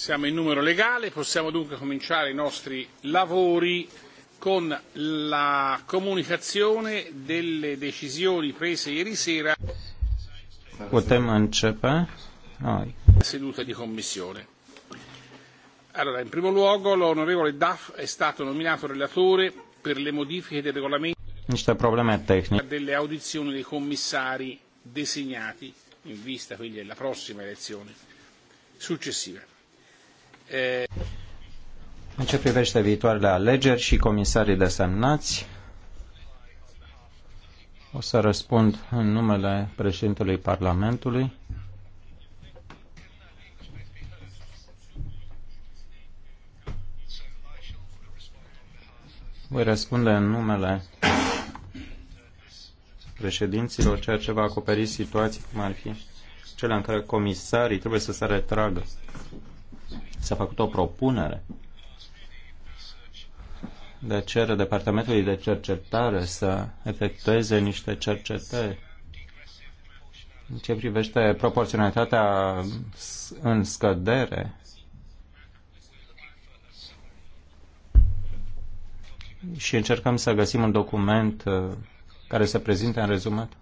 Siamo in numero legale, possiamo dunque cominciare i nostri lavori con la comunicazione delle decisioni prese ieri sera. Putem începe? Noi. Seduta di commissione. Allora, in primo luogo l'onorevole Duff è stato nominato relatore per le modifiche del regolamento niște probleme tehnice. delle audizioni dei commissari designati in vista quindi della prossima elezione successiva. În ce privește viitoarele alegeri și comisarii desemnați, o să răspund în numele președintelui Parlamentului. Voi răspunde în numele președinților, ceea ce va acoperi situații cum ar fi cele în care comisarii trebuie să se retragă S-a făcut o propunere de cere Departamentului de Cercetare să efectueze niște cercetări în ce privește proporționalitatea în scădere și încercăm să găsim un document uh, care se prezinte în rezumat.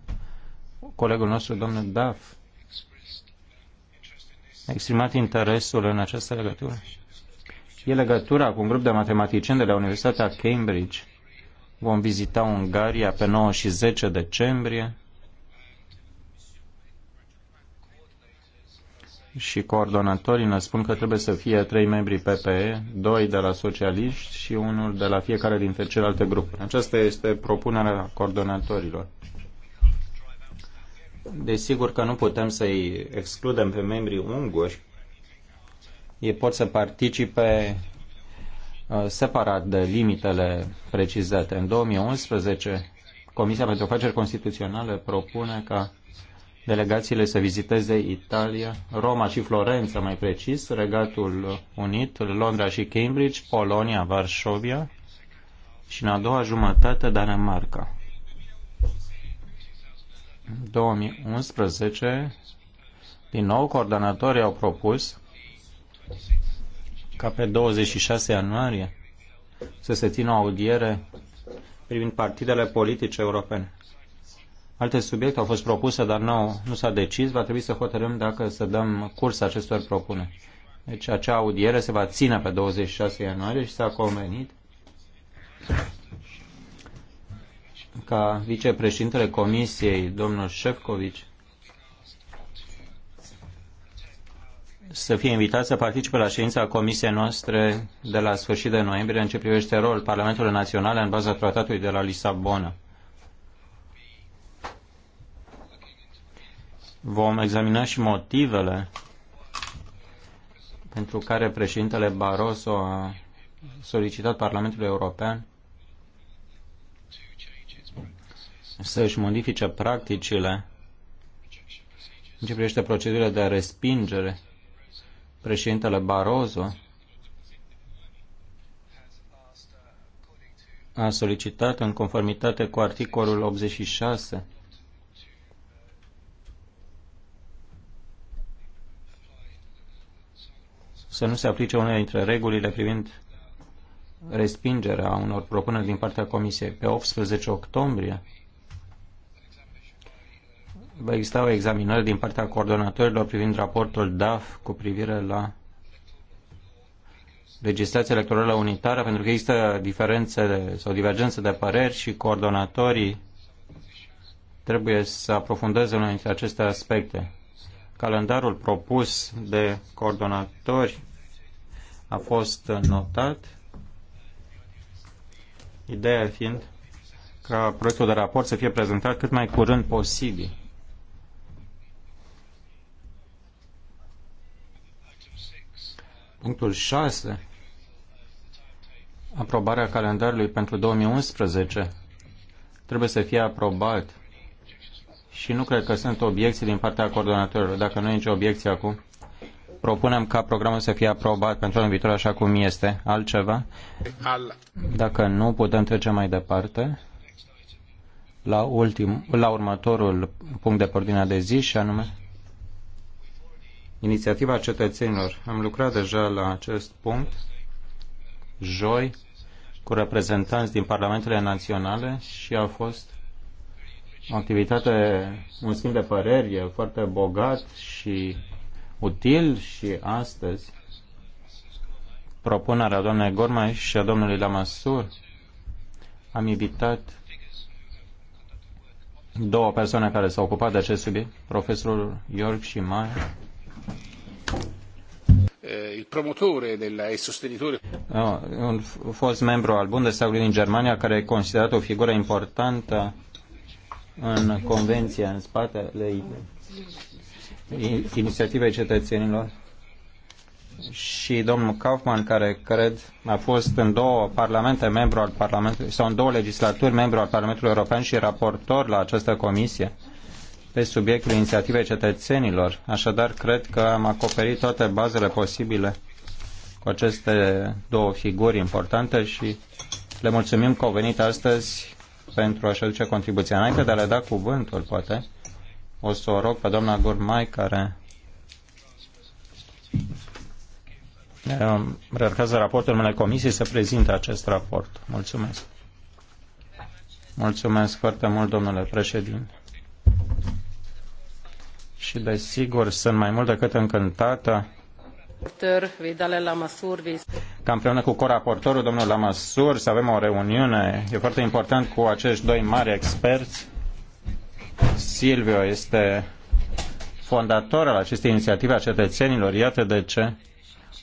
Colegul nostru, domnul Daf, a exprimat interesul în această legătură? E legătura cu un grup de matematicieni de la Universitatea Cambridge. Vom vizita Ungaria pe 9 și 10 decembrie. și coordonatorii ne spun că trebuie să fie trei membri PPE, doi de la socialiști și unul de la fiecare dintre celelalte grupuri. Aceasta este propunerea coordonatorilor. Desigur că nu putem să-i excludem pe membrii unguri. Ei pot să participe uh, separat de limitele precizate. În 2011, Comisia pentru Afaceri Constituționale propune ca delegațiile să viziteze Italia, Roma și Florența, mai precis, Regatul Unit, Londra și Cambridge, Polonia, Varșovia și în a doua jumătate Danemarca. 2011, din nou, coordonatorii au propus ca pe 26 ianuarie să se țină o audiere privind partidele politice europene. Alte subiecte au fost propuse, dar nu, nu s-a decis. Va trebui să hotărâm dacă să dăm curs acestor propuneri. Deci acea audiere se va ține pe 26 ianuarie și s-a convenit ca vicepreședintele Comisiei, domnul Șefcovici, să fie invitat să participe la ședința comisiei noastre de la sfârșit de noiembrie în ce privește rolul Parlamentului Național în baza tratatului de la Lisabona. Vom examina și motivele pentru care președintele Barroso a solicitat Parlamentului European să își modifice practicile în ce privește procedurile de respingere. Președintele Barroso a solicitat în conformitate cu articolul 86 să nu se aplice una dintre regulile privind respingerea unor propuneri din partea Comisiei. Pe 18 octombrie, va exista o examinare din partea coordonatorilor privind raportul DAF cu privire la legislația electorală unitară, pentru că există diferențe sau divergențe de păreri și coordonatorii trebuie să aprofundeze unul dintre aceste aspecte. Calendarul propus de coordonatori a fost notat, ideea fiind ca proiectul de raport să fie prezentat cât mai curând posibil. Punctul 6. Aprobarea calendarului pentru 2011 trebuie să fie aprobat și nu cred că sunt obiecții din partea coordonatorilor. Dacă nu e nicio obiecție acum, propunem ca programul să fie aprobat pentru anul viitor așa cum este. Altceva? Dacă nu, putem trece mai departe la, ultim, la următorul punct de ordine de zi și anume inițiativa cetățenilor. Am lucrat deja la acest punct joi cu reprezentanți din parlamentele naționale și a fost o activitate, un schimb de păreri e foarte bogat și util și astăzi propunerea doamnei Gormai și a domnului Lamasur am invitat două persoane care s-au ocupat de acest subiect, profesorul York și Mai Eh, il promotore della, e sostenitore. No, ah, un fost membru al Bundestagului din Germania care este considerat o figură importantă în convenția în spatele inițiativei cetățenilor și domnul Kaufmann, care cred a fost în două parlamente membru al Parlamentului, sau în două legislaturi membru al Parlamentului European și raportor la această comisie pe subiectul inițiativei cetățenilor. Așadar, cred că am acoperit toate bazele posibile cu aceste două figuri importante și le mulțumim că au venit astăzi pentru a-și aduce contribuția. Înainte de a le da cuvântul, poate, o să o rog pe doamna Gurmai, care um, redactează raportul numele comisiei, să prezinte acest raport. Mulțumesc. Mulțumesc foarte mult, domnule președinte și desigur sunt mai mult decât încântată da ca împreună cu coraportorul domnul Lamasur să avem o reuniune. E foarte important cu acești doi mari experți. Silvio este fondator al acestei inițiative a cetățenilor. Iată de ce.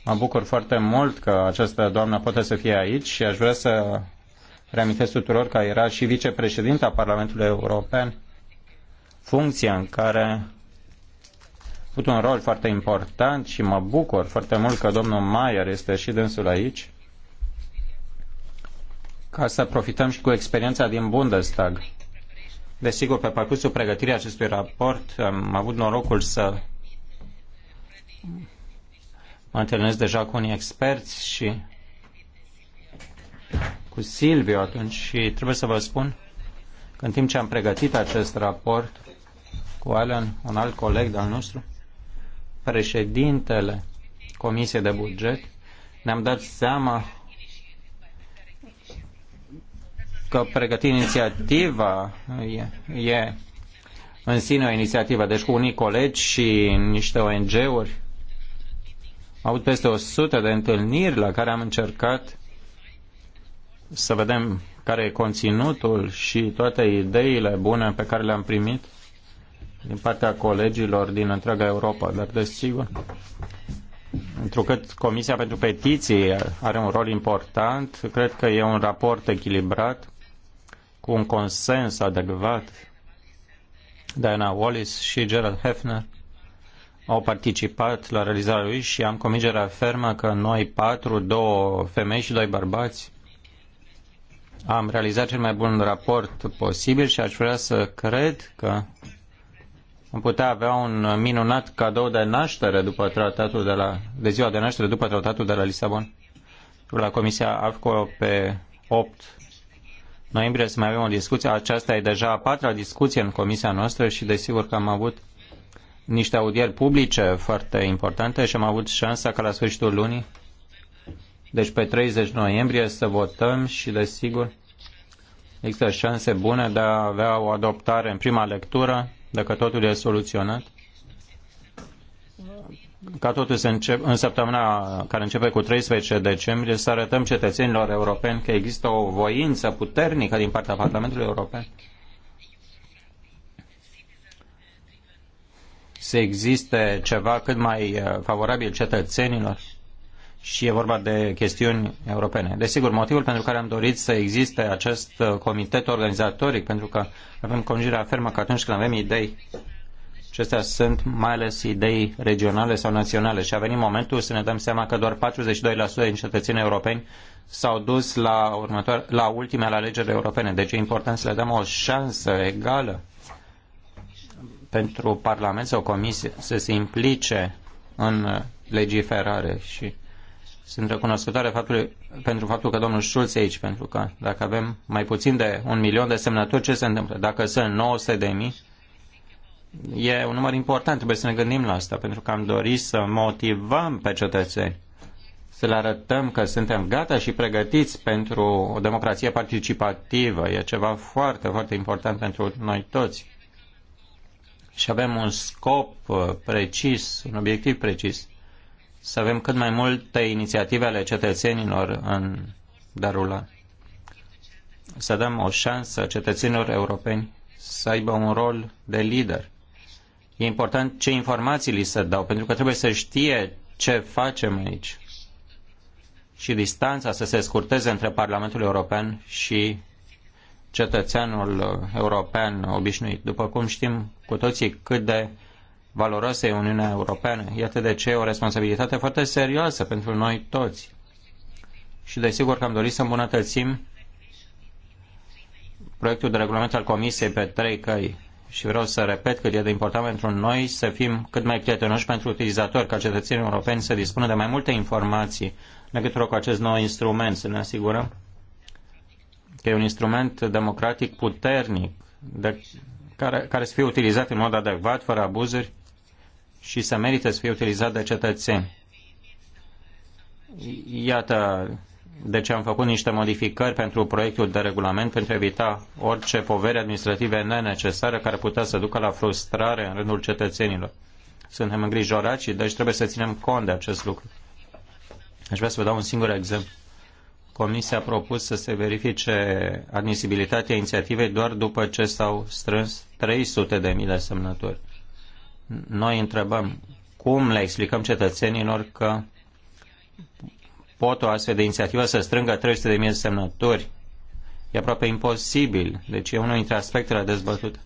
Mă bucur foarte mult că această doamnă poate să fie aici și aș vrea să reamintesc tuturor că era și vicepreședinta Parlamentului European, funcție în care avut un rol foarte important și mă bucur foarte mult că domnul Mayer este și dânsul aici ca să profităm și cu experiența din Bundestag. Desigur, pe parcursul pregătirii acestui raport am avut norocul să mă întâlnesc deja cu unii experți și cu Silviu atunci și trebuie să vă spun că în timp ce am pregătit acest raport cu Alan, un alt coleg de-al nostru, președintele Comisiei de Buget, ne-am dat seama că pregăti inițiativa e, e în sine o inițiativă. Deci cu unii colegi și niște ONG-uri am avut peste 100 de întâlniri la care am încercat să vedem care e conținutul și toate ideile bune pe care le-am primit din partea colegilor din întreaga Europa, dar desigur, întrucât Comisia pentru Petiții are un rol important, cred că e un raport echilibrat, cu un consens adecvat. Diana Wallis și Gerald Hefner au participat la realizarea lui și am convingerea fermă că noi patru, două femei și doi bărbați, am realizat cel mai bun raport posibil și aș vrea să cred că am putea avea un minunat cadou de naștere după tratatul de la, de ziua de naștere după tratatul de la Lisabon. La Comisia AFCO pe 8 noiembrie să mai avem o discuție. Aceasta e deja a patra discuție în comisia noastră și desigur că am avut niște audieri publice foarte importante și am avut șansa ca la sfârșitul lunii, deci pe 30 noiembrie, să votăm și desigur există șanse bune de a avea o adoptare în prima lectură dacă totul e soluționat, ca totul să încep, în săptămâna care începe cu 13 decembrie, să arătăm cetățenilor europeni că există o voință puternică din partea Parlamentului European să existe ceva cât mai eh, favorabil cetățenilor și e vorba de chestiuni europene. Desigur, motivul pentru care am dorit să existe acest uh, comitet organizatoric, pentru că avem congirea fermă că atunci când avem idei, acestea sunt mai ales idei regionale sau naționale și a venit momentul să ne dăm seama că doar 42% din cetățenii europeni s-au dus la, următoare, la ultimele alegeri europene. Deci e important să le dăm o șansă egală pentru Parlament sau Comisie să se implice în legiferare și sunt recunoscătoare faptului, pentru faptul că domnul Schulz e aici, pentru că dacă avem mai puțin de un milion de semnături, ce se întâmplă? Dacă sunt 900 de mii, e un număr important, trebuie să ne gândim la asta, pentru că am dorit să motivăm pe cetățeni, să le arătăm că suntem gata și pregătiți pentru o democrație participativă. E ceva foarte, foarte important pentru noi toți. Și avem un scop uh, precis, un obiectiv precis să avem cât mai multe inițiative ale cetățenilor în Darula. Să dăm o șansă cetățenilor europeni să aibă un rol de lider. E important ce informații li se dau, pentru că trebuie să știe ce facem aici și distanța să se scurteze între Parlamentul European și cetățeanul european obișnuit. După cum știm cu toții cât de valoroase Uniunea Europeană. Iată de ce o responsabilitate foarte serioasă pentru noi toți. Și desigur că am dorit să îmbunătățim proiectul de regulament al Comisiei pe trei căi. Și vreau să repet cât e de important pentru noi să fim cât mai prietenoși pentru utilizatori, ca cetățenii europeni să dispună de mai multe informații legătură cu acest nou instrument, să ne asigurăm că e un instrument democratic puternic, de care, care să fie utilizat în mod adecvat, fără abuzuri și să merită să fie utilizat de cetățeni. Iată de ce am făcut niște modificări pentru proiectul de regulament pentru a evita orice povere administrative nenecesare care putea să ducă la frustrare în rândul cetățenilor. Suntem îngrijorați și deci trebuie să ținem cont de acest lucru. Aș vrea să vă dau un singur exemplu. Comisia a propus să se verifice admisibilitatea inițiativei doar după ce s-au strâns 300.000 de, de semnături. Noi întrebăm cum le explicăm cetățenilor că pot o astfel de inițiativă să strângă 300.000 de semnături. E aproape imposibil. Deci e unul dintre aspectele dezbătute.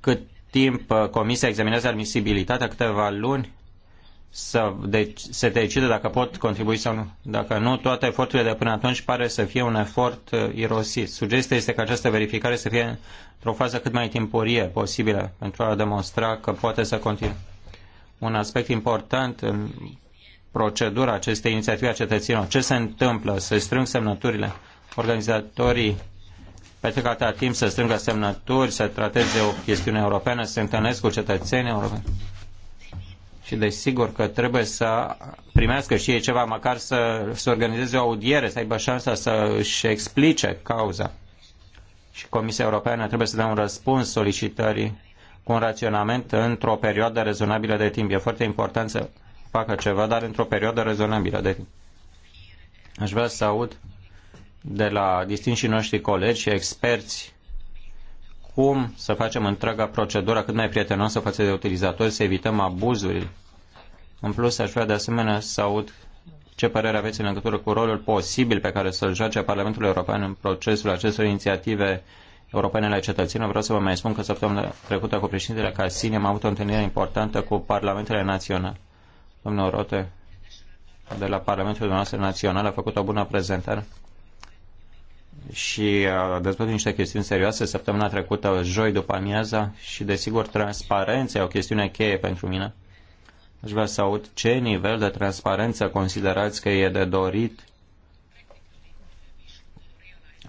Cât timp uh, Comisia examinează admisibilitatea, câteva luni, să de- se decide dacă pot contribui sau nu. Dacă nu, toate eforturile de până atunci pare să fie un efort uh, irosit. Sugestia este că această verificare să fie într-o fază cât mai timpurie posibilă pentru a demonstra că poate să continue. Un aspect important în procedura acestei inițiative a cetățenilor. Ce se întâmplă? Se strâng semnăturile. Organizatorii petrec atâta timp să strângă semnături, să trateze o chestiune europeană, să se întâlnesc cu cetățenii europeni și desigur că trebuie să primească și ei ceva, măcar să, să organizeze o audiere, să aibă șansa să își explice cauza. Și Comisia Europeană trebuie să dea un răspuns solicitării cu un raționament într-o perioadă rezonabilă de timp. E foarte important să facă ceva, dar într-o perioadă rezonabilă de timp. Aș vrea să aud de la distinșii noștri colegi și experți cum să facem întreaga procedură cât mai prietenoasă față de utilizatori, să evităm abuzurile. În plus, aș vrea de asemenea să aud ce părere aveți în legătură cu rolul posibil pe care să-l joace Parlamentul European în procesul acestor inițiative europene ale cetățenilor. Vreau să vă mai spun că săptămâna trecută cu președintele Casini am avut o întâlnire importantă cu Parlamentele Naționale. Domnul Rote, de la Parlamentul noastră Național, a făcut o bună prezentare și uh, dezbătut niște chestiuni serioase săptămâna trecută, joi după amiaza și desigur transparența e o chestiune cheie pentru mine. Aș vrea să aud ce nivel de transparență considerați că e de dorit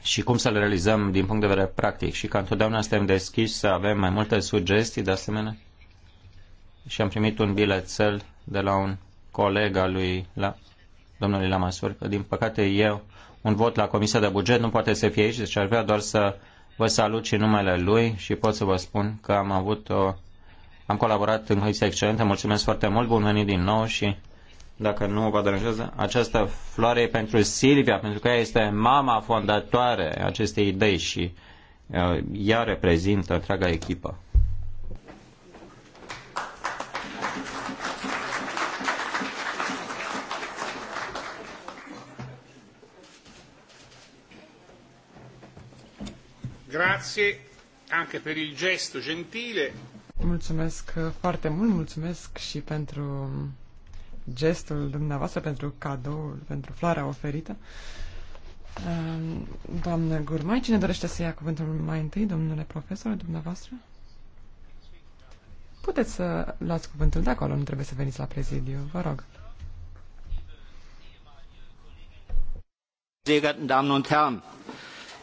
și cum să le realizăm din punct de vedere practic și că întotdeauna suntem deschiși să avem mai multe sugestii de asemenea. Și am primit un bilețel de la un coleg al lui la, domnului Lamasur, că din păcate eu un vot la Comisia de Buget, nu poate să fie aici, deci ar vrea doar să vă salut și numele lui și pot să vă spun că am avut o... am colaborat în condiții excelentă, mulțumesc foarte mult, bun venit din nou și dacă nu vă deranjează, această floare e pentru Silvia, pentru că ea este mama fondatoare acestei idei și uh, ea reprezintă întreaga echipă. Grazie anche per il gesto gentile. Mulțumesc foarte mult, mulțumesc și pentru gestul dumneavoastră, pentru cadoul, pentru floarea oferită. Ehm, doamnă Gurmai, cine dorește să ia cuvântul mai întâi, domnule profesor, dumneavoastră? Puteți să luați cuvântul de acolo, nu trebuie să veniți la prezidiu, vă rog. Sehr geehrten Damen und Herren,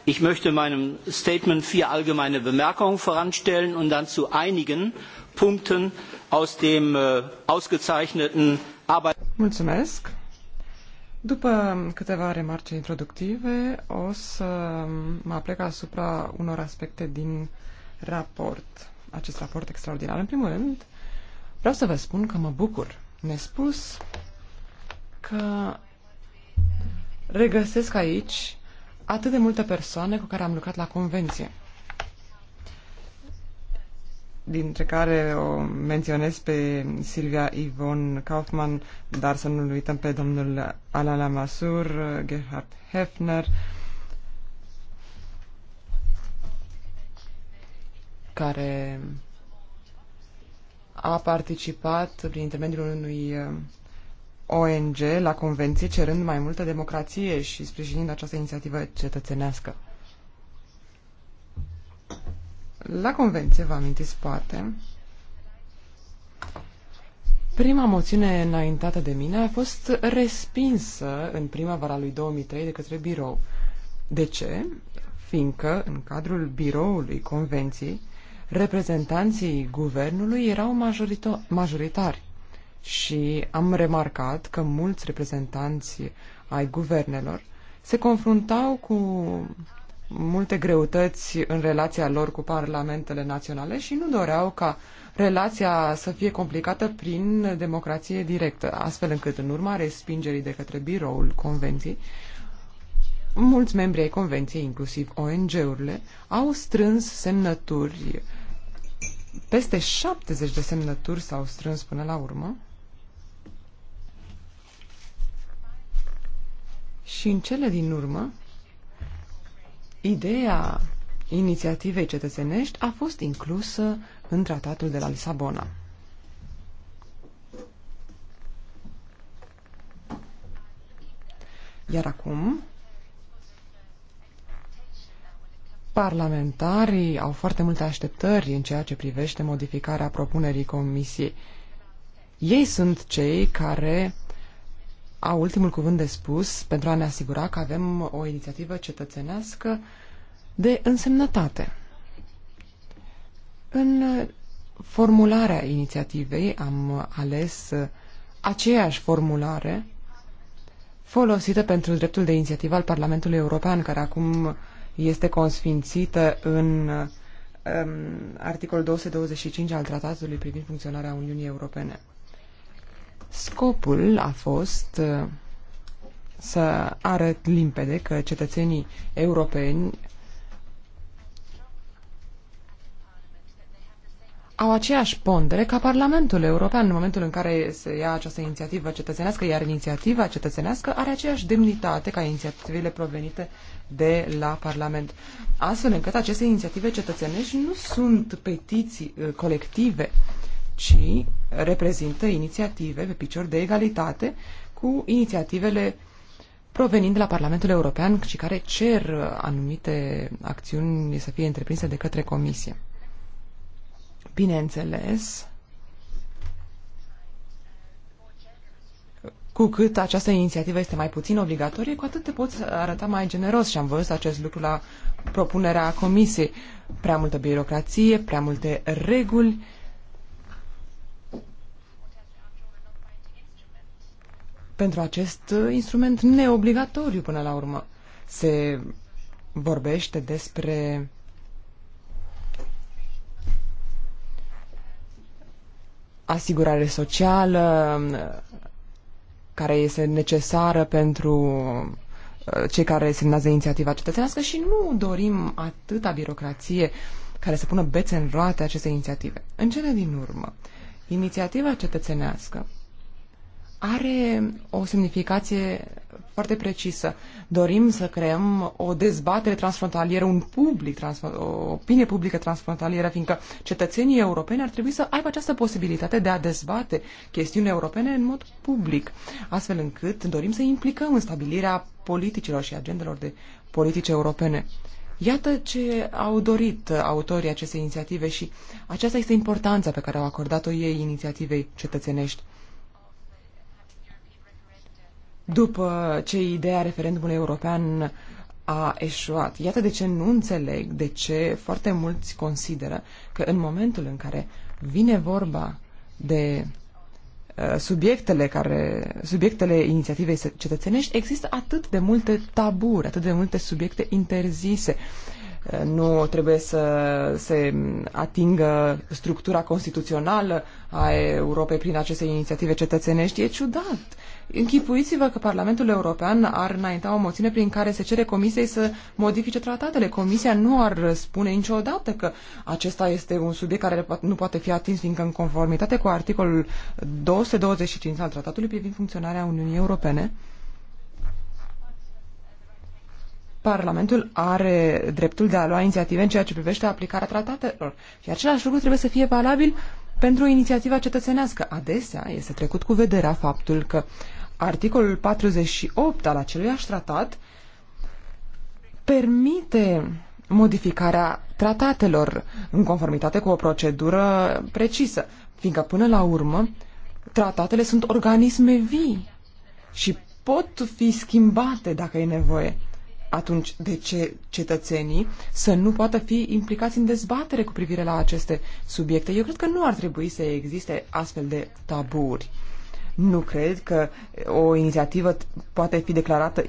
Ich möchte meinem Statement vier allgemeine Bemerkungen voranstellen und dann zu einigen Punkten aus dem äh, ausgezeichneten Mulțumesc. După câteva remarce introductive, o să mă aplec asupra unor aspecte din raport, acest raport extraordinar. În primul rând, vreau să vă spun că mă bucur nespus că regăsesc aici atât de multe persoane cu care am lucrat la convenție dintre care o menționez pe Silvia Ivon Kaufman, dar să nu uităm pe domnul Alan Masur, Gerhard Hefner, care a participat prin intermediul unui ONG la convenție cerând mai multă democrație și sprijinind această inițiativă cetățenească. La convenție, vă amintiți poate, prima moțiune înaintată de mine a fost respinsă în primăvara lui 2003 de către birou. De ce? Fiindcă, în cadrul biroului convenției, reprezentanții guvernului erau majorito- majoritari și am remarcat că mulți reprezentanți ai guvernelor se confruntau cu multe greutăți în relația lor cu parlamentele naționale și nu doreau ca relația să fie complicată prin democrație directă, astfel încât în urma respingerii de către biroul convenției, mulți membri ai convenției, inclusiv ONG-urile, au strâns semnături, peste 70 de semnături s-au strâns până la urmă, Și în cele din urmă, ideea inițiativei cetățenești a fost inclusă în tratatul de la Lisabona. Iar acum, parlamentarii au foarte multe așteptări în ceea ce privește modificarea propunerii Comisiei. Ei sunt cei care au ultimul cuvânt de spus pentru a ne asigura că avem o inițiativă cetățenească de însemnătate. În formularea inițiativei am ales aceeași formulare folosită pentru dreptul de inițiativă al Parlamentului European, care acum este consfințită în um, articolul 225 al Tratatului privind funcționarea Uniunii Europene. Scopul a fost uh, să arăt limpede că cetățenii europeni au aceeași pondere ca Parlamentul European în momentul în care se ia această inițiativă cetățenească, iar inițiativa cetățenească are aceeași demnitate ca inițiativele provenite de la Parlament. Astfel încât aceste inițiative cetățenești nu sunt petiții uh, colective, ci reprezintă inițiative pe picior de egalitate cu inițiativele provenind de la Parlamentul European și care cer anumite acțiuni să fie întreprinse de către Comisie. Bineînțeles, cu cât această inițiativă este mai puțin obligatorie, cu atât te poți arăta mai generos și am văzut acest lucru la propunerea Comisiei. Prea multă birocrație, prea multe reguli pentru acest uh, instrument neobligatoriu până la urmă. Se vorbește despre asigurare socială um, care este necesară pentru uh, cei care semnează inițiativa cetățenească și nu dorim atâta birocrație care să pună bețe în roate aceste inițiative. În cele din urmă, inițiativa cetățenească are o semnificație foarte precisă. Dorim să creăm o dezbatere transfrontalieră, un public, o opinie publică transfrontalieră, fiindcă cetățenii europeni ar trebui să aibă această posibilitate de a dezbate chestiuni europene în mod public, astfel încât dorim să implicăm în stabilirea politicilor și agendelor de politici europene. Iată ce au dorit autorii acestei inițiative și aceasta este importanța pe care au acordat-o ei inițiativei cetățenești după ce ideea referendumului european a eșuat. Iată de ce nu înțeleg de ce foarte mulți consideră că în momentul în care vine vorba de uh, subiectele care subiectele inițiativei cetățenești există atât de multe taburi, atât de multe subiecte interzise. Uh, nu trebuie să se atingă structura constituțională a Europei prin aceste inițiative cetățenești. E ciudat. Închipuiți-vă că Parlamentul European ar înainta o moțiune prin care se cere Comisiei să modifice tratatele. Comisia nu ar spune niciodată că acesta este un subiect care nu poate fi atins, fiindcă în conformitate cu articolul 225 al tratatului privind funcționarea Uniunii Europene, Parlamentul are dreptul de a lua inițiative în ceea ce privește aplicarea tratatelor. Și același lucru trebuie să fie valabil pentru inițiativa cetățenească. Adesea este trecut cu vederea faptul că articolul 48 al aceluiași tratat permite modificarea tratatelor în conformitate cu o procedură precisă, fiindcă până la urmă tratatele sunt organisme vii și pot fi schimbate dacă e nevoie. Atunci, de ce cetățenii să nu poată fi implicați în dezbatere cu privire la aceste subiecte? Eu cred că nu ar trebui să existe astfel de taburi. Nu cred că o inițiativă poate fi declarată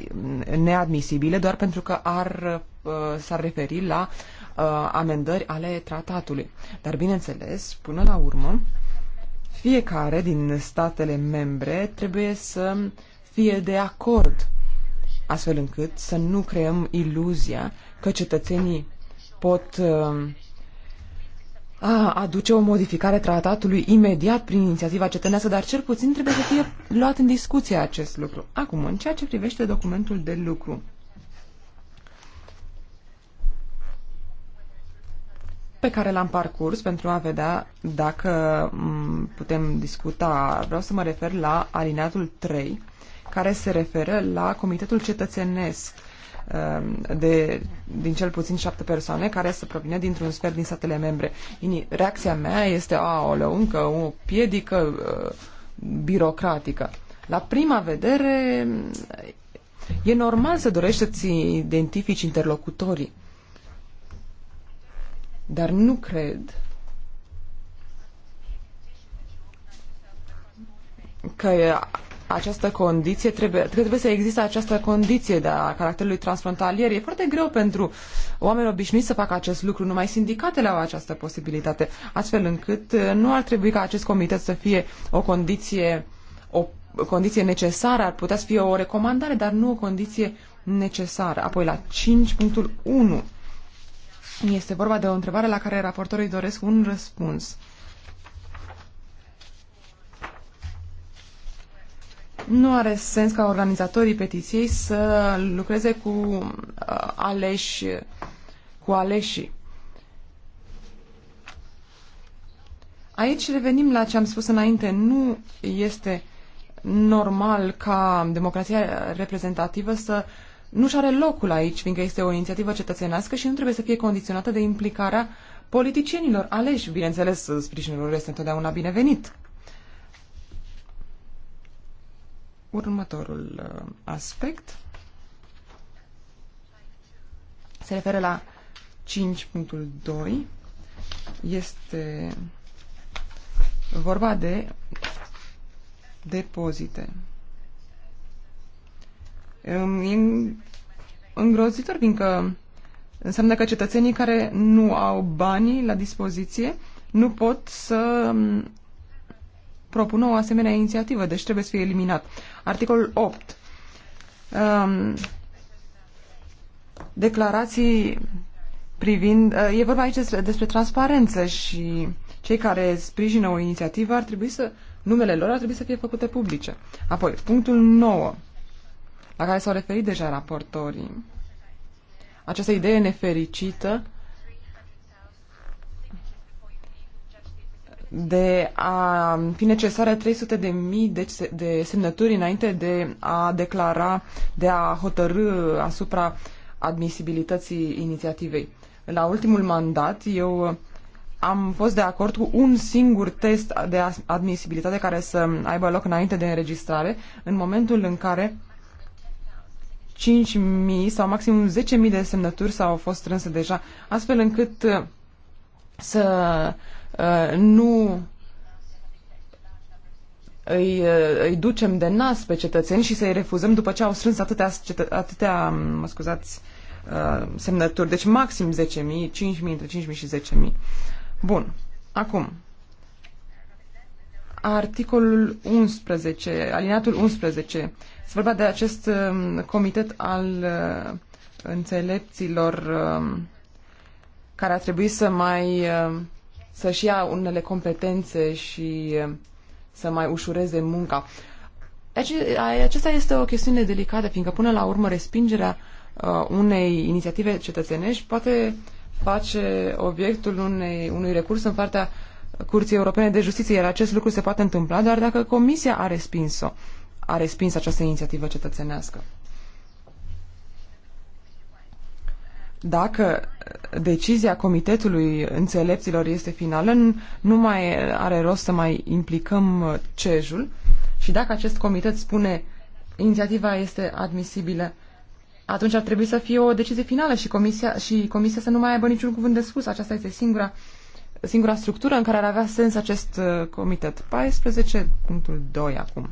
neadmisibilă doar pentru că ar, uh, s-ar referi la uh, amendări ale tratatului. Dar, bineînțeles, până la urmă, fiecare din statele membre trebuie să fie de acord, astfel încât să nu creăm iluzia că cetățenii pot uh, a aduce o modificare tratatului imediat prin inițiativa cetănească, dar cel puțin trebuie să fie luat în discuție acest lucru. Acum, în ceea ce privește documentul de lucru, pe care l-am parcurs pentru a vedea dacă putem discuta. Vreau să mă refer la alineatul 3, care se referă la Comitetul Cetățenesc Um, de, din cel puțin șapte persoane care să provină dintr-un sfert din statele membre. Reacția mea este, a, o lăuncă, o piedică uh, birocratică. La prima vedere, e normal să dorești să-ți identifici interlocutorii. Dar nu cred că această condiție, trebuie, că trebuie să existe această condiție de a caracterului transfrontalier. E foarte greu pentru oameni obișnuiți să facă acest lucru, numai sindicatele au această posibilitate, astfel încât uh, nu ar trebui ca acest comitet să fie o condiție, o condiție necesară, ar putea să fie o recomandare, dar nu o condiție necesară. Apoi la 5.1 este vorba de o întrebare la care raportorii doresc un răspuns. nu are sens ca organizatorii petiției să lucreze cu uh, aleși, cu aleșii. Aici revenim la ce am spus înainte. Nu este normal ca democrația reprezentativă să nu-și are locul aici, fiindcă este o inițiativă cetățenească și nu trebuie să fie condiționată de implicarea politicienilor aleși. Bineînțeles, sprijinul lor este întotdeauna binevenit, Următorul uh, aspect se referă la 5.2. Este vorba de depozite. E îngrozitor, fiindcă înseamnă că cetățenii care nu au banii la dispoziție nu pot să propună o asemenea inițiativă, deci trebuie să fie eliminat. Articolul 8. Um, declarații privind... Uh, e vorba aici despre, despre transparență și cei care sprijină o inițiativă ar trebui să... Numele lor ar trebui să fie făcute publice. Apoi, punctul 9, la care s-au referit deja raportorii. Această idee nefericită de a fi necesare 300 de mii de, semnături înainte de a declara, de a hotărâ asupra admisibilității inițiativei. La ultimul mandat eu am fost de acord cu un singur test de admisibilitate care să aibă loc înainte de înregistrare, în momentul în care 5.000 sau maxim 10.000 de semnături s-au fost strânse deja, astfel încât să Uh, nu îi, uh, îi ducem de nas pe cetățeni și să-i refuzăm după ce au strâns atâtea, atâtea um, mă scuzați, uh, semnături. Deci maxim 10.000, 5.000, între 5.000 și 10.000. Bun. Acum, articolul 11, alineatul 11, se vorbea de acest um, comitet al înțelepților um, care ar trebui să mai uh, să-și ia unele competențe și eh, să mai ușureze munca. Aceasta este o chestiune delicată, fiindcă până la urmă respingerea eh, unei inițiative cetățenești poate face obiectul unei, unui recurs în partea Curții Europene de Justiție, iar acest lucru se poate întâmpla doar dacă Comisia a respins-o, a respins această inițiativă cetățenească. dacă decizia comitetului înțelepților este finală, nu mai are rost să mai implicăm uh, cejul și dacă acest comitet spune inițiativa este admisibilă, atunci ar trebui să fie o decizie finală și comisia, și comisia să nu mai aibă niciun cuvânt de spus. Aceasta este singura, singura structură în care ar avea sens acest uh, comitet. 14.2 acum.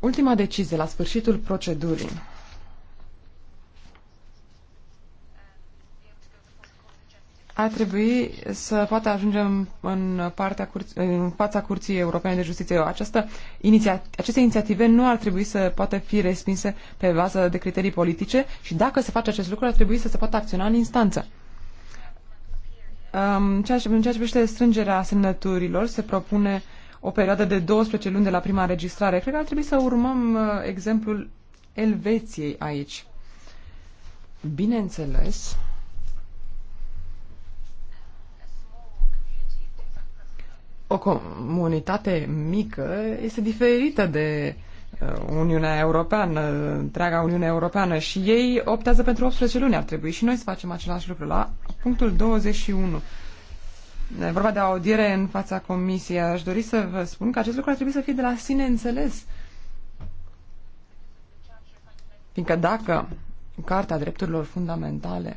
Ultima decizie la sfârșitul procedurii. Ar trebui să poată ajunge în, partea curții, în fața Curții Europene de Justiție. Această iniția, aceste inițiative nu ar trebui să poată fi respinse pe bază de criterii politice și dacă se face acest lucru, ar trebui să se poată acționa în instanță. În ceea ce privește strângerea semnăturilor, se propune uh, o perioadă de 12 luni de la prima înregistrare. Cred că ar trebui să urmăm uh, exemplul Elveției aici. Bineînțeles, o comunitate mică este diferită de uh, Uniunea Europeană, întreaga Uniune Europeană și ei optează pentru 18 luni. Ar trebui și noi să facem același lucru. La punctul 21 E vorba de audiere în fața comisiei. Aș dori să vă spun că acest lucru ar trebui să fie de la sine înțeles. Fiindcă dacă Carta Drepturilor Fundamentale,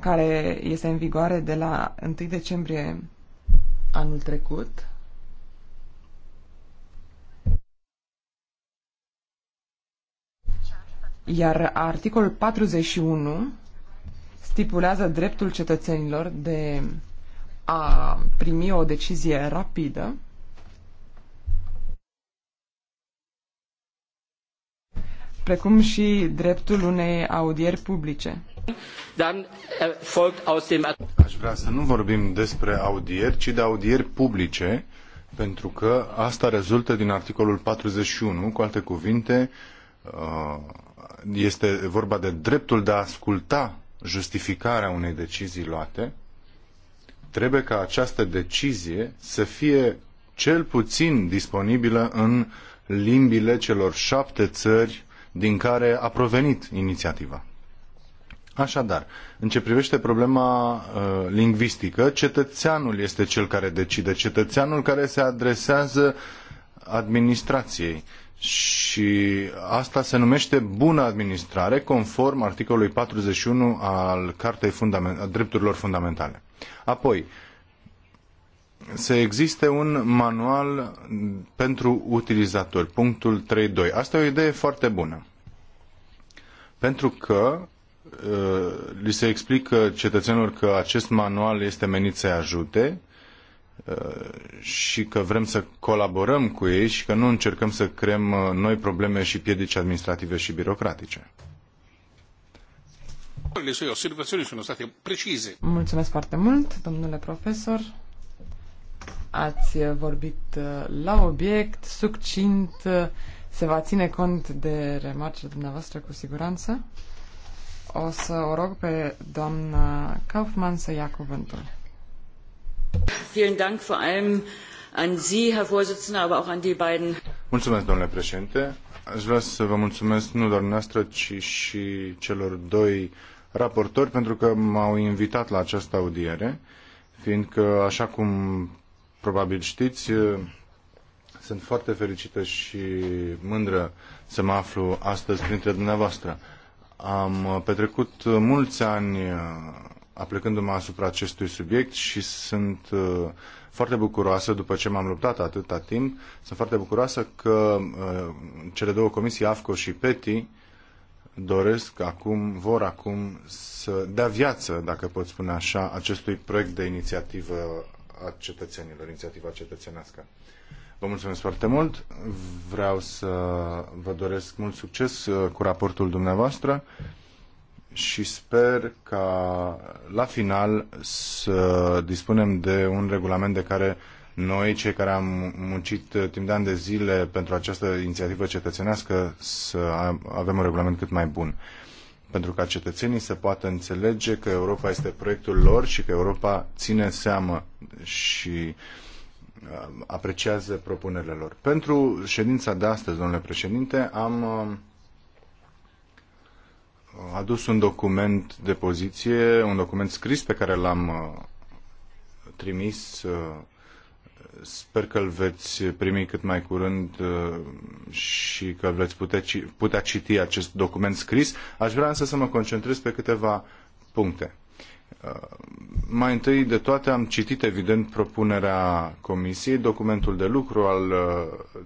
care este în vigoare de la 1 decembrie anul trecut, iar articolul 41 stipulează dreptul cetățenilor de a primi o decizie rapidă precum și dreptul unei audieri publice. Äh, Aș vrea să nu vorbim despre audieri, ci de audieri publice, pentru că asta rezultă din articolul 41, cu alte cuvinte, uh, este vorba de dreptul de a asculta justificarea unei decizii luate, trebuie ca această decizie să fie cel puțin disponibilă în limbile celor șapte țări din care a provenit inițiativa. Așadar, în ce privește problema uh, lingvistică, cetățeanul este cel care decide, cetățeanul care se adresează administrației. Uh, și asta se numește bună administrare conform articolului 41 al Cartei Fundament- a Drepturilor Fundamentale. Apoi, să existe un manual pentru utilizatori, punctul 3.2. Asta e o idee foarte bună. Pentru că uh, li se explică cetățenilor că acest manual este menit să ajute Uh, și că vrem să colaborăm cu ei și că nu încercăm să creăm uh, noi probleme și piedici administrative și birocratice. Le sunt state precise. Mulțumesc foarte mult, domnule profesor. Ați vorbit uh, la obiect, succint, se va ține cont de remarcile dumneavoastră cu siguranță. O să o rog pe doamna Kaufman să ia cuvântul. Vielen Dank vor allem an Sie, Herr Vorsitzender, aber auch an die beiden. Mulțumesc, domnule președinte. Aș vrea să vă mulțumesc nu doar noastră, ci și celor doi raportori pentru că m-au invitat la această audiere, fiindcă, așa cum probabil știți, sunt foarte fericită și mândră să mă aflu astăzi printre dumneavoastră. Am petrecut mulți ani aplicându-mă asupra acestui subiect și sunt uh, foarte bucuroasă, după ce m-am luptat atâta timp, sunt foarte bucuroasă că uh, cele două comisii, AFCO și PETI, doresc acum, vor acum să dea viață, dacă pot spune așa, acestui proiect de inițiativă a cetățenilor, inițiativa cetățenească. Vă mulțumesc foarte mult, vreau să vă doresc mult succes uh, cu raportul dumneavoastră și sper ca la final să dispunem de un regulament de care noi, cei care am muncit timp de ani de zile pentru această inițiativă cetățenească, să avem un regulament cât mai bun. Pentru ca cetățenii să poată înțelege că Europa este proiectul lor și că Europa ține seamă și uh, apreciază propunerile lor. Pentru ședința de astăzi, domnule președinte, am uh, adus un document de poziție, un document scris pe care l-am uh, trimis. Uh, sper că îl veți primi cât mai curând uh, și că veți putea, putea citi acest document scris. Aș vrea însă să mă concentrez pe câteva puncte. Mai întâi de toate am citit evident propunerea comisiei, documentul de lucru al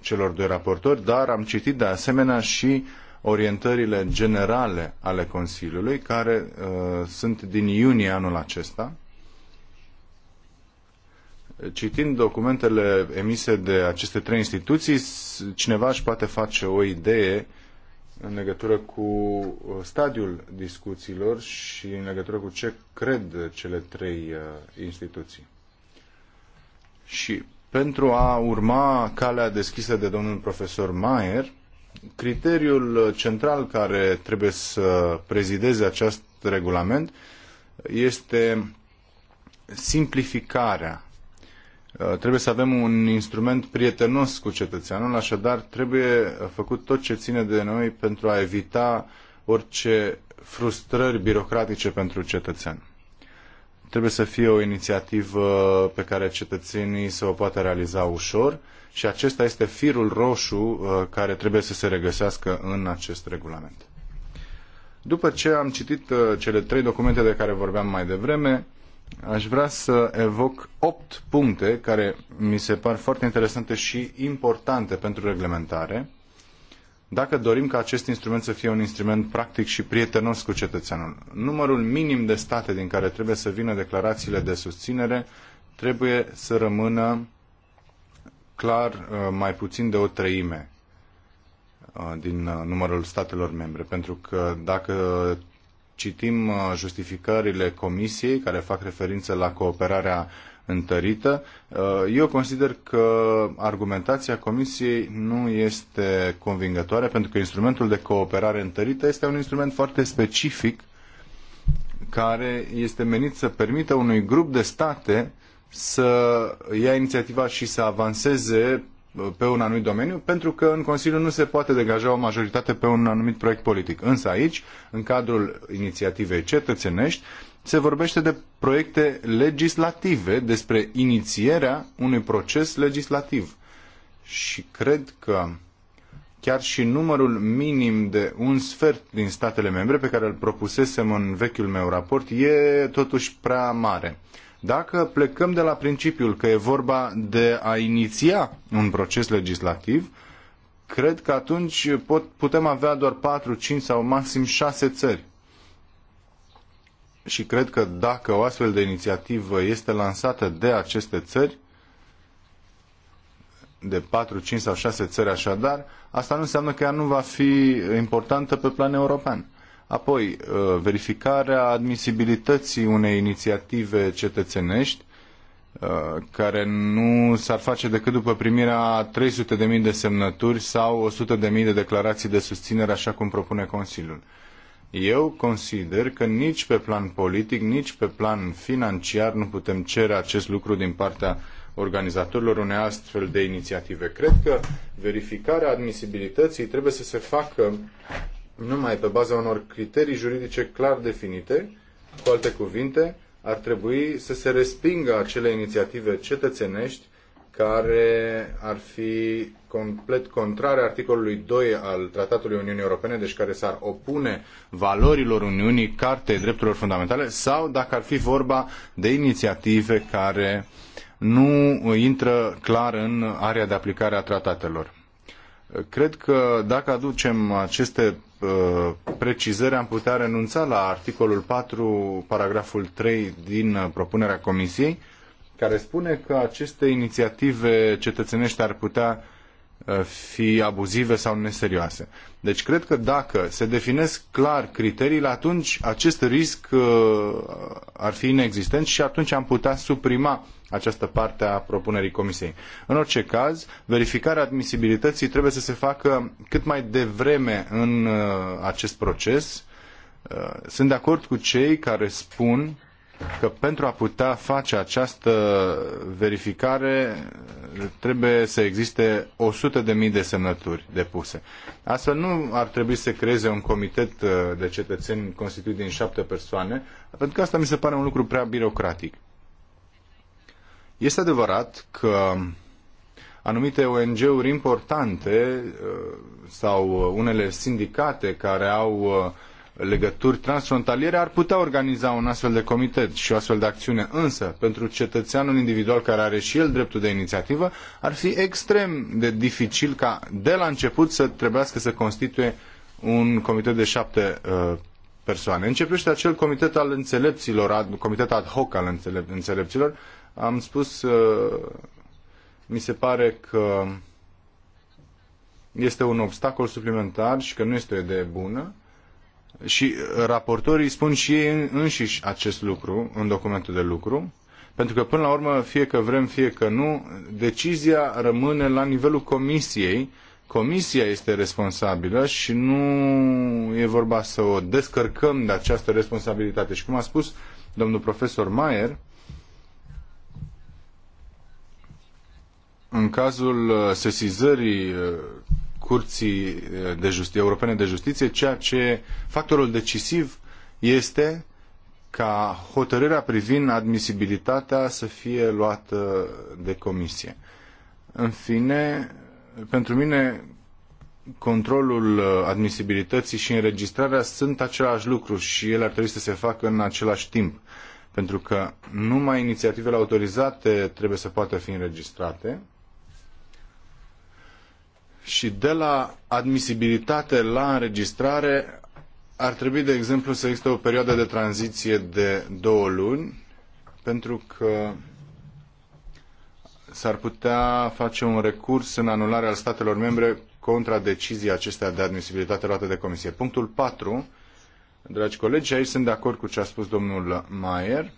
celor doi raportori, dar am citit de asemenea și uh, orientările generale ale Consiliului, care uh, sunt din iunie anul acesta. Citind documentele emise de aceste trei instituții, cineva își poate face o idee în legătură cu uh, stadiul discuțiilor și în legătură cu ce cred cele trei uh, instituții. Și pentru a urma calea deschisă de domnul profesor Mayer, criteriul central care trebuie să prezideze acest regulament este simplificarea. Uh, trebuie să avem un instrument prietenos cu cetățeanul, așadar trebuie făcut tot ce ține de noi pentru a evita orice frustrări birocratice pentru cetățean. Trebuie să fie o inițiativă pe care cetățenii să o poată realiza ușor și acesta este firul roșu uh, care trebuie să se regăsească în acest regulament. După ce am citit uh, cele trei documente de care vorbeam mai devreme, aș vrea să evoc opt puncte care mi se par foarte interesante și importante pentru reglementare, dacă dorim ca acest instrument să fie un instrument practic și prietenos cu cetățeanul. Numărul minim de state din care trebuie să vină declarațiile de susținere trebuie să rămână clar uh, mai puțin de o treime uh, din uh, numărul statelor membre, pentru că dacă citim justificările comisiei care fac referință la cooperarea întărită, eu consider că argumentația comisiei nu este convingătoare pentru că instrumentul de cooperare întărită este un instrument foarte specific care este menit să permită unui grup de state să ia inițiativa și să avanseze pe un anumit domeniu, pentru că în Consiliu nu se poate degaja o majoritate pe un anumit proiect politic. Însă aici, în cadrul inițiativei cetățenești, se vorbește de proiecte legislative, despre inițierea unui proces legislativ. Și cred că chiar și numărul minim de un sfert din statele membre pe care îl propusesem în vechiul meu raport e totuși prea mare. Uh, dacă plecăm de la principiul că e vorba de a iniția un proces legislativ, cred că atunci pot, putem avea doar 4, 5 sau maxim 6 țări. Și cred că dacă o astfel de inițiativă este lansată de aceste țări, de 4, 5 sau 6 țări așadar, asta nu înseamnă că ea nu va fi importantă pe plan european. Apoi, uh, verificarea admisibilității unei inițiative cetățenești uh, care nu s-ar face decât după primirea 300.000 de semnături sau 100.000 de declarații de susținere, așa cum propune Consiliul. Eu consider că nici pe plan politic, nici pe plan financiar nu putem cere acest lucru din partea organizatorilor unei astfel de inițiative. Cred că verificarea admisibilității trebuie să se facă numai pe baza unor criterii juridice clar definite, cu alte cuvinte, ar trebui să se respingă acele inițiative cetățenești care ar fi complet contrare articolului 2 al Tratatului Uniunii Europene, deci care s-ar opune valorilor Uniunii, Cartei Drepturilor Fundamentale, sau dacă ar fi vorba de inițiative care nu intră clar în area de aplicare a tratatelor. Cred că dacă aducem aceste Uh, precizări am putea renunța la articolul 4, paragraful 3 din uh, propunerea Comisiei, care spune că aceste inițiative cetățenești ar putea uh, fi abuzive sau neserioase. Deci cred că dacă se definesc clar criteriile, atunci acest risc ar fi inexistent și atunci am putea suprima această parte a propunerii Comisiei. În orice caz, verificarea admisibilității trebuie să se facă cât mai devreme în uh, acest proces. Uh, sunt de acord cu cei care spun că pentru a putea face această verificare trebuie să existe 100.000 de semnături depuse. Astfel nu ar trebui să creeze un comitet uh, de cetățeni constituit din șapte persoane, pentru că asta mi se pare un lucru prea birocratic. Este adevărat că anumite ONG-uri importante uh, sau uh, unele sindicate care au uh, legături transfrontaliere ar putea organiza un astfel de comitet și o astfel de acțiune. Însă, pentru cetățeanul individual care are și el dreptul de inițiativă, ar fi extrem de dificil ca de la început să trebuiască să constituie un comitet de șapte uh, persoane. Începește acel comitet al înțelepților, ad, comitet ad hoc al înțelep, înțelepților, am spus, uh, mi se pare că este un obstacol suplimentar și că nu este o idee bună. Și raportorii spun și ei înșiși acest lucru în documentul de lucru, pentru că până la urmă, fie că vrem, fie că nu, decizia rămâne la nivelul comisiei. Comisia este responsabilă și nu e vorba să o descărcăm de această responsabilitate. Și cum a spus domnul profesor Mayer, în cazul uh, sesizării uh, Curții uh, de Justiție, Europene de Justiție, ceea ce factorul decisiv este ca hotărârea privind admisibilitatea să fie luată de comisie. În fine, pentru mine controlul admisibilității și înregistrarea sunt același lucru și ele ar trebui să se facă în același timp, pentru că numai inițiativele autorizate trebuie să poată fi înregistrate și de la admisibilitate la înregistrare ar trebui, de exemplu, să existe o perioadă de tranziție de două luni, pentru că s-ar putea face un recurs în anularea al statelor membre contra deciziei acestea de admisibilitate luată de Comisie. Punctul 4, dragi colegi, aici sunt de acord cu ce a spus domnul Mayer,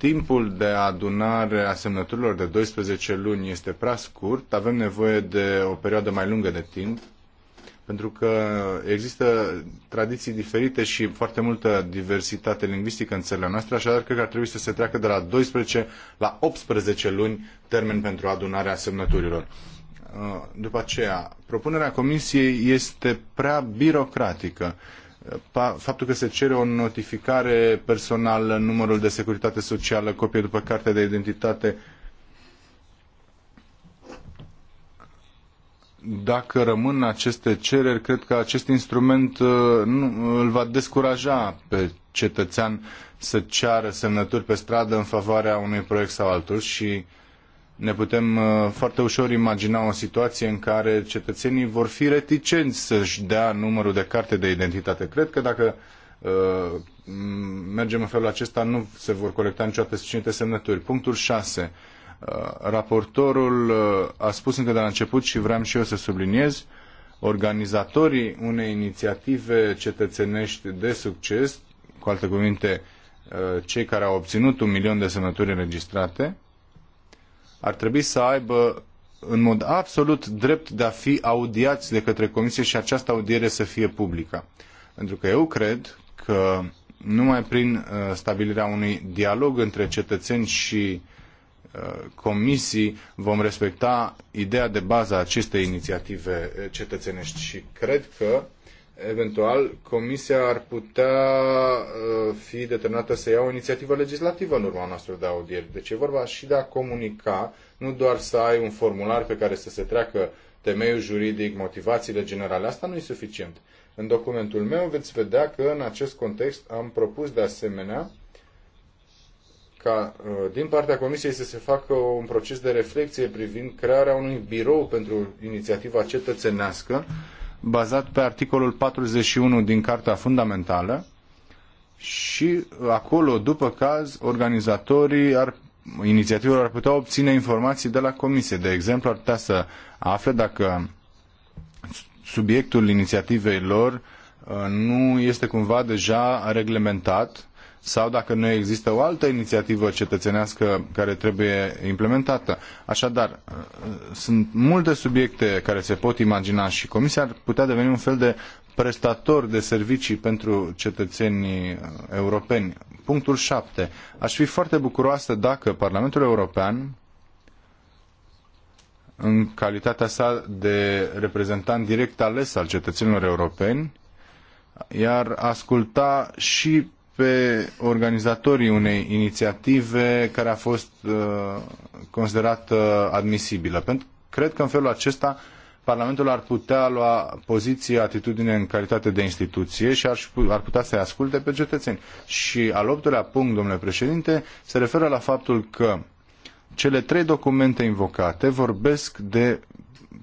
timpul de adunare a semnăturilor de 12 luni este prea scurt, avem nevoie de o perioadă mai lungă de timp, pentru că există tradiții diferite și foarte multă diversitate lingvistică în țările noastre, așadar cred că ar trebui să se treacă de la 12 la 18 luni termen pentru adunarea semnăturilor. După aceea, propunerea Comisiei este prea birocratică faptul că se cere o notificare personală, numărul de securitate socială, copie după carte de identitate, dacă rămân aceste cereri, cred că acest instrument uh, nu, îl va descuraja pe cetățean să ceară semnături pe stradă în favoarea unui proiect sau altul și ne putem uh, foarte ușor imagina o situație în care cetățenii vor fi reticenți să-și dea numărul de carte de identitate. Cred că dacă uh, mergem în felul acesta, nu se vor colecta niciodată suficiente semnături. Punctul 6. Uh, raportorul a spus încă de la început și vreau și eu să subliniez, organizatorii unei inițiative cetățenești de succes, cu alte cuvinte, cei care au obținut un milion de semnături înregistrate, ar trebui să aibă în mod absolut drept de a fi audiați de către comisie și această audiere să fie publică. Pentru că eu cred că numai prin uh, stabilirea unui dialog între cetățeni și uh, comisii vom respecta ideea de bază a acestei inițiative uh, cetățenești și cred că eventual, Comisia ar putea uh, fi determinată să ia o inițiativă legislativă în urma noastră de audieri. Deci e vorba și de a comunica, nu doar să ai un formular pe care să se treacă temeiul juridic, motivațiile generale. Asta nu e suficient. În documentul meu veți vedea că în acest context am propus de asemenea ca uh, din partea Comisiei să se facă un proces de reflexie privind crearea unui birou pentru inițiativa cetățenească bazat pe articolul 41 din Carta Fundamentală și acolo, după caz, organizatorii ar inițiativelor ar putea obține informații de la comisie. De exemplu, ar putea să afle dacă subiectul inițiativei lor uh, nu este cumva deja reglementat sau dacă nu există o altă inițiativă cetățenească care trebuie implementată. Așadar, sunt multe subiecte care se pot imagina și Comisia ar putea deveni un fel de prestator de servicii pentru cetățenii uh, europeni. Punctul 7. Aș fi foarte bucuroasă dacă Parlamentul European, în calitatea sa de reprezentant direct ales al cetățenilor europeni, iar asculta și pe organizatorii unei inițiative care a fost uh, considerată admisibilă. Pentru, cred că în felul acesta Parlamentul ar putea lua poziție, atitudine în calitate de instituție și ar, ar putea să-i asculte pe cetățeni. Și al optulea punct, domnule președinte, se referă la faptul că cele trei documente invocate vorbesc de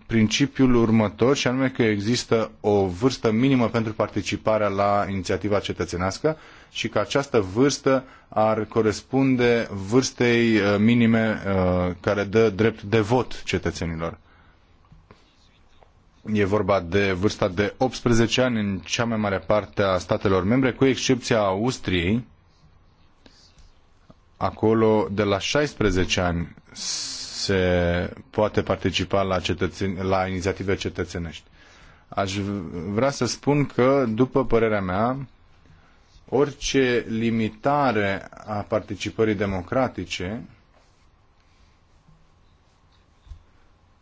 principiul următor și anume că există o vârstă minimă pentru participarea la inițiativa cetățenească și că această vârstă ar corespunde vârstei uh, minime uh, care dă drept de vot cetățenilor. E vorba de vârsta de 18 ani în cea mai mare parte a statelor membre, cu excepția Austriei. Acolo, de la 16 ani, se poate participa la, cetățen... la inițiative cetățenești. Aș vrea să spun că, după părerea mea, orice limitare a participării democratice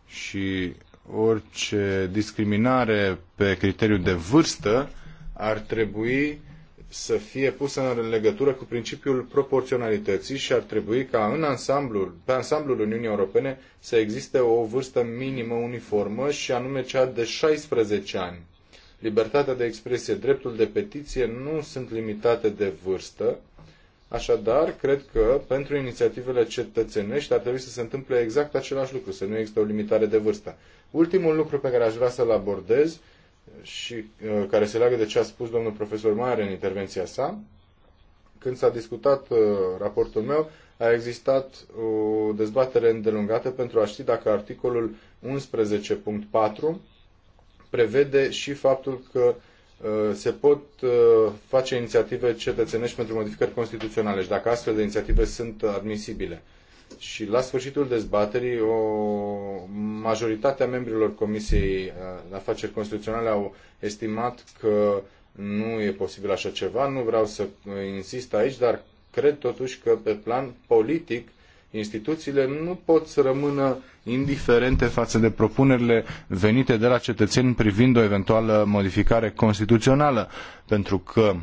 și orice discriminare pe criteriu de vârstă ar trebui să fie pusă în legătură cu principiul proporționalității și ar trebui ca în ansamblul, pe ansamblul Uniunii Europene să existe o vârstă minimă uniformă și anume cea de 16 ani libertatea de expresie, dreptul de petiție nu sunt limitate de vârstă, Așadar, cred că pentru inițiativele cetățenești ar trebui să se întâmple exact același lucru, să nu există o limitare de vârstă. Ultimul lucru pe care aș vrea să-l abordez și uh, care se leagă de ce a spus domnul profesor Mare în intervenția sa, când s-a discutat uh, raportul meu, a existat o dezbatere îndelungată pentru a ști dacă articolul 11.4 prevede și faptul că uh, se pot uh, face inițiative cetățenești pentru modificări constituționale și dacă astfel de inițiative sunt admisibile. Și la sfârșitul dezbaterii, o majoritate a membrilor Comisiei uh, de Afaceri Constituționale au estimat că nu e posibil așa ceva. Nu vreau să insist aici, dar cred totuși că pe plan politic instituțiile nu pot să rămână indiferente față de propunerile venite de la cetățeni privind o eventuală modificare constituțională, pentru că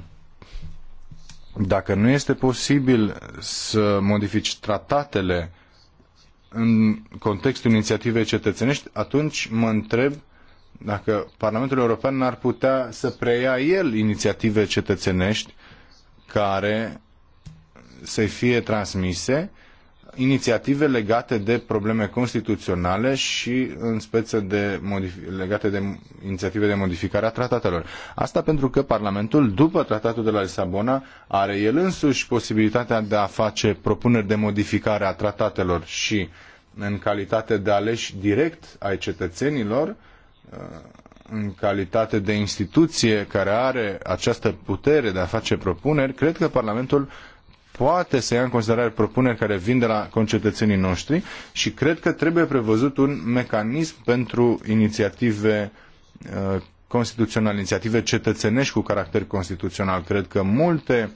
dacă nu este posibil să modifici tratatele în contextul inițiativei cetățenești, atunci mă întreb dacă Parlamentul European n-ar putea să preia el inițiative cetățenești care să fie transmise inițiative legate de probleme constituționale și în speță de legate de inițiative de modificare a tratatelor. Asta pentru că Parlamentul, după tratatul de la Lisabona, are el însuși posibilitatea de a face propuneri de modificare a tratatelor și în calitate de aleși direct ai cetățenilor, uh, în calitate de instituție care are această putere de a face propuneri, cred că Parlamentul poate să ia în considerare propuneri care vin de la concetățenii noștri și cred că trebuie prevăzut un mecanism pentru inițiative uh, constituționale, inițiative cetățenești cu caracter constituțional. Cred că multe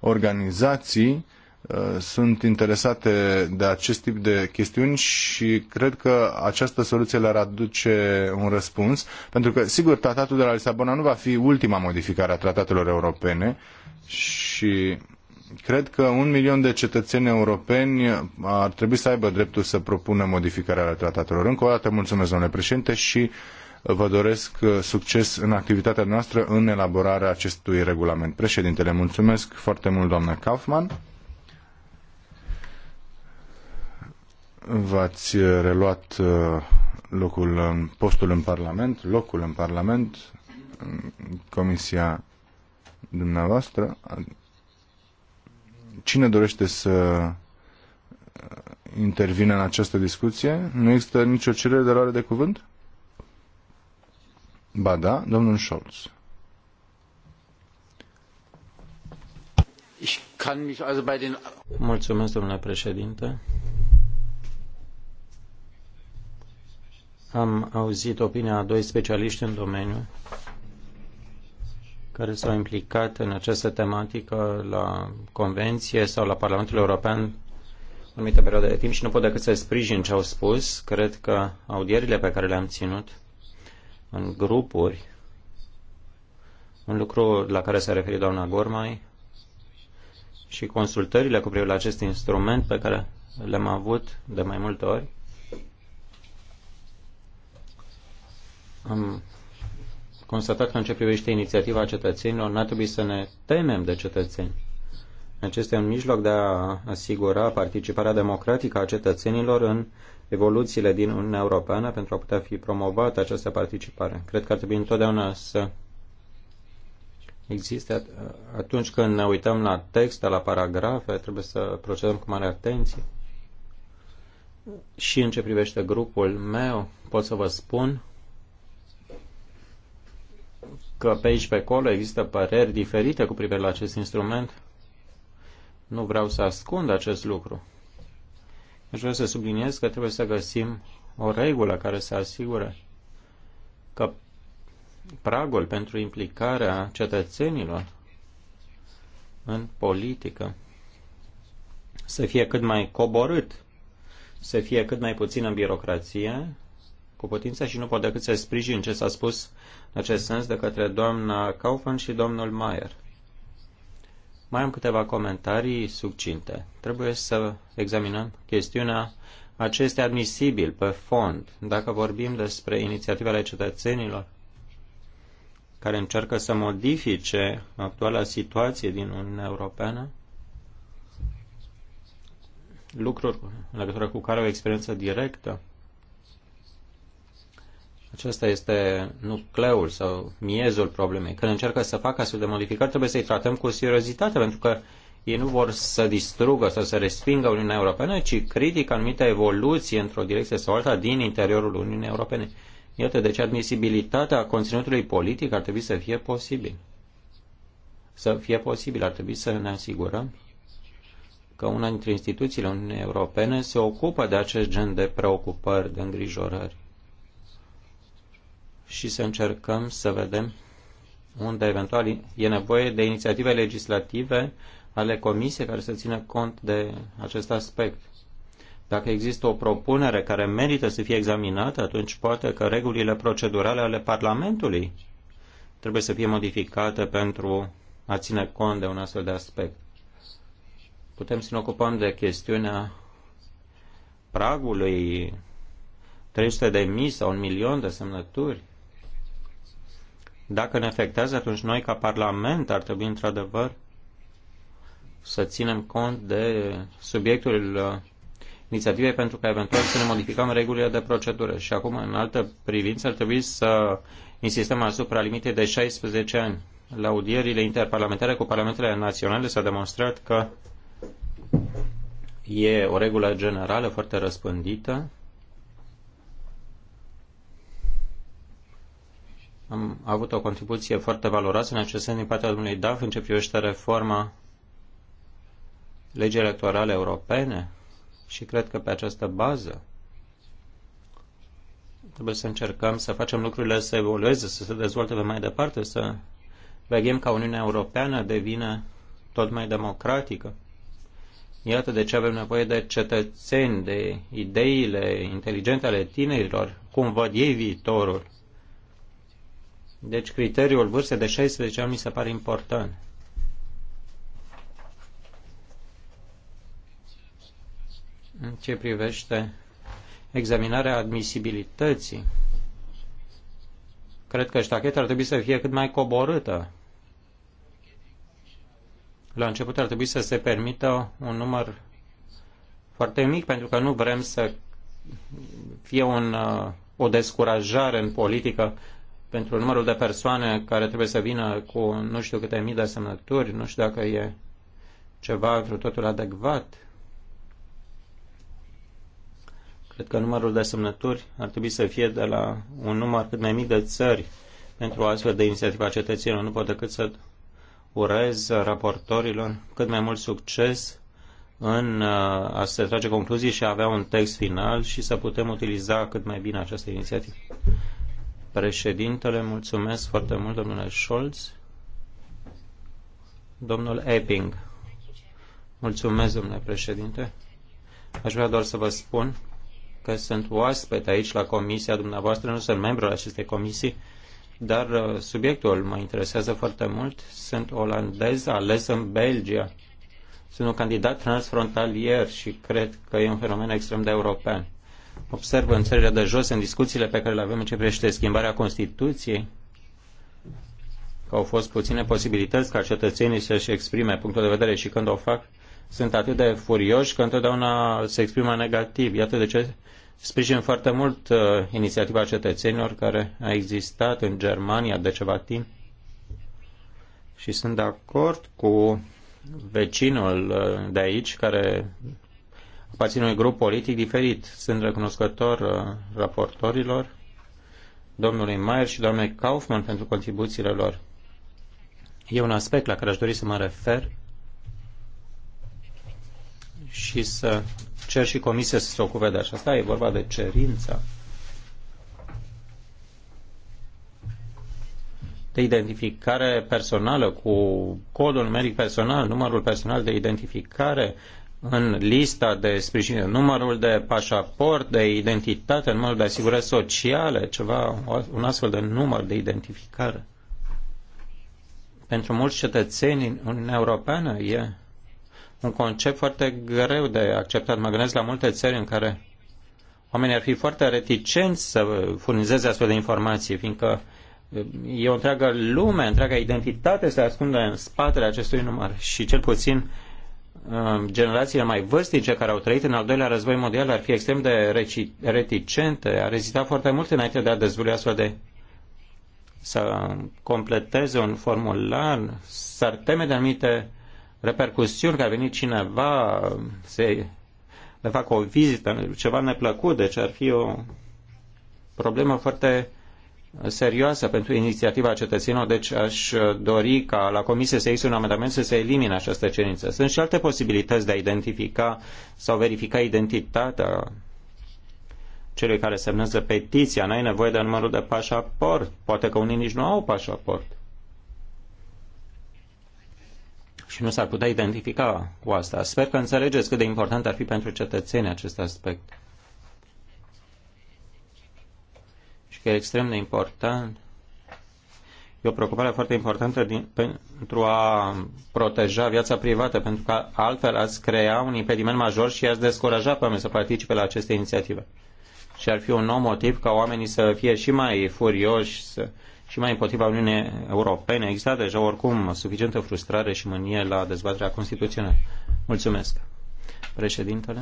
organizații uh, sunt interesate de acest tip de chestiuni și cred că această soluție le-ar aduce un răspuns, pentru că, sigur, tratatul de la Lisabona nu va fi ultima modificare a tratatelor europene și Cred că un milion de cetățeni europeni ar trebui să aibă dreptul să propună modificarea tratatelor. Încă o dată mulțumesc, domnule președinte, și vă doresc uh, succes în activitatea noastră în elaborarea acestui regulament. Președintele, mulțumesc foarte mult, doamnă Kaufmann. V-ați reluat uh, locul, postul în Parlament, locul în Parlament, în Comisia dumneavoastră. Cine dorește să uh, intervine în această discuție? Nu există nicio cerere de luare de cuvânt? Ba da, domnul Scholz. Mulțumesc, domnule președinte. Am auzit opinia a doi specialiști în domeniu care s-au implicat în această tematică la Convenție sau la Parlamentul European în anumită perioadă de timp și nu pot decât să sprijin ce au spus. Cred că audierile pe care le-am ținut în grupuri, un lucru la care s-a referit doamna Gormai, și consultările cu privire la acest instrument pe care le-am avut de mai multe ori, am constatat că în ce privește inițiativa cetățenilor, n-ar trebui să ne temem de cetățeni. Acesta este un mijloc de a asigura participarea democratică a cetățenilor în evoluțiile din Uniunea Europeană pentru a putea fi promovată această participare. Cred că ar trebui întotdeauna să existe atunci când ne uităm la texte, la paragrafe, trebuie să procedăm cu mare atenție. Și în ce privește grupul meu, pot să vă spun că pe aici pe acolo există păreri diferite cu privire la acest instrument. Nu vreau să ascund acest lucru. Deci vreau să subliniez că trebuie să găsim o regulă care să asigure că pragul pentru implicarea cetățenilor în politică să fie cât mai coborât, să fie cât mai puțin în birocrație, cu putință și nu pot decât să sprijin ce s-a spus în acest sens de către doamna Kaufman și domnul Mayer. Mai am câteva comentarii succinte. Trebuie să examinăm chestiunea acestea admisibil pe fond, dacă vorbim despre inițiativele cetățenilor care încearcă să modifice actuala situație din Uniunea Europeană, lucruri în legătură cu care o experiență directă, acesta este nucleul sau miezul problemei. Când încearcă să facă astfel de modificări, trebuie să-i tratăm cu seriozitate, pentru că ei nu vor să distrugă sau să respingă Uniunea Europeană, ci critică anumite evoluții într-o direcție sau alta din interiorul Uniunii Europene. Iată de ce admisibilitatea conținutului politic ar trebui să fie posibil. Să fie posibil, ar trebui să ne asigurăm că una dintre instituțiile Uniunii Europene se ocupă de acest gen de preocupări, de îngrijorări și să încercăm să vedem unde eventual e nevoie de inițiative legislative ale comisiei care să țină cont de acest aspect. Dacă există o propunere care merită să fie examinată, atunci poate că regulile procedurale ale Parlamentului trebuie să fie modificate pentru a ține cont de un astfel de aspect. Putem să ne ocupăm de chestiunea pragului 300 de mii sau un milion de semnături dacă ne afectează, atunci noi ca Parlament ar trebui într-adevăr să ținem cont de subiectul uh, inițiativei, pentru ca eventual să ne modificăm regulile de procedură. Și acum, în altă privință, ar trebui să insistăm asupra limitei de 16 ani. La audierile interparlamentare cu parlamentele naționale s-a demonstrat că e o regulă generală foarte răspândită Am avut o contribuție foarte valoroasă în acest sens din partea domnului Daf în ce privește reforma legii electorale europene și cred că pe această bază trebuie să încercăm să facem lucrurile să evolueze, să se dezvolte pe mai departe, să veghem ca Uniunea Europeană devine tot mai democratică. Iată de ce avem nevoie de cetățeni, de ideile inteligente ale tinerilor, cum văd ei viitorul. Deci criteriul vârstei de 16 ani mi se pare important. În ce privește examinarea admisibilității, cred că ștacheta ar trebui să fie cât mai coborâtă. La început ar trebui să se permită un număr foarte mic, pentru că nu vrem să fie un, uh, o descurajare în politică pentru numărul de persoane care trebuie să vină cu nu știu câte mii de semnături, nu știu dacă e ceva vreo totul adecvat. Cred că numărul de semnături ar trebui să fie de la un număr cât mai mic de țări pentru o astfel de inițiativă a cetățenilor. Nu pot decât să urez raportorilor cât mai mult succes în uh, a se trage concluzii și a avea un text final și să putem utiliza cât mai bine această inițiativă. Președintele, mulțumesc foarte mult, domnule Scholz. Domnul Epping. Mulțumesc, domnule președinte. Aș vrea doar să vă spun că sunt oaspet aici la comisia dumneavoastră, nu sunt membru al acestei comisii, dar uh, subiectul mă interesează foarte mult. Sunt olandez, ales în Belgia. Sunt un candidat transfrontalier și cred că e un fenomen extrem de european observă în țările de jos, în discuțiile pe care le avem în ce privește schimbarea Constituției, că au fost puține posibilități ca cetățenii să-și exprime punctul de vedere și când o fac, sunt atât de furioși că întotdeauna se exprimă negativ. Iată de ce sprijin foarte mult uh, inițiativa cetățenilor care a existat în Germania de ceva timp și sunt de acord cu vecinul uh, de aici care aparțin unui grup politic diferit. Sunt recunoscător uh, raportorilor, domnului Mayer și doamnei Kaufman pentru contribuțiile lor. E un aspect la care aș dori să mă refer și să cer și comisia să se ocupe de așa. Asta e vorba de cerința de identificare personală cu codul numeric personal, numărul personal de identificare în lista de sprijin, numărul de pașaport, de identitate, numărul de asigurări sociale, ceva, un astfel de număr de identificare. Pentru mulți cetățeni în Uniunea Europeană e un concept foarte greu de acceptat. Mă gândesc la multe țări în care oamenii ar fi foarte reticenți să furnizeze astfel de informații, fiindcă e o întreagă lume, întreaga identitate se ascunde în spatele acestui număr și cel puțin Uh, generațiile mai vârstnice care au trăit în al doilea război mondial ar fi extrem de reticente, ar rezista foarte mult înainte de a dezvălui astfel de să completeze un formular, s-ar teme de anumite repercusiuni, că a venit cineva să le facă o vizită, ceva neplăcut, deci ar fi o problemă foarte serioasă pentru inițiativa cetățenilor, deci aș dori ca la comisie să existe un amendament să se elimine această cerință. Sunt și alte posibilități de a identifica sau verifica identitatea celui care semnează petiția. N-ai nevoie de numărul de pașaport. Poate că unii nici nu au pașaport. Și nu s-ar putea identifica cu asta. Sper că înțelegeți cât de important ar fi pentru cetățeni acest aspect. e extrem de important. E o preocupare foarte importantă din, pentru a proteja viața privată, pentru că altfel ați crea un impediment major și ați descuraja pe oameni să participe la aceste inițiative. Și ar fi un nou motiv ca oamenii să fie și mai furioși să, și mai împotriva Uniunii Europene. Exista deja oricum suficientă frustrare și mânie la dezbaterea constituțională. Mulțumesc. Președintele.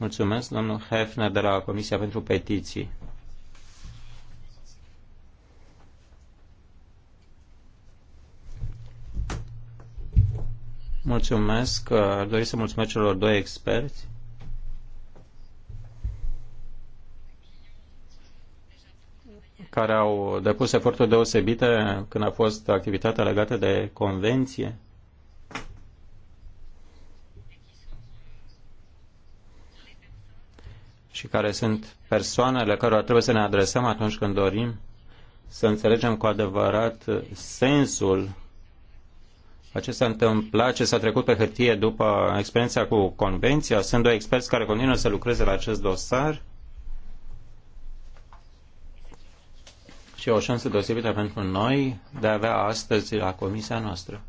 Mulțumesc, domnul Hefner de la Comisia pentru Petiții. Mulțumesc. Ar dori să mulțumesc celor doi experți. care au depus eforturi deosebite când a fost activitatea legată de convenție. și care sunt persoanele cărora trebuie să ne adresăm atunci când dorim să înțelegem cu adevărat sensul a ce s-a întâmplat, ce s-a trecut pe hârtie după experiența cu convenția. Sunt doi experți care continuă să lucreze la acest dosar și o șansă deosebită pentru noi de a avea astăzi la comisia noastră.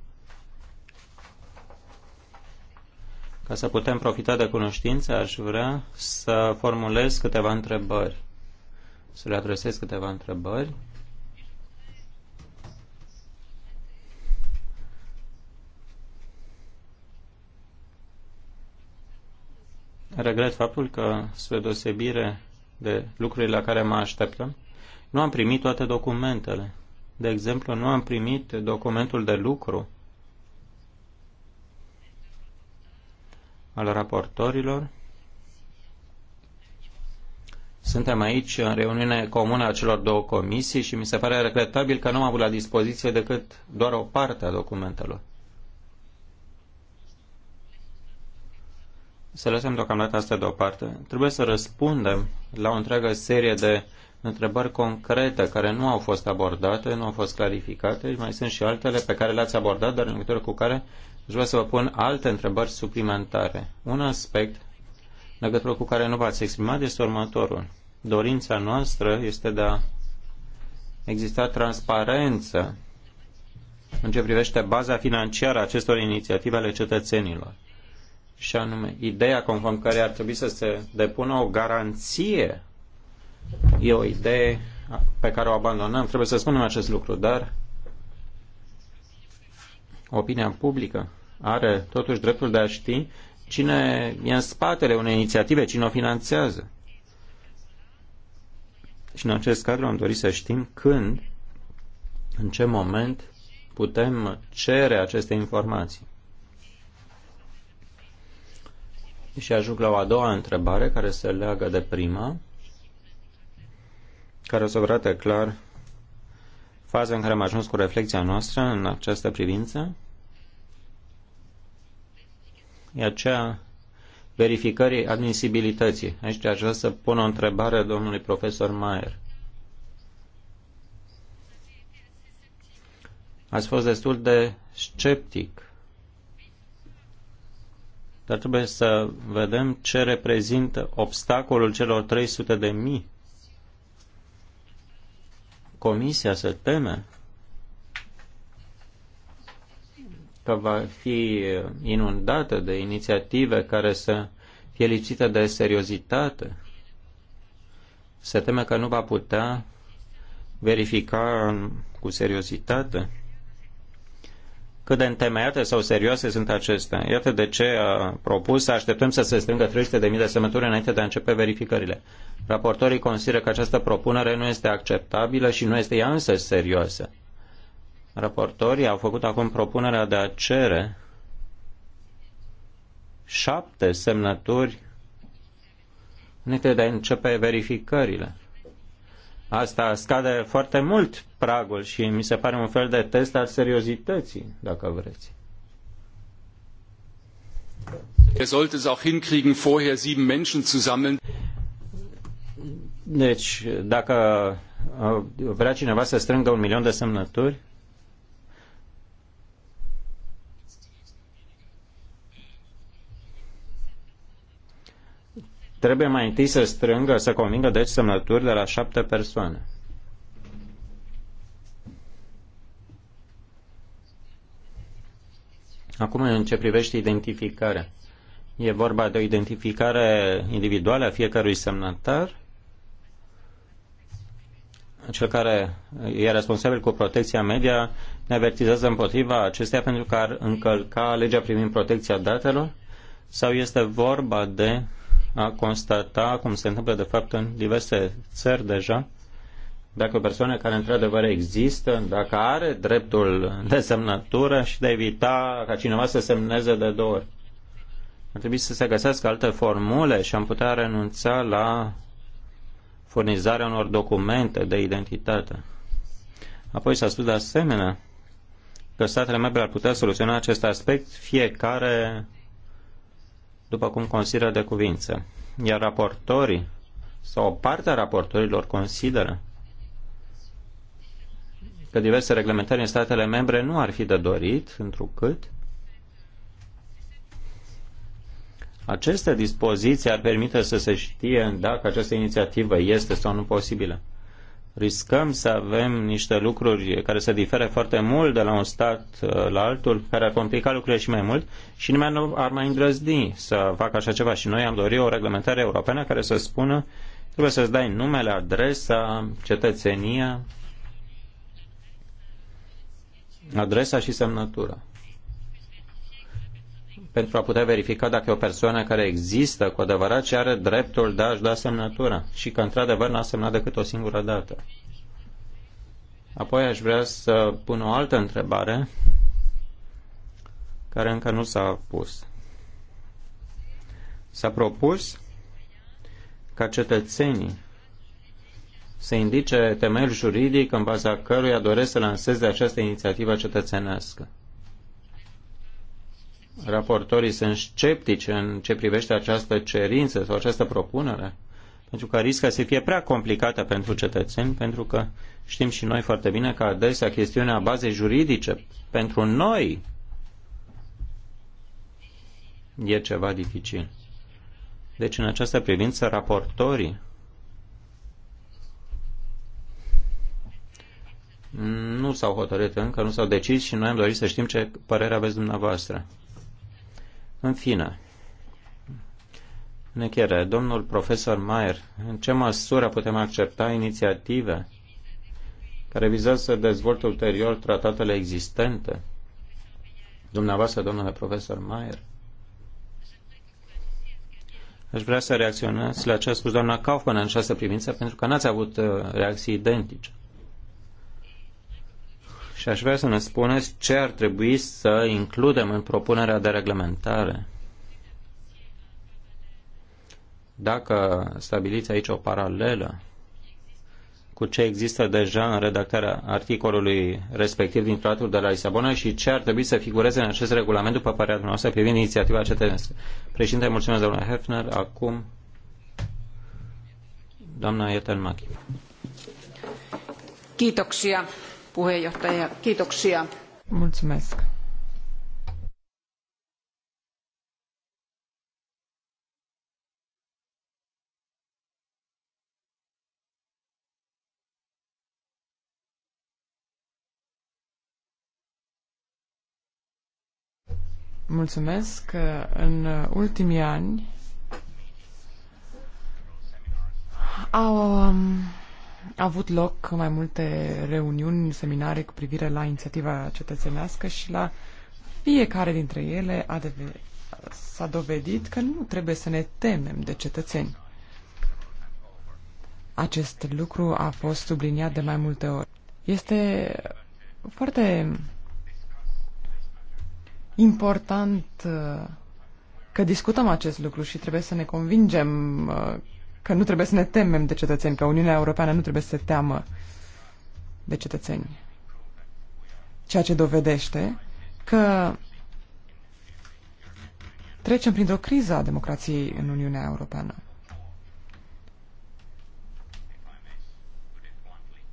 Ca să putem profita de cunoștințe, aș vrea să formulez câteva întrebări, să le adresez câteva întrebări. Regret faptul că, spre deosebire de lucrurile la care mă așteptăm, nu am primit toate documentele. De exemplu, nu am primit documentul de lucru al raportorilor. Suntem aici în reuniune comună a celor două comisii și mi se pare regretabil că nu am avut la dispoziție decât doar o parte a documentelor. Să lăsăm deocamdată asta deoparte. Trebuie să răspundem la o întreagă serie de întrebări concrete care nu au fost abordate, nu au fost clarificate, mai sunt și altele pe care le-ați abordat, dar în legătură cu care Aș vrea să vă pun alte întrebări suplimentare. Un aspect legătură cu care nu v-ați exprimat este următorul. Dorința noastră este de a exista transparență în ce privește baza financiară a acestor inițiative ale cetățenilor. Și anume, ideea conform care ar trebui să se depună o garanție e o idee pe care o abandonăm. Trebuie să spunem acest lucru, dar opinia publică are totuși dreptul de a ști cine e în spatele unei inițiative, cine o finanțează. Și în acest cadru am dorit să știm când, în ce moment putem cere aceste informații. Și ajung la o a doua întrebare care se leagă de prima, care o să arate clar faza în care am ajuns cu reflexia noastră în această privință e aceea verificării admisibilității. Aici aș vrea să pun o întrebare domnului profesor Mayer. Ați fost destul de sceptic, dar trebuie să vedem ce reprezintă obstacolul celor 300 de mii Comisia se teme că va fi inundată de inițiative care să fie lipsită de seriozitate. Se teme că nu va putea verifica cu seriozitate cât de întemeiate sau serioase sunt acestea. Iată de ce a uh, propus să așteptăm să se strângă 300.000 de semnături înainte de a începe verificările. Raportorii consideră că această propunere nu este acceptabilă și nu este ea însă serioasă. Raportorii au făcut acum propunerea de a cere șapte semnături înainte de a începe verificările. Asta scade foarte mult pragul și mi se pare un fel de test al seriozității, dacă vreți. Er sollte es auch hinkriegen, vorher sieben Menschen zu sammeln. Deci, dacă uh, vrea cineva să strângă un milion de semnături, Trebuie mai întâi să strângă, să convingă deci semnături de la șapte persoane. Acum, în ce privește identificarea, e vorba de o identificare individuală a fiecărui semnatar, cel care e responsabil cu protecția media ne avertizează împotriva acesteia pentru că ar încălca legea privind protecția datelor sau este vorba de a constata cum se întâmplă de fapt în diverse țări deja, dacă o persoană care într-adevăr există, dacă are dreptul de semnătură și de evita ca cineva să semneze de două ori. Ar trebui să se găsească alte formule și am putea renunța la furnizarea unor documente de identitate. Apoi s-a spus de asemenea că statele membre ar putea soluționa acest aspect fiecare după cum consideră de cuvință. Iar raportorii sau o parte a raportorilor consideră că diverse reglementări în statele membre nu ar fi de dorit, întrucât aceste dispoziții ar permite să se știe dacă această inițiativă este sau nu posibilă riscăm să avem niște lucruri care să difere foarte mult de la un stat uh, la altul, care ar complica lucrurile și mai mult și nimeni nu ar mai îndrăzni să facă așa ceva. Și noi am dorit o reglementare europeană care să spună trebuie să-ți dai numele, adresa, cetățenia, adresa și semnătura pentru a putea verifica dacă e o persoană care există cu adevărat și are dreptul de a-și da semnătura și că într-adevăr n-a semnat decât o singură dată. Apoi aș vrea să pun o altă întrebare care încă nu s-a pus. S-a propus ca cetățenii să indice temel juridic în baza căruia doresc să lanseze această inițiativă cetățenească raportorii sunt sceptici în ce privește această cerință sau această propunere, pentru că riscă să fie prea complicată pentru cetățeni, pentru că știm și noi foarte bine că adesea chestiunea bazei juridice pentru noi e ceva dificil. Deci, în această privință, raportorii nu s-au hotărât încă, nu s-au decis și noi am dorit să știm ce părere aveți dumneavoastră. În fine, în încheiere, domnul profesor Mayer, în ce măsură putem accepta inițiative care vizează să dezvolte ulterior tratatele existente? Dumneavoastră, domnule profesor Mayer, aș vrea să reacționați la ce a spus doamna Kaufmann în această privință, pentru că n-ați avut uh, reacții identice. Și aș vrea să ne spuneți ce ar trebui să includem în propunerea de reglementare. Dacă stabiliți aici o paralelă cu ce există deja în redactarea articolului respectiv din tratatul de la Lisabona și ce ar trebui să figureze în acest regulament, după părerea noastră, privind inițiativa CTNS. Președinte, mulțumesc, domnule Hefner. Acum, doamna Ietelmachi. Kiitoksia puheenjohtaja. Mulțumesc. Mulțumesc în ultimii ani au um, a avut loc mai multe reuniuni, seminare cu privire la inițiativa cetățenească și la fiecare dintre ele a deve- s-a dovedit că nu trebuie să ne temem de cetățeni. Acest lucru a fost subliniat de mai multe ori. Este foarte important uh, că discutăm acest lucru și trebuie să ne convingem uh, că nu trebuie să ne temem de cetățeni, că Uniunea Europeană nu trebuie să se teamă de cetățeni. Ceea ce dovedește că trecem printr-o criză a democrației în Uniunea Europeană.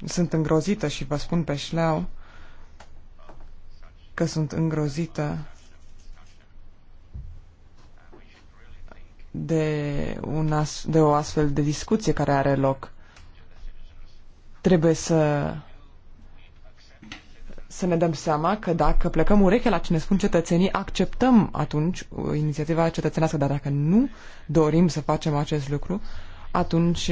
Sunt îngrozită și vă spun pe șleau că sunt îngrozită de, un as, de o astfel de discuție care are loc. Trebuie să să ne dăm seama că dacă plecăm ureche la ce ne spun cetățenii, acceptăm atunci inițiativa cetățenească, dar dacă nu dorim să facem acest lucru, atunci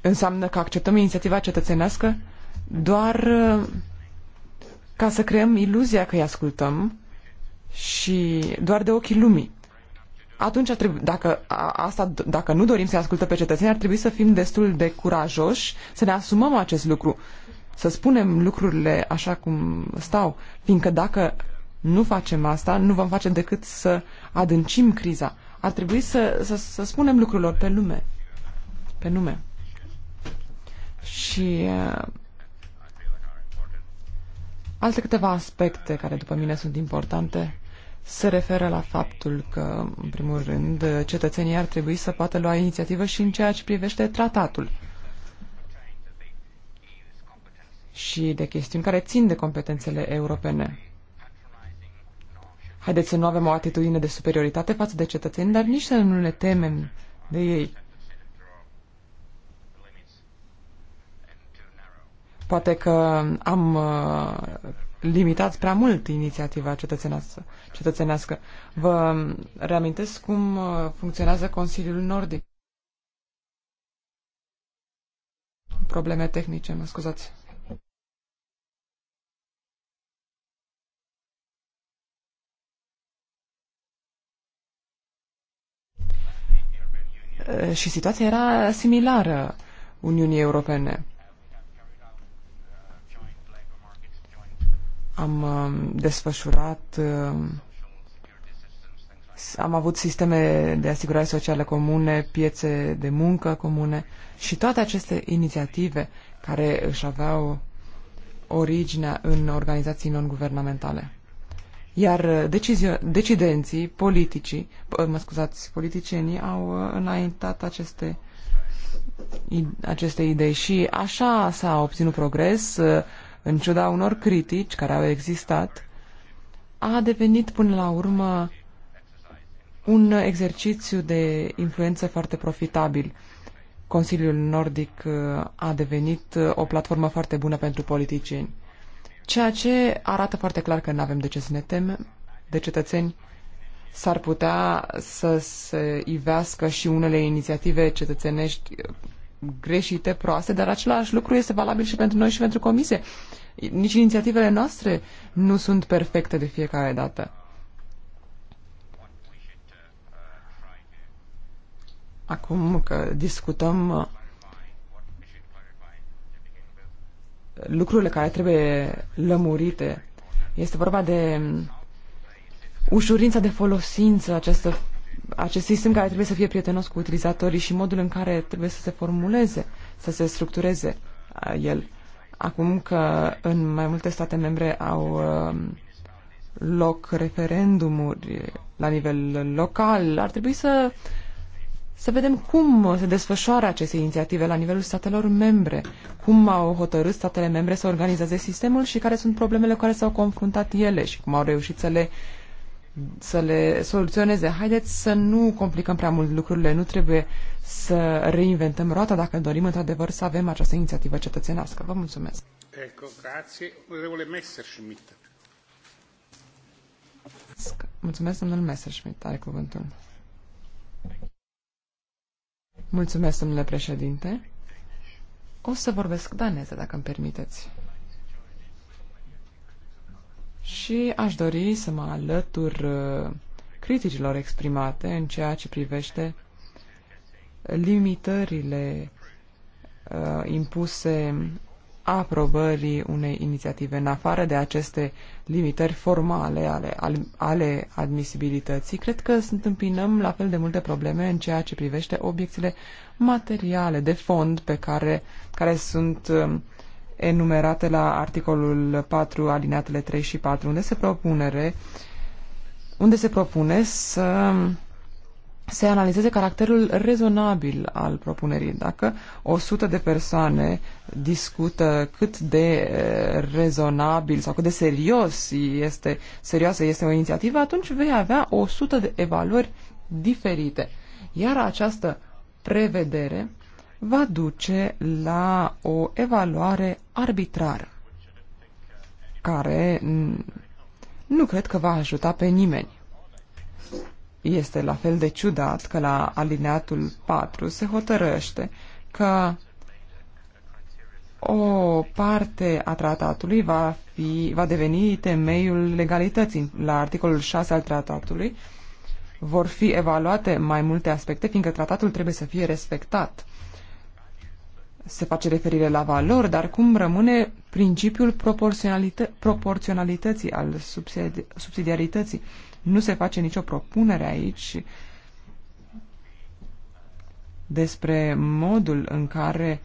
înseamnă că acceptăm inițiativa cetățenească doar ca să creăm iluzia că îi ascultăm și doar de ochii lumii atunci ar trebui, dacă, asta, dacă nu dorim să ascultă pe cetățeni, ar trebui să fim destul de curajoși, să ne asumăm acest lucru, să spunem lucrurile așa cum stau, fiindcă dacă nu facem asta, nu vom face decât să adâncim criza. Ar trebui să, să, să spunem lucrurilor pe lume. Pe nume. Și uh, alte câteva aspecte care, după mine, sunt importante se referă la faptul că, în primul rând, cetățenii ar trebui să poată lua inițiativă și în ceea ce privește tratatul și de chestiuni care țin de competențele europene. Haideți să nu avem o atitudine de superioritate față de cetățeni, dar nici să nu ne temem de ei. Poate că am uh, limitat prea mult inițiativa cetățenească. cetățenească. Vă reamintesc cum uh, funcționează Consiliul Nordic. Probleme tehnice, mă scuzați. Și situația era similară Uniunii Europene. am uh, desfășurat, uh, am avut sisteme de asigurare socială comune, piețe de muncă comune și toate aceste inițiative care își aveau originea în organizații non-guvernamentale. Iar uh, decizio- decidenții, politicii, mă scuzați, politicienii au înaintat aceste, aceste idei și așa s-a obținut progres, în ciuda unor critici care au existat, a devenit până la urmă un exercițiu de influență foarte profitabil. Consiliul Nordic uh, a devenit uh, o platformă foarte bună pentru politicieni, ceea ce arată foarte clar că nu avem de ce să ne temem de cetățeni. S-ar putea să se ivească și unele inițiative cetățenești uh, greșite, proaste, dar același lucru este valabil și pentru noi și pentru comisie. Nici inițiativele noastre nu sunt perfecte de fiecare dată. Acum că discutăm uh, lucrurile care trebuie lămurite, este vorba de um, ușurința de folosință, această acest sistem care trebuie să fie prietenos cu utilizatorii și modul în care trebuie să se formuleze, să se structureze uh, el. Acum că în mai multe state membre au uh, loc referendumuri la nivel local, ar trebui să, să vedem cum se desfășoară aceste inițiative la nivelul statelor membre, cum au hotărât statele membre să organizeze sistemul și care sunt problemele cu care s-au confruntat ele și cum au reușit să le să le soluționeze. Haideți să nu complicăm prea mult lucrurile, nu trebuie să reinventăm roata dacă dorim într-adevăr să avem această inițiativă cetățenească. Vă mulțumesc. Ecco, grazie. Onorevole Mulțumesc, domnul Messerschmidt, are cuvântul. Mulțumesc, domnule președinte. O să vorbesc daneză, dacă îmi permiteți și aș dori să mă alătur uh, criticilor exprimate în ceea ce privește limitările uh, impuse aprobării unei inițiative. În afară de aceste limitări formale ale, ale admisibilității, cred că întâmpinăm la fel de multe probleme în ceea ce privește obiecțiile materiale de fond pe care, care sunt um, enumerate la articolul 4, alineatele 3 și 4, unde se propunere unde se propune să se analizeze caracterul rezonabil al propunerii. Dacă 100 de persoane discută cât de eh, rezonabil sau cât de serios este, serioasă este o inițiativă, atunci vei avea 100 de evaluări diferite. Iar această prevedere va duce la o evaluare arbitrară, care nu cred că va ajuta pe nimeni. Este la fel de ciudat că la alineatul 4 se hotărăște că o parte a tratatului va, fi, va deveni temeiul legalității. La articolul 6 al tratatului vor fi evaluate mai multe aspecte, fiindcă tratatul trebuie să fie respectat se face referire la valori, dar cum rămâne principiul proporționalită- proporționalității, al subsidi- subsidiarității. Nu se face nicio propunere aici despre modul în care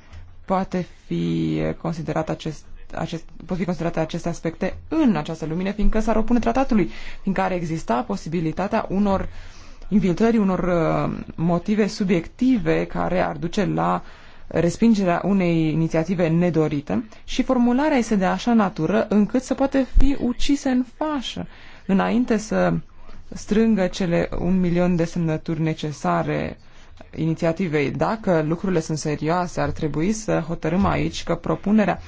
poate fi considerat acest acest, pot fi considerate aceste aspecte în această lumină, fiindcă s-ar opune tratatului, fiindcă ar exista posibilitatea unor infiltrări, unor uh, motive subiective care ar duce la uh, respingerea unei inițiative nedorite și formularea este de așa natură încât să poate fi ucise în fașă. Înainte să strângă cele un milion de semnături necesare inițiativei, dacă lucrurile sunt serioase, ar trebui să hotărâm aici că propunerea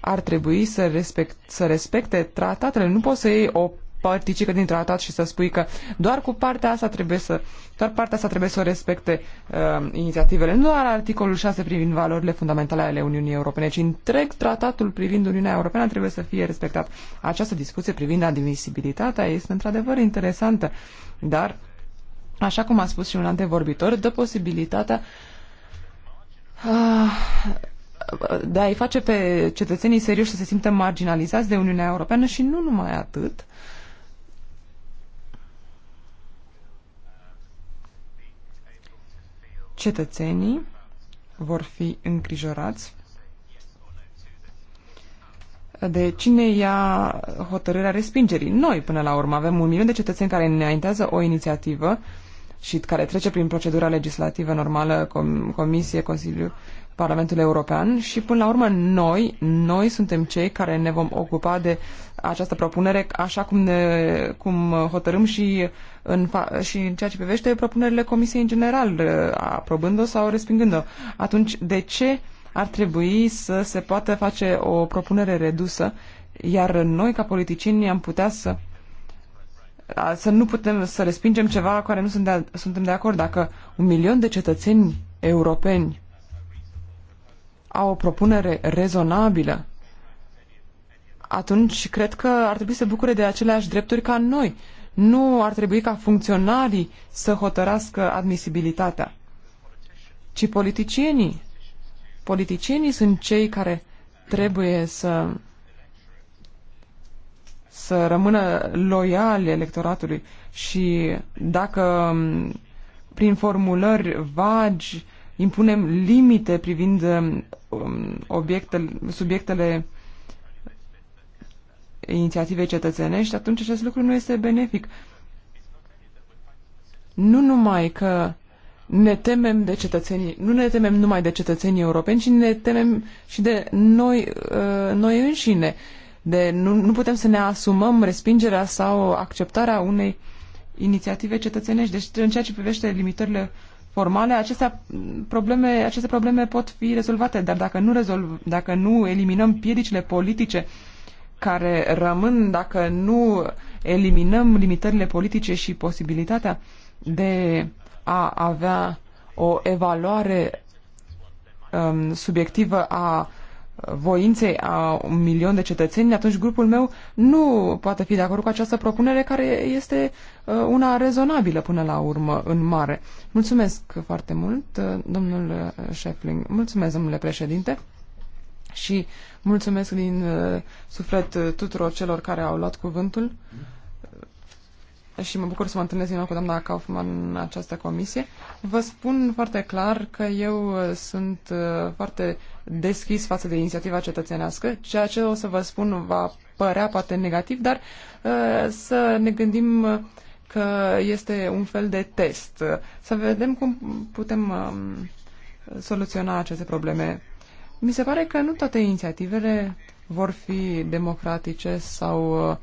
ar trebui să, respect, să respecte tratatele. Nu poți să iei o participă din tratat și să spui că doar cu partea asta trebuie să, doar partea asta trebuie să respecte uh, inițiativele, nu doar articolul 6 privind valorile fundamentale ale Uniunii Europene, ci întreg tratatul privind Uniunea Europeană trebuie să fie respectat. Această discuție privind admisibilitatea este într-adevăr interesantă, dar, așa cum a spus și un antevorbitor, dă posibilitatea uh, de a-i face pe cetățenii serioși să se simtă marginalizați de Uniunea Europeană și nu numai atât, cetățenii vor fi îngrijorați de cine ia hotărârea respingerii. Noi, până la urmă, avem un milion de cetățeni care înaintează o inițiativă și care trece prin procedura legislativă normală, com Comisie, Consiliu Parlamentul European și până la urmă noi, noi suntem cei care ne vom ocupa de această propunere așa cum, ne, cum hotărâm și în, și în ceea ce privește propunerile Comisiei în general, aprobând-o sau respingând-o. Atunci, de ce ar trebui să se poată face o propunere redusă, iar noi, ca politicieni, am putea să să nu putem să respingem ceva cu care nu suntem de acord. Dacă un milion de cetățeni europeni au o propunere rezonabilă, atunci cred că ar trebui să bucure de aceleași drepturi ca noi. Nu ar trebui ca funcționarii să hotărască admisibilitatea, ci politicienii. Politicienii sunt cei care trebuie să să rămână loiali electoratului și dacă mm, prin formulări vagi impunem limite privind um, obiectele, subiectele inițiativei cetățenești, atunci acest lucru nu este benefic. Nu numai că ne temem de cetățenii, nu ne temem numai de cetățenii europeni, ci ne temem și de noi, uh, noi înșine. De, nu, nu putem să ne asumăm respingerea sau acceptarea unei inițiative cetățenești. Deci, în ceea ce privește limitările formale, aceste probleme, aceste probleme pot fi rezolvate, dar dacă nu, rezolv, dacă nu eliminăm piedicile politice care rămân, dacă nu eliminăm limitările politice și posibilitatea de a avea o evaluare um, subiectivă a voinței a un milion de cetățeni, atunci grupul meu nu poate fi de acord cu această propunere care este uh, una rezonabilă până la urmă în mare. Mulțumesc foarte mult, uh, domnul Șefling. Uh, mulțumesc, domnule președinte. Și mulțumesc din suflet tuturor celor care au luat cuvântul și mă bucur să mă întâlnesc din nou cu doamna Kaufman în această comisie. Vă spun foarte clar că eu uh, sunt uh, foarte deschis față de inițiativa cetățenească. Ceea ce o să vă spun va părea poate negativ, dar uh, să ne gândim că este un fel de test. Să vedem cum putem um, soluționa aceste probleme. Mi se pare că nu toate inițiativele vor fi democratice sau uh,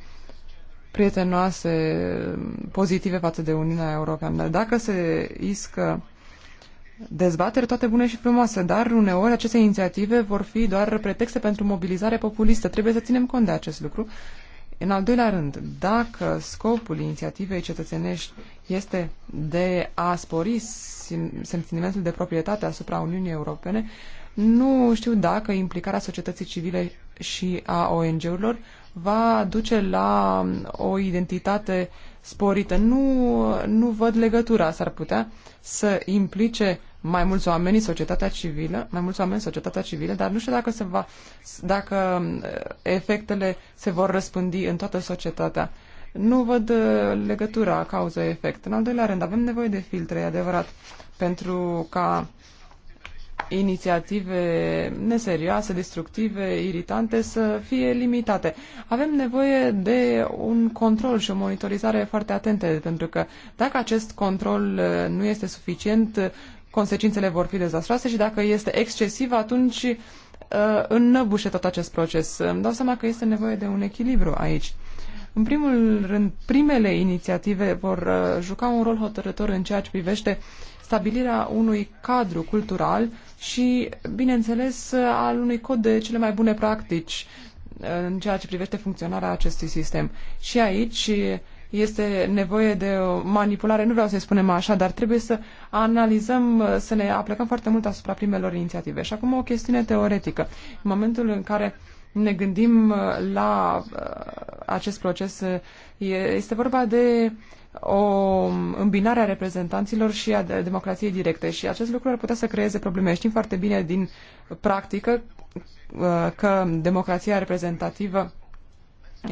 prietenoase, pozitive față de Uniunea Europeană. Dar dacă se iscă dezbateri toate bune și frumoase, dar uneori aceste inițiative vor fi doar pretexte pentru mobilizare populistă. Trebuie să ținem cont de acest lucru. În al doilea rând, dacă scopul inițiativei cetățenești este de a spori sentimentul de proprietate asupra Uniunii Europene, nu știu dacă implicarea societății civile și a ONG-urilor va duce la o identitate sporită. Nu, nu văd legătura. S-ar putea să implice mai mulți oameni societatea civilă, mai mulți oameni societatea civilă, dar nu știu dacă se va, dacă uh, efectele se vor răspândi în toată societatea. Nu văd uh, legătura cauză-efect. În al doilea rând, avem nevoie de filtre, e adevărat, pentru ca inițiative neserioase, destructive, iritante să fie limitate. Avem nevoie de un control și o monitorizare foarte atente, pentru că dacă acest control uh, nu este suficient, uh, consecințele vor fi dezastroase și dacă este excesiv, atunci uh, înnăbușe tot acest proces. Îmi dau seama că este nevoie de un echilibru aici. În primul rând, primele inițiative vor juca un rol hotărător în ceea ce privește uh, stabilirea unui cadru cultural și, bineînțeles, al unui cod de cele mai bune practici uh, în ceea ce privește funcționarea acestui sistem. Și aici este nevoie de manipulare, nu vreau să-i spunem așa, dar trebuie să analizăm, uh, să ne aplicăm foarte mult asupra primelor inițiative. Și acum o chestiune teoretică. În momentul în care ne gândim uh, la acest proces, este vorba de o îmbinare a reprezentanților și a democrației directe și acest lucru ar putea să creeze probleme. Știm foarte bine din practică uh, că democrația reprezentativă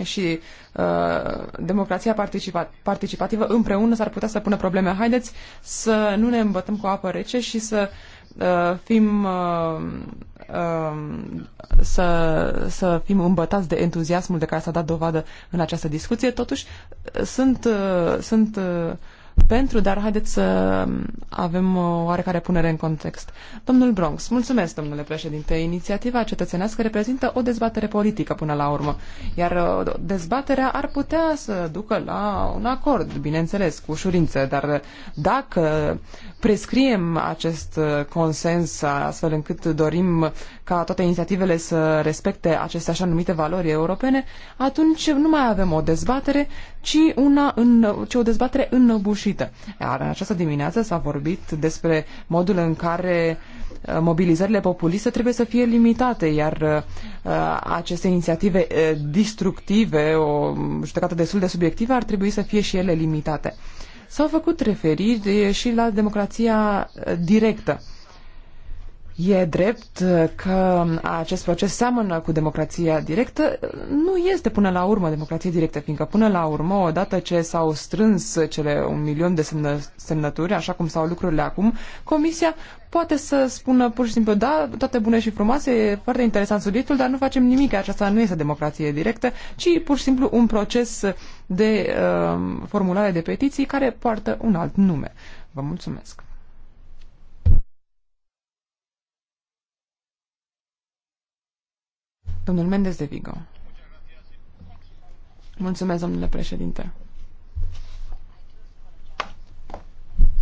și uh, democrația participa- participativă împreună s-ar putea să pună probleme. Haideți să nu ne îmbătăm cu apă rece și să uh, Uh, fim uh, um, să, să fim îmbătați de entuziasmul de care s-a dat dovadă în această discuție, totuși sunt, uh, sunt pentru, dar haideți să avem oarecare punere în context. Domnul Bronx, mulțumesc, domnule președinte. Inițiativa cetățenească reprezintă o dezbatere politică până la urmă, iar uh, dezbaterea ar putea să ducă la un acord, bineînțeles, cu ușurință, dar dacă prescriem acest uh, consens astfel încât dorim ca toate inițiativele să respecte aceste așa numite valori europene, atunci nu mai avem o dezbatere, ci, una în, ci o dezbatere înăbușită. Iar în această dimineață s-a vorbit despre modul în care uh, mobilizările populiste trebuie să fie limitate, iar uh, aceste inițiative uh, destructive, o judecată destul de subiectivă, ar trebui să fie și ele limitate. S-au făcut referiri și la democrația directă. E drept că acest proces seamănă cu democrația directă, nu este până la urmă democrație directă, fiindcă până la urmă, odată ce s-au strâns cele un milion de semnă, semnături, așa cum s-au lucrurile acum, Comisia poate să spună pur și simplu, da, toate bune și frumoase, e foarte interesant subiectul, dar nu facem nimic, aceasta nu este democrație directă, ci pur și simplu un proces de uh, formulare de petiții care poartă un alt nume. Vă mulțumesc! Domnul Mendes de Vigo. Mulțumesc, domnule președinte.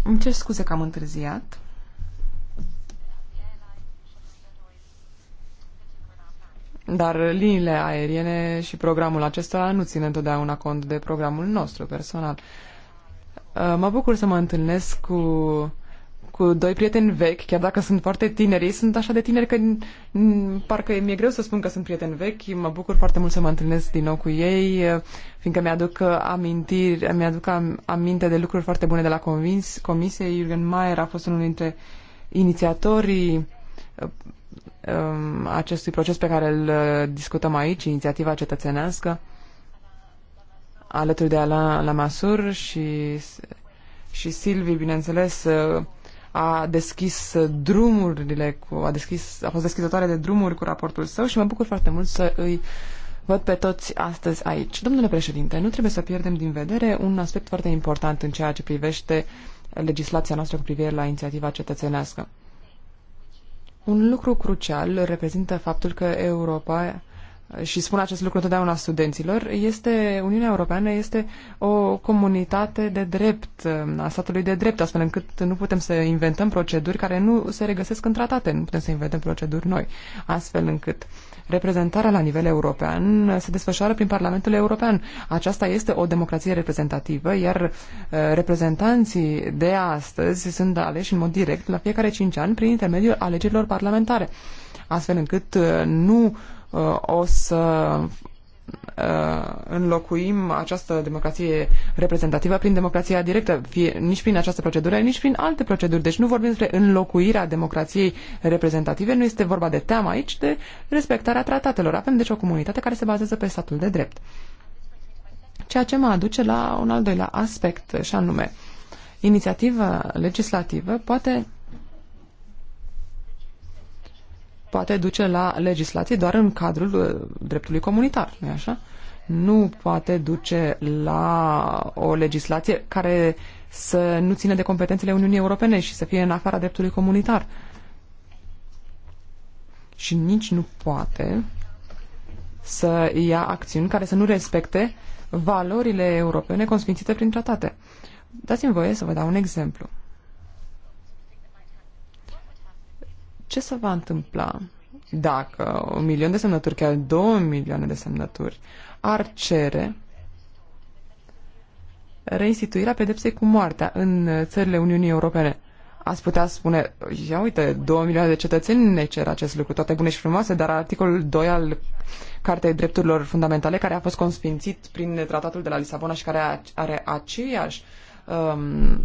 Îmi cer scuze că am întârziat. Dar liniile aeriene și programul acesta nu țin întotdeauna cont de programul nostru personal. Mă bucur să mă întâlnesc cu cu doi prieteni vechi, chiar dacă sunt foarte tineri, sunt așa de tineri că parcă mi-e greu să spun că sunt prieteni vechi, mă bucur foarte mult să mă întâlnesc din nou cu ei, fiindcă mi-aduc amintiri, mi-aduc aminte de lucruri foarte bune de la convins, comisie. Jürgen Mayer a fost unul dintre inițiatorii um, acestui proces pe care îl uh, discutăm aici, inițiativa cetățenească, alături de Alain Lamassur și și Silvi, bineînțeles, uh, a deschis drumurile, cu, a, deschis, a fost deschizătoare de drumuri cu raportul său și mă bucur foarte mult să îi văd pe toți astăzi aici. Domnule președinte, nu trebuie să pierdem din vedere un aspect foarte important în ceea ce privește legislația noastră cu privire la inițiativa cetățenească. Un lucru crucial reprezintă faptul că Europa și spun acest lucru întotdeauna studenților, este, Uniunea Europeană este o comunitate de drept, a statului de drept, astfel încât nu putem să inventăm proceduri care nu se regăsesc în tratate, nu putem să inventăm proceduri noi, astfel încât reprezentarea la nivel european se desfășoară prin Parlamentul European. Aceasta este o democrație reprezentativă, iar uh, reprezentanții de astăzi sunt aleși în mod direct la fiecare cinci ani prin intermediul alegerilor parlamentare, astfel încât uh, nu uh, o să uh, înlocuim această democrație reprezentativă prin democrația directă, fie, nici prin această procedură, nici prin alte proceduri. Deci nu vorbim despre înlocuirea democrației reprezentative, nu este vorba de teamă aici, de respectarea tratatelor. Avem deci o comunitate care se bazează pe statul de drept. Ceea ce mă aduce la un al doilea aspect, și anume, inițiativa legislativă poate poate duce la legislație doar în cadrul uh, dreptului comunitar, nu așa? Nu poate duce la o legislație care să nu ține de competențele Uniunii Europene și să fie în afara dreptului comunitar. Și nici nu poate să ia acțiuni care să nu respecte valorile europene consfințite prin tratate. Dați-mi voie să vă dau un exemplu. ce se va întâmpla dacă un milion de semnături, chiar două milioane de semnături, ar cere reinstituirea pedepsei cu moartea în țările Uniunii Europene. Ați putea spune, ia uite, două milioane de cetățeni ne cer acest lucru, toate bune și frumoase, dar articolul 2 al Cartei Drepturilor Fundamentale, care a fost consfințit prin tratatul de la Lisabona și care are aceeași Um,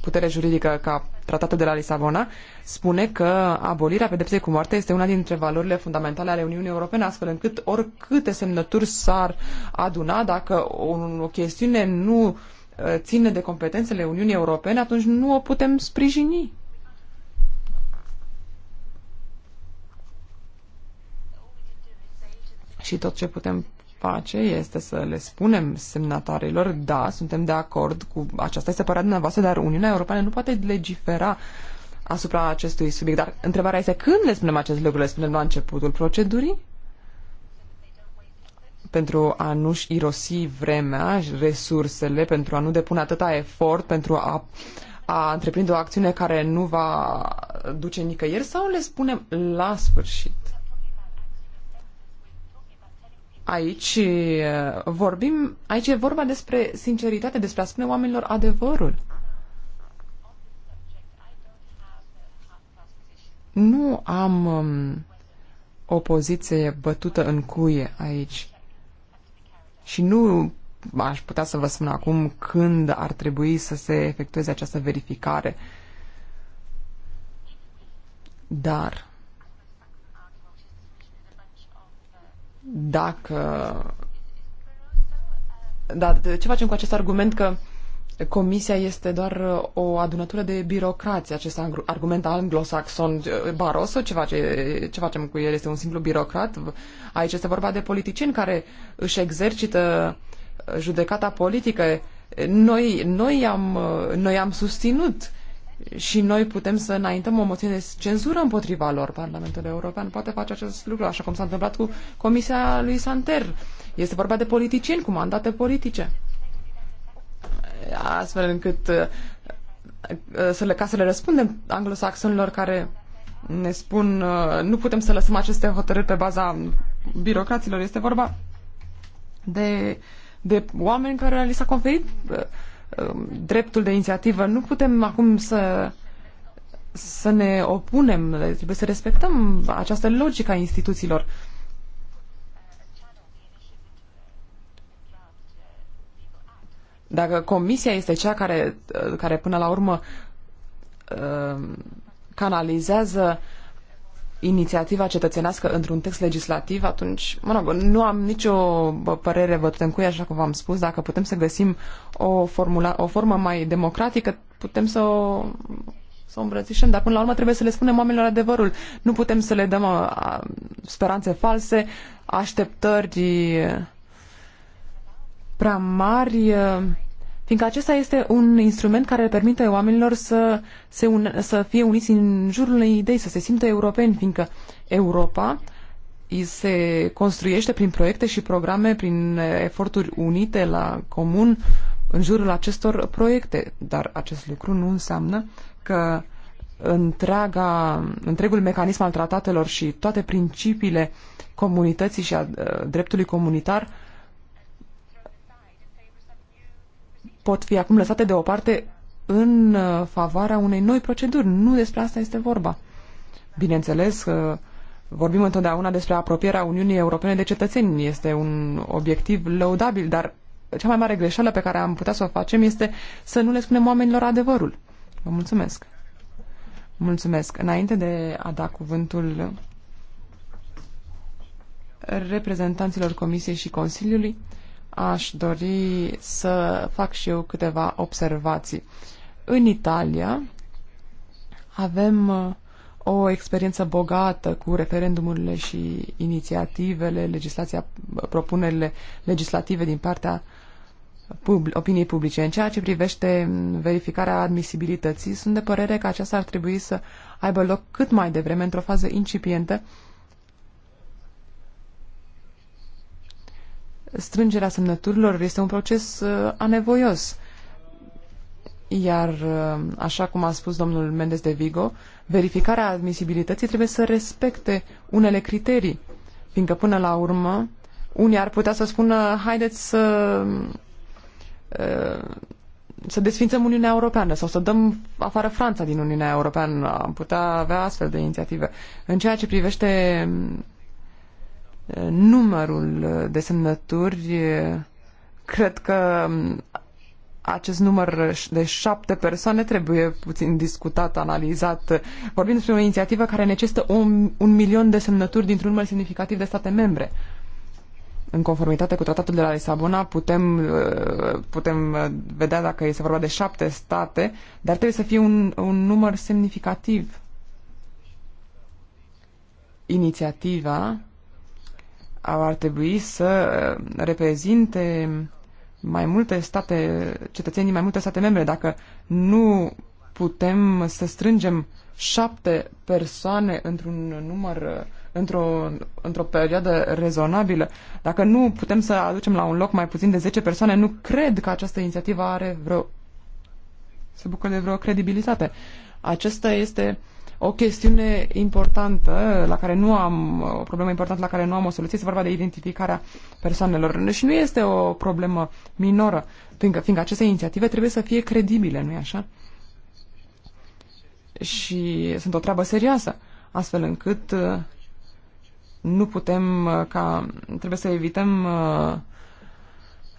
putere juridică ca tratatul de la Lisabona, spune că abolirea pedepsei cu moartea este una dintre valorile fundamentale ale Uniunii Europene, astfel încât oricâte semnături s-ar aduna, dacă o, o chestiune nu uh, ține de competențele Uniunii Europene, atunci nu o putem sprijini. Și tot ce putem face este să le spunem semnatarilor, da, suntem de acord cu aceasta este părerea dumneavoastră, dar Uniunea Europeană nu poate legifera asupra acestui subiect. Dar întrebarea este când le spunem acest lucru? Le spunem la începutul procedurii? pentru a nu-și irosi vremea, resursele, pentru a nu depune atâta efort, pentru a, a întreprinde o acțiune care nu va duce nicăieri sau le spunem la sfârșit? aici vorbim, aici e vorba despre sinceritate, despre a spune oamenilor adevărul. Nu am um, o poziție bătută în cuie aici. Și nu aș putea să vă spun acum când ar trebui să se efectueze această verificare. Dar dacă... Dar ce facem cu acest argument că Comisia este doar uh, o adunătură de birocrație, acest argument anglosaxon. Uh, Barroso, ce, face, ce facem cu el? Este un simplu birocrat? Aici este vorba de politicieni care își exercită uh, judecata politică. Noi, noi, am, noi am susținut și noi putem să înaintăm o moțiune de cenzură împotriva lor. Parlamentul European poate face acest lucru, așa cum s-a întâmplat cu Comisia lui Santer. Este vorba de politicieni cu mandate politice. Astfel încât uh, uh, să le, ca să le răspundem anglosaxonilor care ne spun uh, nu putem să lăsăm aceste hotărâri pe baza birocraților. Este vorba de, de oameni care li s-a conferit Um, dreptul de inițiativă. Nu putem acum să să ne opunem, trebuie să respectăm această logică a instituțiilor. Dacă comisia este cea care, uh, care până la urmă um, canalizează inițiativa cetățenească într-un text legislativ, atunci, mă rog, nu am nicio părere vătâncuie, așa cum v-am spus, dacă putem să găsim o, formula, o formă mai democratică, putem să o să o îmbrățișăm, dar până la urmă trebuie să le spunem oamenilor adevărul. Nu putem să le dăm a, a, speranțe false, așteptări prea mari. A, fiindcă acesta este un instrument care permite oamenilor să, se un, să fie uniți în jurul unei idei, să se simtă europeni, fiindcă Europa se construiește prin proiecte și programe, prin eforturi unite la comun în jurul acestor proiecte. Dar acest lucru nu înseamnă că întreaga, întregul mecanism al tratatelor și toate principiile comunității și a dreptului comunitar pot fi acum lăsate deoparte în uh, favoarea unei noi proceduri. Nu despre asta este vorba. Bineînțeles că vorbim întotdeauna despre apropierea Uniunii Europene de cetățeni. Este un obiectiv lăudabil, dar cea mai mare greșeală pe care am putea să o facem este să nu le spunem oamenilor adevărul. Vă mulțumesc. Mulțumesc. Înainte de a da cuvântul reprezentanților Comisiei și Consiliului, aș dori să fac și eu câteva observații. În Italia avem uh, o experiență bogată cu referendumurile și inițiativele, legislația, propunerile legislative din partea pub- opiniei publice. În ceea ce privește verificarea admisibilității, sunt de părere că aceasta ar trebui să aibă loc cât mai devreme, într-o fază incipientă, strângerea semnăturilor este un proces uh, anevoios. Iar, uh, așa cum a spus domnul Mendes de Vigo, verificarea admisibilității trebuie să respecte unele criterii, fiindcă până la urmă unii ar putea să spună haideți să uh, să desfințăm Uniunea Europeană sau să dăm afară Franța din Uniunea Europeană. Am putea avea astfel de inițiative. În ceea ce privește numărul de semnături, cred că acest număr de șapte persoane trebuie puțin discutat, analizat. Vorbim despre o inițiativă care necesită un, un milion de semnături dintr-un număr semnificativ de state membre. În conformitate cu tratatul de la Lisabona, putem, putem vedea dacă este vorba de șapte state, dar trebuie să fie un, un număr semnificativ. Inițiativa ar trebui să uh, reprezinte mai multe state, cetățenii mai multe state membre. Dacă nu putem să strângem șapte persoane într-un număr, uh, într-o, într-o perioadă rezonabilă, dacă nu putem să aducem la un loc mai puțin de 10 persoane, nu cred că această inițiativă are vreo se bucură de vreo credibilitate. Acesta este o chestiune importantă la care nu am, o problemă importantă la care nu am o soluție, este vorba de identificarea persoanelor. Și deci nu este o problemă minoră, fiindcă, fiindcă aceste inițiative trebuie să fie credibile, nu-i așa? Și sunt o treabă serioasă, astfel încât uh, nu putem uh, ca, trebuie să evităm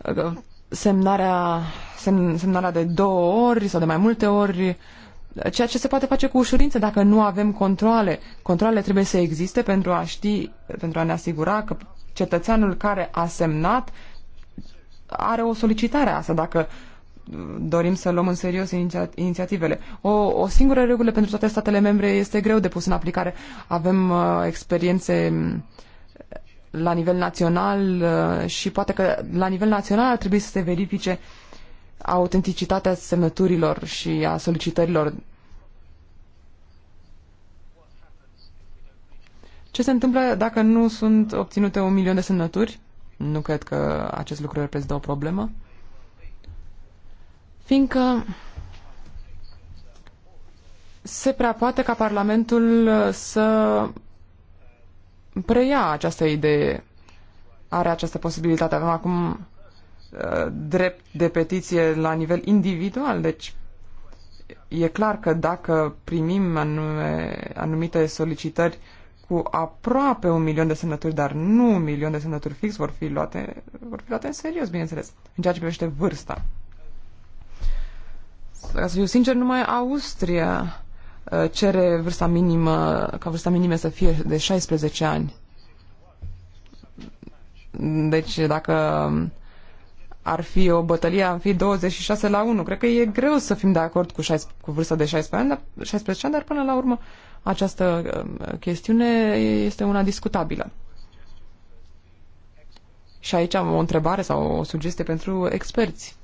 uh, semnarea, semn, semnarea de două ori sau de mai multe ori ceea ce se poate face cu ușurință dacă nu avem controle. Controlele trebuie să existe pentru a ști, pentru a ne asigura că cetățeanul care a semnat are o solicitare asta, dacă dorim să luăm în serios iniția inițiativele. O, o singură regulă pentru toate statele membre este greu de pus în aplicare. Avem uh, experiențe mm, la nivel național uh, și poate că la nivel național ar trebui să se verifice uh, autenticitatea semnăturilor și a solicitărilor. Ce se întâmplă dacă nu sunt obținute un milion de semnături? Nu cred că acest lucru reprezintă o problemă. Fiindcă se prea poate ca Parlamentul să preia această idee. Are această posibilitate. Avem acum drept de petiție la nivel individual. Deci e clar că dacă primim anume, anumite solicitări cu aproape un milion de semnături, dar nu un milion de semnături fix, vor fi luate, vor fi luate în serios, bineînțeles, în ceea ce privește vârsta. Ca să fiu sincer, numai Austria uh, cere vârsta minimă, ca vârsta minimă să fie de 16 ani. Deci, dacă um, ar fi o bătălie, ar fi 26 la 1. Cred că e greu să fim de acord cu, 16, cu vârsta de 16 ani, dar, 16 ani, dar până la urmă această um, chestiune este una discutabilă. Și aici am o întrebare sau o sugestie pentru experți.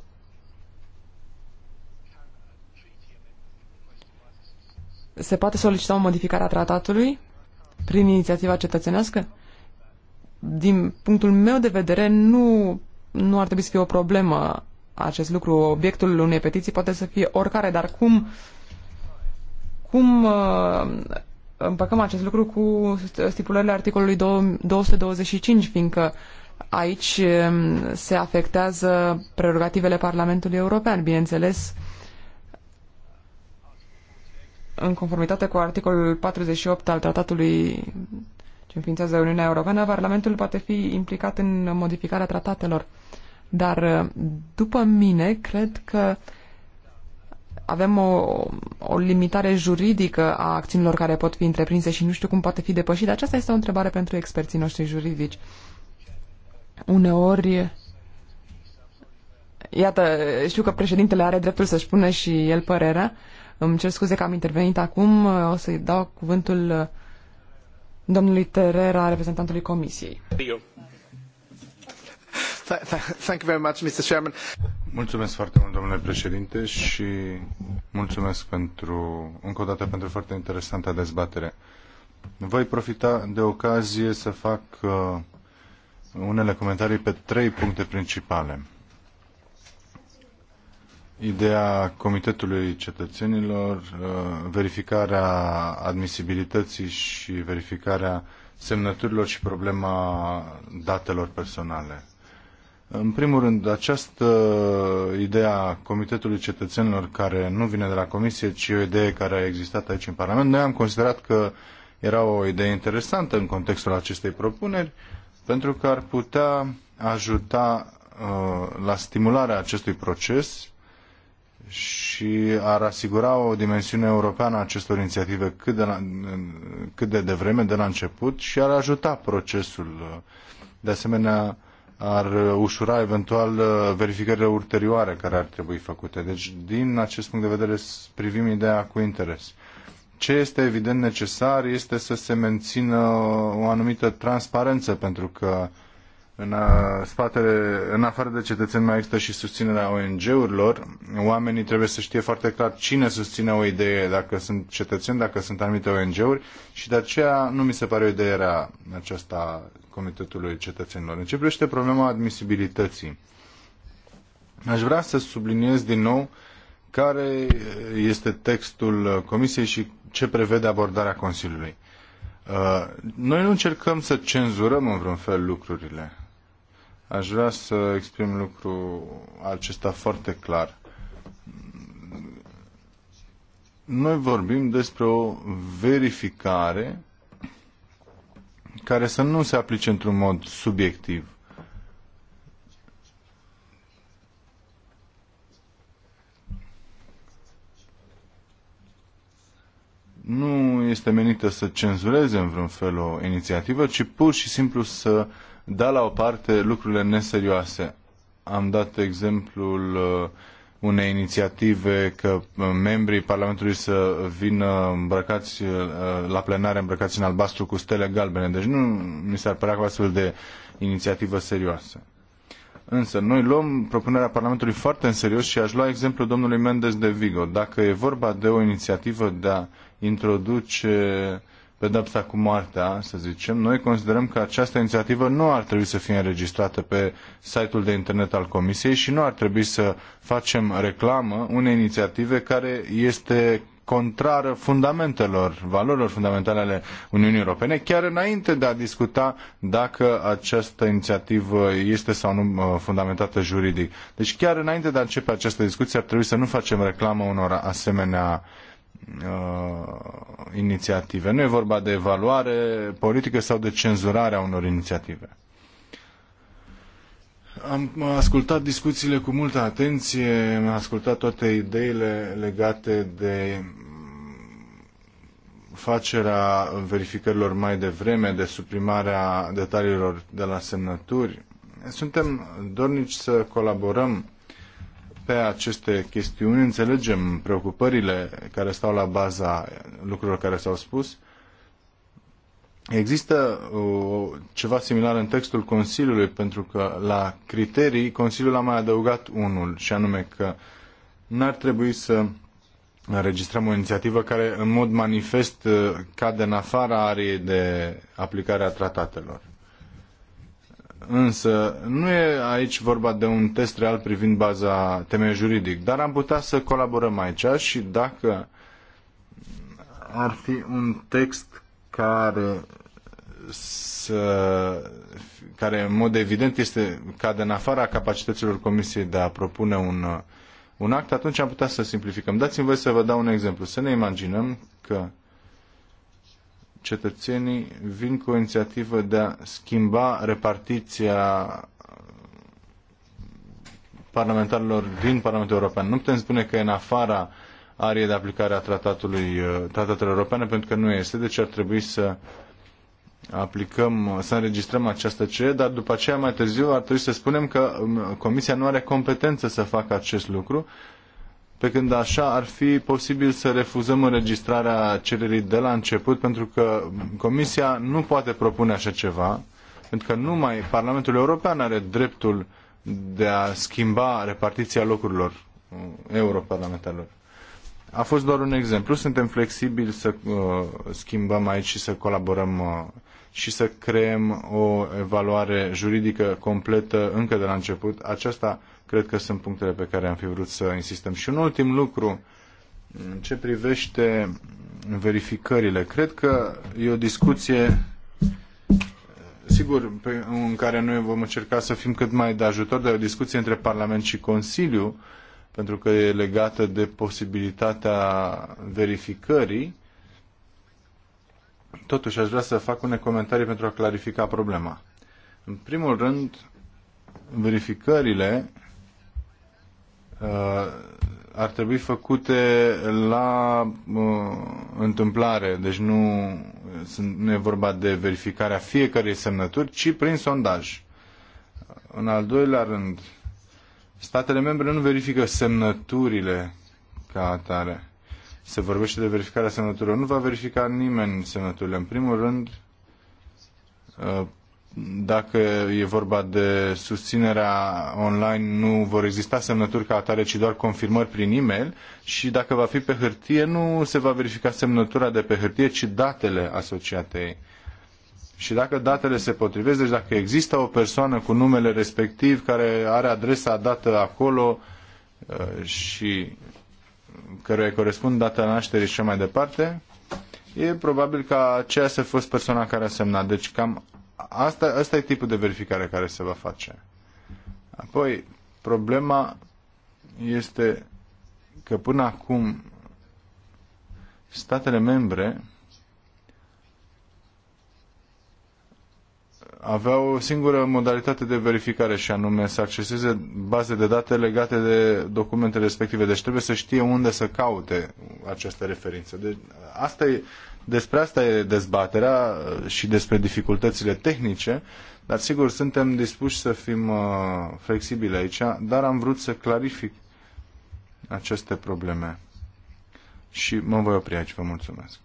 Se poate solicita o modificare a tratatului prin inițiativa cetățenească? Din punctul meu de vedere, nu nu ar trebui să fie o problemă acest lucru. Obiectul unei petiții poate să fie oricare, dar cum, cum uh, împăcăm acest lucru cu stipulările articolului 225, fiindcă aici um, se afectează prerogativele Parlamentului European, bineînțeles, în conformitate cu articolul 48 al tratatului înființează Uniunea Europeană, Parlamentul poate fi implicat în modificarea tratatelor. Dar, uh, după mine, cred că avem o, o limitare juridică a acțiunilor care pot fi întreprinse și nu știu cum poate fi depășită. Aceasta este o întrebare pentru experții noștri juridici. Uneori, iată, știu că președintele are dreptul să-și pună și el părerea. Îmi cer scuze că am intervenit acum. O să-i dau cuvântul uh, domnului Terera, reprezentantului Comisiei. Thank you very much, Mr. Chairman. Mulțumesc foarte mult, domnule președinte, și mulțumesc pentru, încă o dată pentru foarte interesanta dezbatere. Voi profita de ocazie să fac uh, unele comentarii pe trei puncte principale ideea Comitetului Cetățenilor, uh, verificarea admisibilității și verificarea semnăturilor și problema datelor personale. În primul rând, această idee a Comitetului Cetățenilor, care nu vine de la Comisie, ci o idee care a existat aici în Parlament, noi am considerat că era o idee interesantă în contextul acestei propuneri, pentru că ar putea ajuta uh, la stimularea acestui proces și ar asigura o dimensiune europeană a acestor inițiative cât de, la, cât de devreme, de la început, și ar ajuta procesul. De asemenea, ar ușura eventual verificările ulterioare care ar trebui făcute. Deci, din acest punct de vedere, privim ideea cu interes. Ce este evident necesar este să se mențină o anumită transparență, pentru că în, uh, spatele, în afară de cetățeni mai există și susținerea ONG-urilor. Oamenii trebuie să știe foarte clar cine susține o idee, dacă sunt cetățeni, dacă sunt anumite ONG-uri și de aceea nu mi se pare o idee rea aceasta Comitetului Cetățenilor. În ce privește problema admisibilității, aș vrea să subliniez din nou care este textul Comisiei și ce prevede abordarea Consiliului. Uh, noi nu încercăm să cenzurăm în vreun fel lucrurile. Aș vrea să exprim lucru acesta foarte clar. Noi vorbim despre o verificare care să nu se aplice într-un mod subiectiv. Nu este menită să cenzureze în vreun fel o inițiativă, ci pur și simplu să uh, da la o parte lucrurile neserioase. Am dat exemplul uh, unei inițiative că uh, membrii Parlamentului să vină îmbrăcați uh, la plenare îmbrăcați în albastru cu stele galbene. Deci nu mi s-ar părea o astfel de inițiativă serioasă. Însă, noi luăm propunerea Parlamentului foarte în serios și aș lua exemplul domnului Mendes de Vigo. Dacă e vorba de o inițiativă de a introduce pedepsa cu moartea, să zicem, noi considerăm că această inițiativă nu ar trebui să fie înregistrată pe site-ul de internet al Comisiei și nu ar trebui să facem reclamă unei inițiative care este contrară fundamentelor, valorilor fundamentale ale Uniunii Europene, chiar înainte de a discuta dacă această inițiativă este sau nu uh, fundamentată juridic. Deci chiar înainte de a începe această discuție ar trebui să nu facem reclamă unor asemenea uh, uh, inițiative. Nu e vorba de evaluare politică sau de cenzurare a unor inițiative. Am ascultat discuțiile cu multă atenție, am ascultat toate ideile legate de facerea verificărilor mai devreme, de suprimarea detaliilor de la semnături. Suntem dornici să colaborăm pe aceste chestiuni, înțelegem preocupările care stau la baza lucrurilor care s-au spus. Există uh, ceva similar în textul Consiliului, pentru că la criterii Consiliul a mai adăugat unul, și anume că n-ar trebui să înregistrăm o inițiativă care în mod manifest uh, cade în afara ariei de aplicare a tratatelor. Însă nu e aici vorba de un test real privind baza temei juridic, dar am putea să colaborăm aici și dacă ar fi un text care să, care în mod evident este cade în afara capacităților Comisiei de a propune un, un act, atunci am putea să simplificăm. Dați-mi voi să vă dau un exemplu. Să ne imaginăm că cetățenii vin cu o inițiativă de a schimba repartiția parlamentarilor din Parlamentul European. Nu putem spune că e în afara ariei de aplicare a tratatului, uh, tratatelor europene, pentru că nu este, deci ar trebui să aplicăm, să înregistrăm această ce? dar după aceea mai târziu ar trebui să spunem că um, Comisia nu are competență să facă acest lucru pe când așa ar fi posibil să refuzăm înregistrarea cererii de la început, pentru că Comisia nu poate propune așa ceva, pentru că numai Parlamentul European are dreptul de a schimba repartiția locurilor uh, europarlamentarilor. A fost doar un exemplu. Suntem flexibili să uh, schimbăm aici și să colaborăm uh, și să creăm o evaluare juridică completă încă de la început. Aceasta Cred că sunt punctele pe care am fi vrut să insistăm. Și un ultim lucru, în ce privește verificările, cred că e o discuție sigur, în care noi vom încerca să fim cât mai de ajutor, dar o discuție între Parlament și Consiliu, pentru că e legată de posibilitatea verificării. Totuși, aș vrea să fac unele comentarii pentru a clarifica problema. În primul rând, verificările Uh, ar trebui făcute la uh, întâmplare, deci nu, nu e vorba de verificarea fiecarei semnături, ci prin sondaj. În al doilea rând, statele membre nu verifică semnăturile ca atare. Se vorbește de verificarea semnăturilor. Nu va verifica nimeni semnăturile. În primul rând, uh, dacă e vorba de susținerea online, nu vor exista semnături ca atare, ci doar confirmări prin e-mail și dacă va fi pe hârtie, nu se va verifica semnătura de pe hârtie, ci datele asociate ei. Și dacă datele se potrivesc, deci dacă există o persoană cu numele respectiv care are adresa dată acolo uh, și căruia corespund data nașterii și mai departe, e probabil ca aceea să fost persoana care a semnat. Deci cam Asta, asta e tipul de verificare care se va face. Apoi, problema este că până acum statele membre aveau o singură modalitate de verificare și anume să acceseze baze de date legate de documente respective. Deci trebuie să știe unde să caute această referință. Deci asta e despre asta e dezbaterea uh, și despre dificultățile tehnice, dar sigur suntem dispuși să fim uh, flexibili aici, dar am vrut să clarific aceste probleme. Și mă voi opri aici. Vă mulțumesc.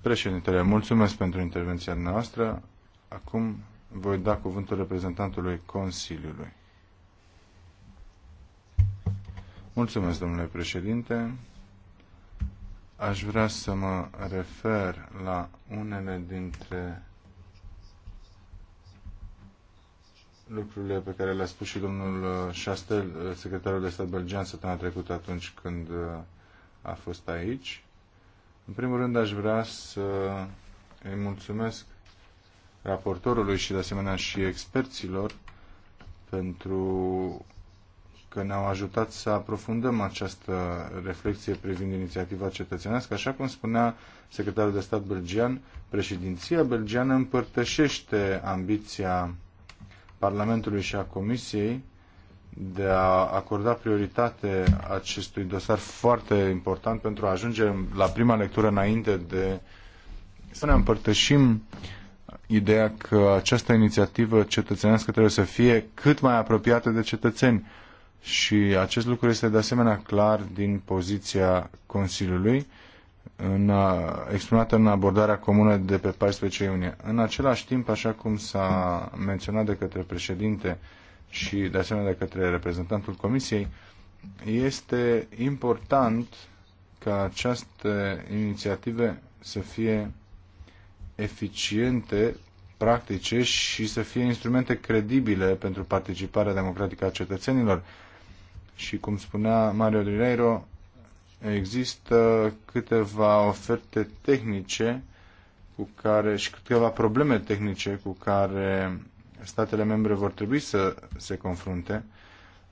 Președintele, mulțumesc pentru intervenția noastră. Acum voi da cuvântul reprezentantului Consiliului. Mulțumesc, domnule președinte. Aș vrea să mă refer la unele dintre lucrurile pe care le-a spus și domnul Șastel, secretarul de stat belgian, săptămâna trecută atunci când uh, a fost aici. În primul rând aș vrea să îi mulțumesc raportorului și de asemenea și experților pentru că ne-au ajutat să aprofundăm această reflexie privind inițiativa cetățenească. Așa cum spunea secretarul de stat belgian, președinția belgiană împărtășește ambiția Parlamentului și a Comisiei de a acorda prioritate acestui dosar foarte important pentru a ajunge la prima lectură înainte de să ne împărtășim ideea că această inițiativă cetățenească trebuie să fie cât mai apropiată de cetățeni și acest lucru este de asemenea clar din poziția Consiliului în, exprimată în abordarea comună de pe 14 iunie. În același timp, așa cum s-a menționat de către președinte și de asemenea de către reprezentantul Comisiei, este important ca aceste inițiative să fie eficiente, practice și să fie instrumente credibile pentru participarea democratică a cetățenilor și cum spunea Mario Rileiro, există câteva oferte tehnice cu care, și câteva probleme tehnice cu care statele membre vor trebui să se confrunte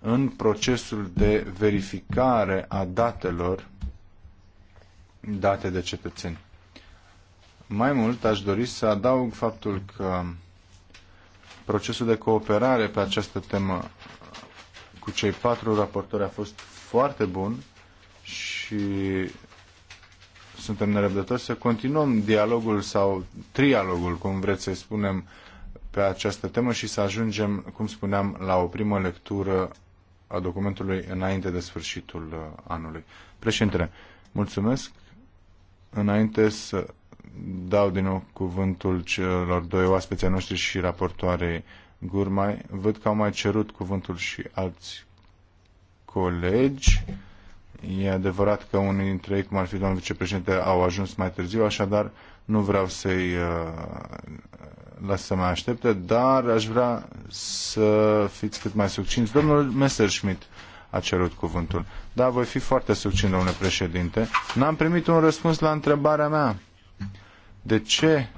în procesul de verificare a datelor date de cetățeni. Mai mult, aș dori să adaug faptul că procesul de cooperare pe această temă cu cei patru raportori a fost foarte bun și suntem nerăbdători să continuăm dialogul sau trialogul, cum vreți să spunem, pe această temă și să ajungem, cum spuneam, la o primă lectură a documentului înainte de sfârșitul uh, anului. Președintele, mulțumesc. Înainte să dau din nou cuvântul celor doi oaspeții noștri și raportoarei Gurmai. Văd că au mai cerut cuvântul și alți colegi. E adevărat că unii dintre ei, cum ar fi domnul vicepreședinte, au ajuns mai târziu, așadar nu vreau să-i uh, las să mai aștepte, dar aș vrea să fiți cât mai succinți. Domnul Messerschmidt a cerut cuvântul. Da, voi fi foarte succint, domnule președinte. N-am primit un răspuns la întrebarea mea. De ce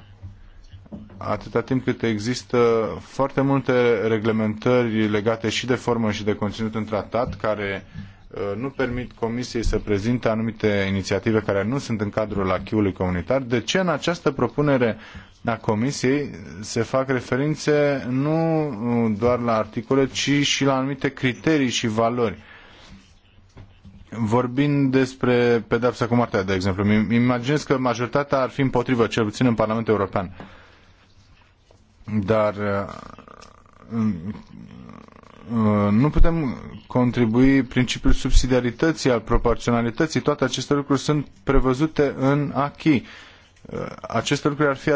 atâta timp cât există foarte multe reglementări legate și de formă și de conținut în tratat care uh, nu permit Comisiei să prezinte anumite inițiative care nu sunt în cadrul acquis-ului comunitar. De ce în această propunere a Comisiei se fac referințe nu uh, doar la articole, ci și la anumite criterii și valori? Vorbind despre pedepsa cu moartea, de exemplu, îmi imaginez că majoritatea ar fi împotrivă, cel puțin în Parlamentul European dar uh, uh, nu putem contribui principiul subsidiarității, al proporționalității. Toate aceste lucruri sunt prevăzute în acquis. Uh, aceste lucruri ar fi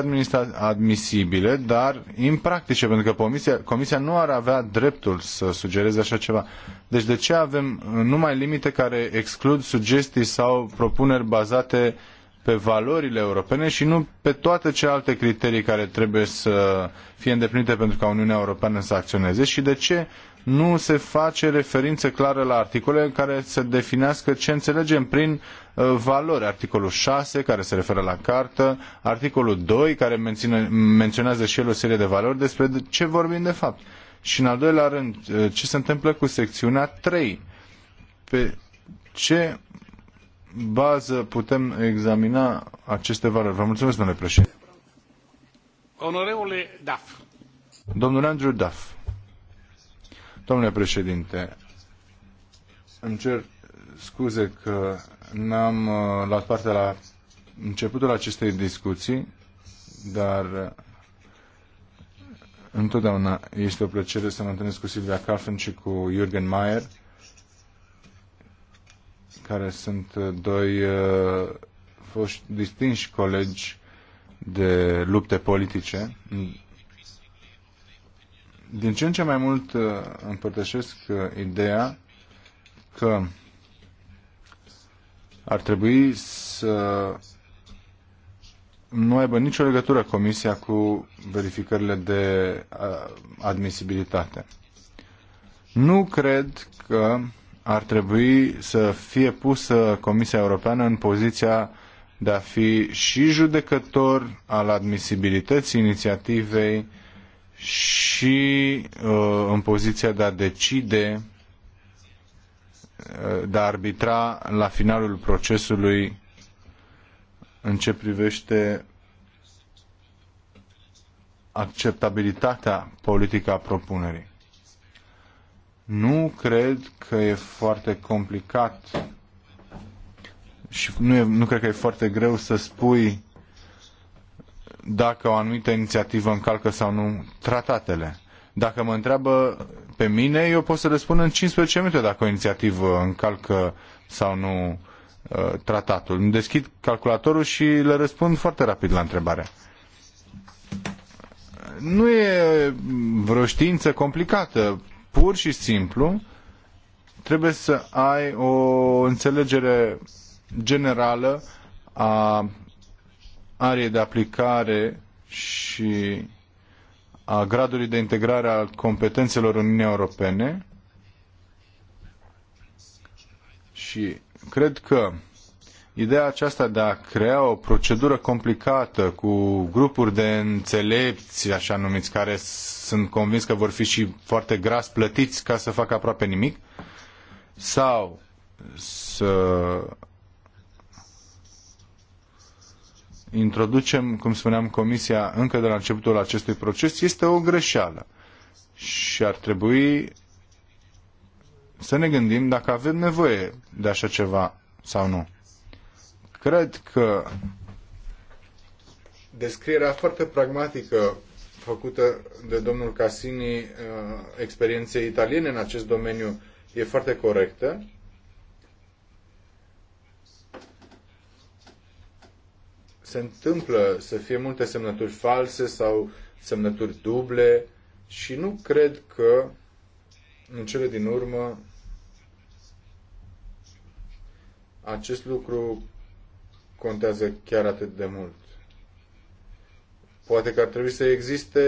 admisibile, dar impractice, pentru că comisia, comisia nu ar avea dreptul să sugereze așa ceva. Deci de ce avem numai limite care exclud sugestii sau propuneri bazate uh, pe valorile europene și nu pe toate celelalte criterii care trebuie să fie îndeplinite pentru ca Uniunea Europeană să acționeze și de ce nu se face referință clară la articole în care să definească ce înțelegem prin uh, valori. Articolul 6, care se referă la cartă, articolul 2, care menține, menționează și el o serie de valori, despre ce vorbim de fapt. Și în al doilea rând, uh, ce se întâmplă cu secțiunea 3? Pe ce bază putem examina aceste valori. Vă mulțumesc, domnule președinte. Onorevole Duff. Domnul Andrew Duff. Domnule președinte, îmi cer scuze că n-am uh, luat parte la începutul acestei discuții, dar uh, întotdeauna este o plăcere să mă întâlnesc cu Silvia Kaffen și cu Jürgen Mayer care sunt uh, doi uh, foști distinși colegi de lupte politice. Din ce în ce mai mult uh, împărtășesc ideea că ar trebui să nu aibă nicio legătură Comisia cu verificările de admisibilitate. Nu cred că ar trebui să fie pusă Comisia Europeană în poziția de a fi și judecător al admisibilității inițiativei și uh, în poziția de a decide, uh, de a arbitra la finalul procesului în ce privește acceptabilitatea politică a propunerii. Nu cred că e foarte complicat și nu, e, nu cred că e foarte greu să spui dacă o anumită inițiativă încalcă sau nu tratatele. Dacă mă întreabă pe mine, eu pot să răspund în 15 minute dacă o inițiativă încalcă sau nu uh, tratatul. Îmi deschid calculatorul și le răspund foarte rapid la întrebare. Nu e vreo știință complicată pur și simplu trebuie să ai o înțelegere generală a ariei de aplicare și a gradului de integrare al competențelor Uniunii Europene și cred că Ideea aceasta de a crea o procedură complicată cu grupuri de înțelepți, așa numiți, care sunt convins că vor fi și foarte gras plătiți ca să facă aproape nimic, sau să introducem, cum spuneam, Comisia încă de la începutul acestui proces, este o greșeală. Și ar trebui să ne gândim dacă avem nevoie de așa ceva sau nu. Cred că descrierea foarte pragmatică făcută de domnul Cassini uh, experienței italiene în acest domeniu e foarte corectă. Se întâmplă să fie multe semnături false sau semnături duble și nu cred că în cele din urmă acest lucru contează chiar atât de mult. Poate că ar trebui să existe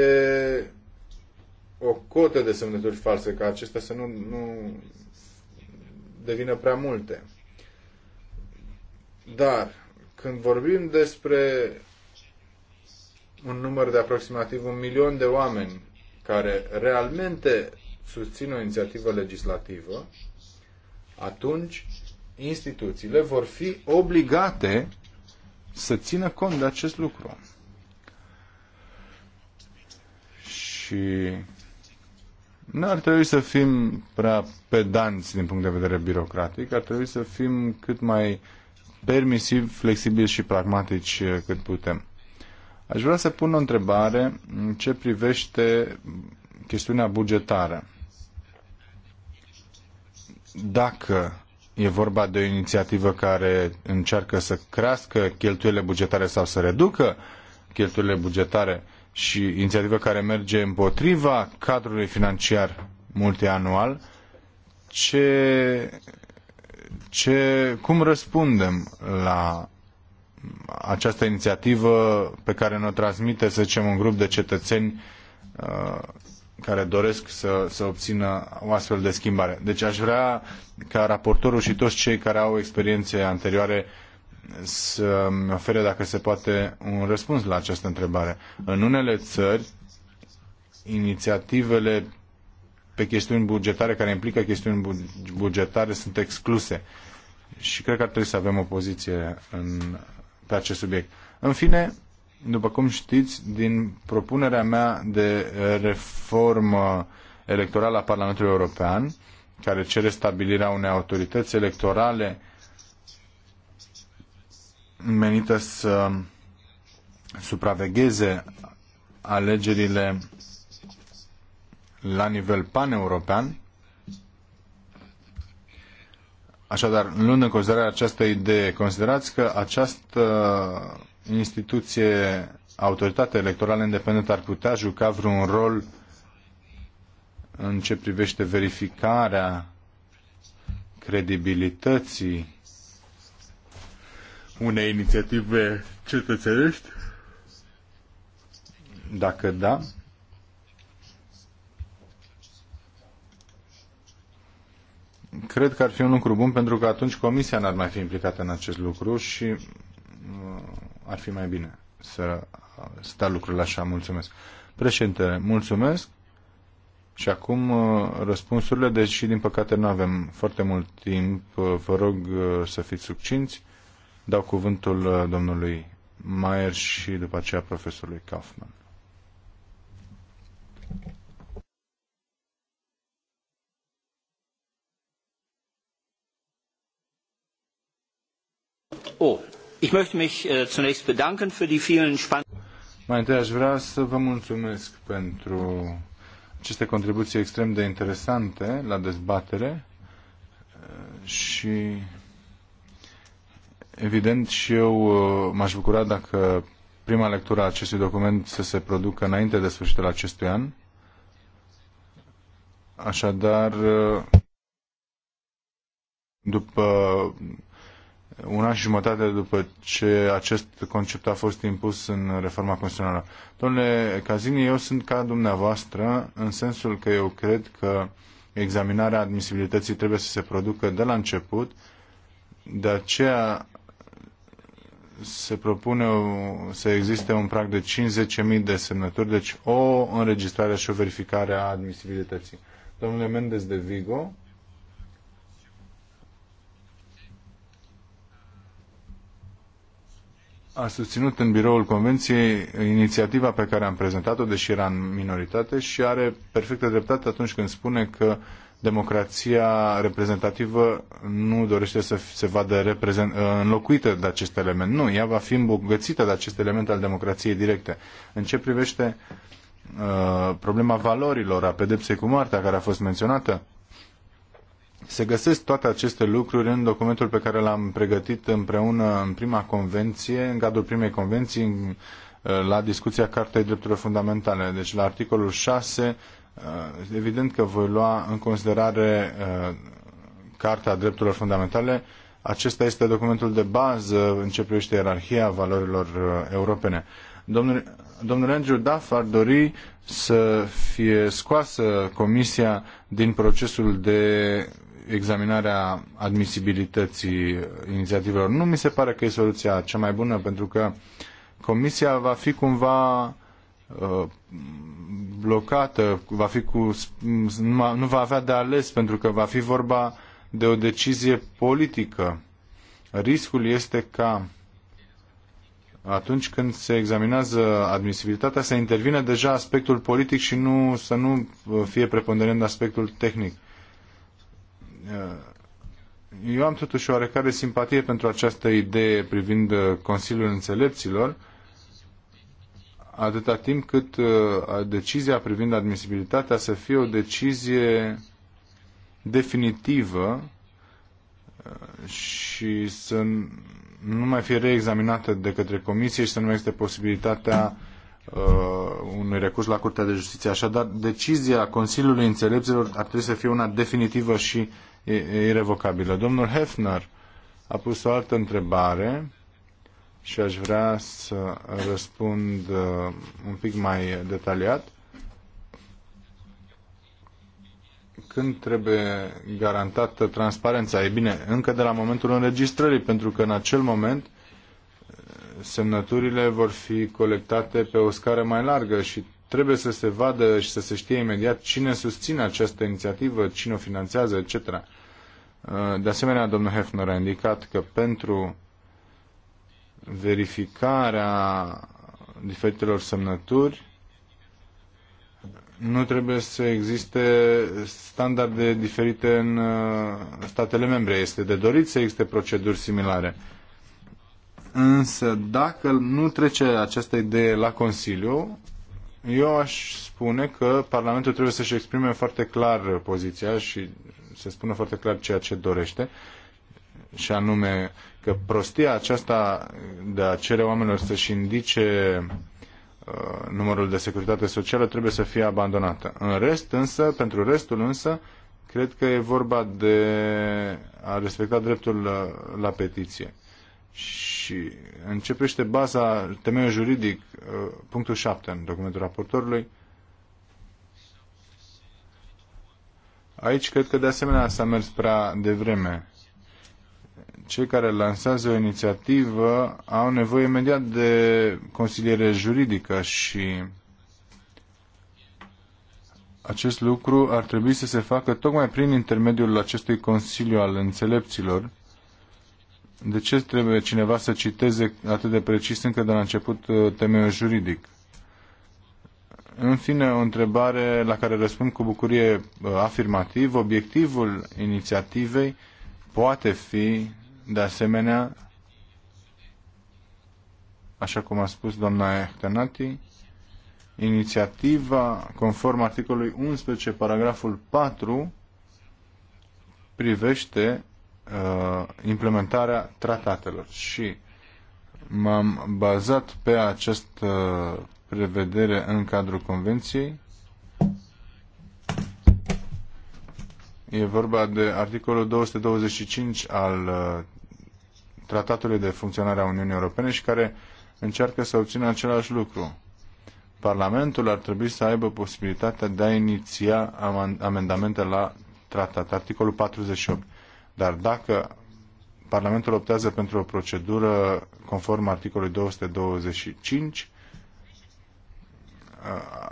o cotă de semnături false, ca acestea să nu, nu devină prea multe. Dar, când vorbim despre un număr de aproximativ un milion de oameni care realmente susțin o inițiativă legislativă, atunci instituțiile vor fi obligate să țină cont de acest lucru. Și nu ar trebui să fim prea pedanți din punct de vedere birocratic, ar trebui să fim cât mai permisiv, flexibil și pragmatici eh, cât putem. Aș vrea să pun o întrebare în ce privește chestiunea bugetară. Dacă E vorba de o inițiativă care încearcă să crească cheltuielile bugetare sau să reducă cheltuielile bugetare și inițiativă care merge împotriva cadrului financiar multianual. Ce, ce, cum răspundem la această inițiativă pe care ne-o transmite, să zicem, un grup de cetățeni uh, care doresc să, să obțină o astfel de schimbare. Deci aș vrea ca raportorul și toți cei care au experiențe anterioare să mi ofere, dacă se poate, un răspuns la această întrebare. În unele țări, inițiativele pe chestiuni bugetare, care implică chestiuni bugetare, sunt excluse. Și cred că ar trebui să avem o poziție în, pe acest subiect. În fine, după cum știți, din propunerea mea de reformă electorală a Parlamentului European, care cere stabilirea unei autorități electorale menită să supravegheze alegerile la nivel paneuropean. Așadar, luând în considerare această idee, considerați că această instituție, autoritatea electorală independentă ar putea juca vreun rol în ce privește verificarea credibilității unei inițiative cetățenești? Dacă da, cred că ar fi un lucru bun pentru că atunci Comisia n-ar mai fi implicată în acest lucru și uh, ar fi mai bine să sta lucrurile așa. Mulțumesc. Președinte, mulțumesc. Și acum uh, răspunsurile, deși din păcate nu avem foarte mult timp, uh, vă rog uh, să fiți succinți. Dau cuvântul domnului Maier și după aceea profesorului Kaufman. Oh, Ich möchte mich äh, zunächst bedanken für die vielen mai întâi aș vrea să vă mulțumesc pentru aceste contribuții extrem de interesante la dezbatere uh, și evident și eu uh, m-aș bucura dacă prima lectură a acestui document să se producă înainte de sfârșitul acestui an. Așadar, uh, după un an și jumătate după ce acest concept a fost impus în reforma constituțională. Domnule Cazini, eu sunt ca dumneavoastră în sensul că eu cred că examinarea admisibilității trebuie să se producă de la început, de aceea se propune o, să existe un prag de 50.000 de semnături, deci o înregistrare și o verificare a admisibilității. Domnule Mendes de Vigo, a susținut în biroul Convenției inițiativa pe care am prezentat-o, deși era în minoritate, și are perfectă dreptate atunci când spune că democrația reprezentativă nu dorește să se vadă înlocuită de acest element. Nu, ea va fi îmbogățită de acest element al democrației directe. În ce privește uh, problema valorilor, a pedepsei cu moartea care a fost menționată, se găsesc toate aceste lucruri în documentul pe care l-am pregătit împreună în prima convenție, în cadrul primei convenții, uh, la discuția Cartei Drepturilor Fundamentale. Deci la articolul 6, uh, evident că voi lua în considerare uh, Carta Drepturilor Fundamentale. Acesta este documentul de bază, începește ierarhia valorilor europene. Domnul, domnul Andrew Duff ar dori să fie scoasă Comisia din procesul de examinarea admisibilității inițiativelor. Nu mi se pare că e soluția cea mai bună, pentru că Comisia va fi cumva uh, blocată, va fi cu, nu va avea de ales pentru că va fi vorba de o decizie politică. Riscul este ca atunci când se examinează admisibilitatea să intervine deja aspectul politic și nu, să nu uh, fie preponderent aspectul tehnic. Eh, eu am totuși oarecare simpatie pentru această idee privind eh, Consiliul Înțelepților, atâta timp cât eh, decizia privind admisibilitatea să fie o decizie definitivă și să nu mai fie reexaminată de către comisie și să nu mai este posibilitatea uh, unui recurs la Curtea de Justiție. Așadar, decizia Consiliului Înțelepților ar trebui să fie una definitivă și irrevocabilă. Domnul Hefner a pus o altă întrebare și aș vrea să răspund uh, un pic mai detaliat. Când trebuie garantată transparența? E bine, încă de la momentul înregistrării, pentru că în acel moment uh, semnăturile vor fi colectate pe o scară mai largă și trebuie să se vadă și să se știe imediat cine susține această inițiativă, cine o finanțează, etc. Uh, de asemenea, domnul Hefner a indicat că pentru verificarea diferitelor semnături nu trebuie să existe standarde diferite în uh, statele membre. Este de dorit să existe proceduri similare. Însă, dacă nu trece această idee la Consiliu, eu aș spune că Parlamentul trebuie să-și exprime foarte clar poziția și să spună foarte clar ceea ce dorește și anume că prostia aceasta de a cere oamenilor să-și indice uh, numărul de securitate socială trebuie să fie abandonată. În rest însă, pentru restul însă, cred că e vorba de a respecta dreptul la, la petiție și începește baza, temeiul juridic, uh, punctul 7 în documentul raportorului. Aici cred că de asemenea s-a mers prea devreme. Cei care lansează o inițiativă au nevoie imediat de consiliere juridică și acest lucru ar trebui să se facă tocmai prin intermediul acestui Consiliu al Înțelepților, de ce trebuie cineva să citeze atât de precis încă de la început uh, temeiul juridic? În fine, o întrebare la care răspund cu bucurie uh, afirmativ. Obiectivul inițiativei poate fi, de asemenea, așa cum a spus doamna Ehtenati, inițiativa, conform articolului 11, paragraful 4, privește Uh, implementarea tratatelor și m-am bazat pe această uh, prevedere în cadrul Convenției. E vorba de articolul 225 al uh, Tratatului de Funcționare a Uniunii Europene și care încearcă să obțină același lucru. Parlamentul ar trebui să aibă posibilitatea de a iniția amendamente la tratat. Articolul 48. Dar dacă Parlamentul optează pentru o procedură conform articolului 225,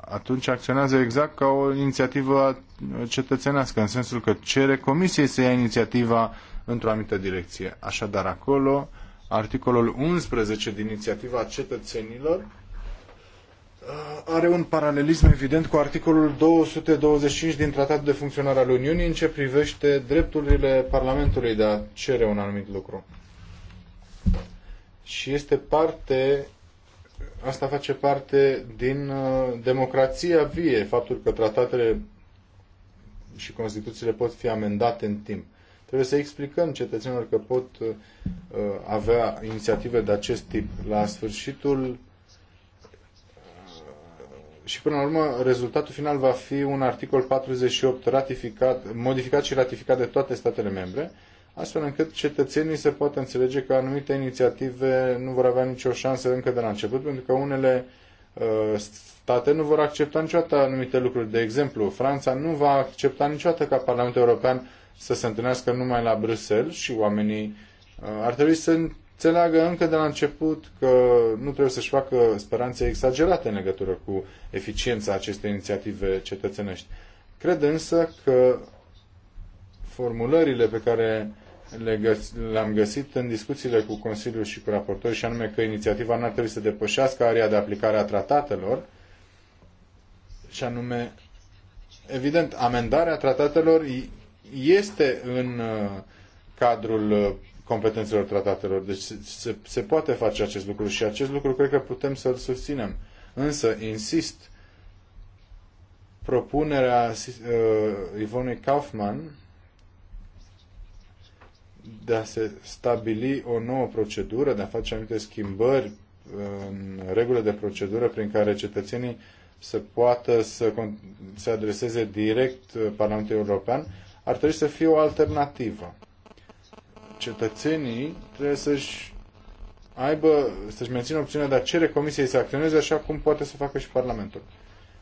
atunci acționează exact ca o inițiativă cetățenească, în sensul că cere comisiei să ia inițiativa într-o anumită direcție. Așadar, acolo, articolul 11 din inițiativa cetățenilor Uh, are un paralelism evident cu articolul 225 din Tratatul de Funcționare al Uniunii în ce privește drepturile Parlamentului de a cere un anumit lucru. Și este parte, asta face parte din uh, democrația vie, faptul că tratatele și Constituțiile pot fi amendate în timp. Trebuie să explicăm cetățenilor că pot uh, avea inițiative de acest tip. La sfârșitul și până la urmă rezultatul final va fi un articol 48 ratificat, modificat și ratificat de toate statele membre, astfel încât cetățenii se poată înțelege că anumite inițiative nu vor avea nicio șansă încă de la început, pentru că unele uh, state nu vor accepta niciodată anumite lucruri. De exemplu, Franța nu va accepta niciodată ca Parlamentul European să se întâlnească numai la Bruxelles și oamenii uh, ar trebui să înțeleagă încă de la început că nu trebuie să-și facă speranțe exagerate în legătură cu eficiența acestei inițiative cetățenești. Cred însă că formulările pe care le-am găsit în discuțiile cu Consiliul și cu raportori, și anume că inițiativa nu ar trebui să depășească area de aplicare a tratatelor, și anume, evident, amendarea tratatelor este în uh, cadrul uh, competențelor tratatelor. Deci se, se, se poate face acest lucru și acest lucru cred că putem să-l susținem. Însă, insist, propunerea uh, Ivonei Kaufman de a se stabili o nouă procedură, de a face anumite schimbări uh, în regulile de procedură prin care cetățenii să poată să se adreseze direct uh, Parlamentului European, ar trebui să fie o alternativă cetățenii trebuie să-și aibă, să-și mențină opțiunea de a cere Comisiei să acționeze așa cum poate să facă și Parlamentul.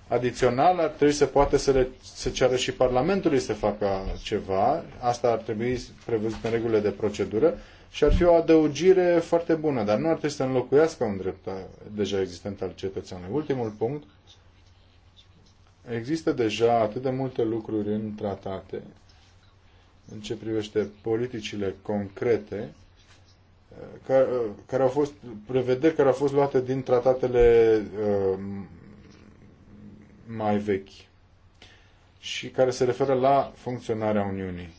Adițional, ar trebui să poată să, le, să ceară și Parlamentului să facă ceva. Asta ar trebui prevăzut în regulile de procedură și ar fi o adăugire foarte bună, dar nu ar trebui să înlocuiască un drept deja existent al cetățeanului. Ultimul punct. Există deja atât de multe lucruri în tratate în ce privește politicile concrete, eh, care, care au fost prevederi care au fost luate din tratatele eh, mai vechi și care se referă la funcționarea Uniunii.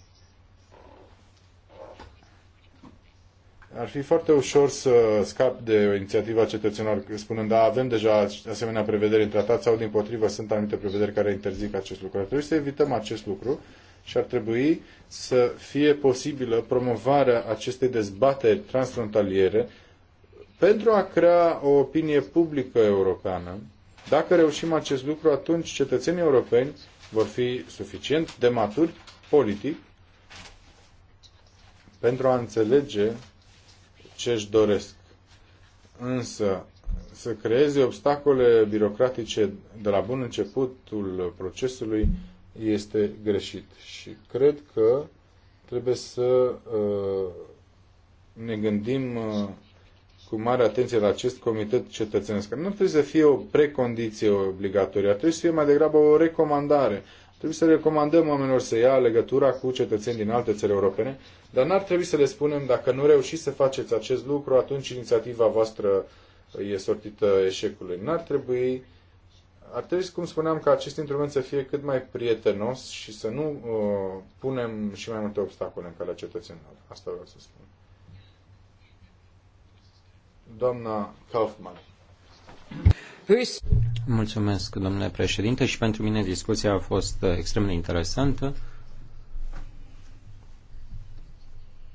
Ar fi foarte ușor să scap de o inițiativă a cetățenilor spunând, da, avem deja asemenea prevederi în tratat sau, din potrivă, sunt anumite prevederi care interzic acest lucru. Ar trebui să evităm acest lucru și ar trebui să fie posibilă promovarea acestei dezbateri transfrontaliere pentru a crea o opinie publică europeană. Dacă reușim acest lucru, atunci cetățenii europeni vor fi suficient de maturi politic pentru a înțelege ce își doresc. Însă, să creeze obstacole birocratice de la bun începutul procesului este greșit. Și cred că trebuie să uh, ne gândim uh, cu mare atenție la acest comitet cetățenesc. Nu trebuie să fie o precondiție obligatorie, ar trebui să fie mai degrabă o recomandare. Trebuie să recomandăm oamenilor să ia legătura cu cetățeni din alte țări europene, dar n-ar trebui să le spunem dacă nu reușiți să faceți acest lucru, atunci inițiativa voastră uh, e sortită eșecului. N-ar trebui ar trebui, cum spuneam, ca acest instrument să fie cât mai prietenos și să nu uh, punem și mai multe obstacole în calea cetățenilor. Asta vreau să spun. Doamna Kaufmann. Mulțumesc, domnule președinte, și pentru mine discuția a fost uh, extrem de interesantă.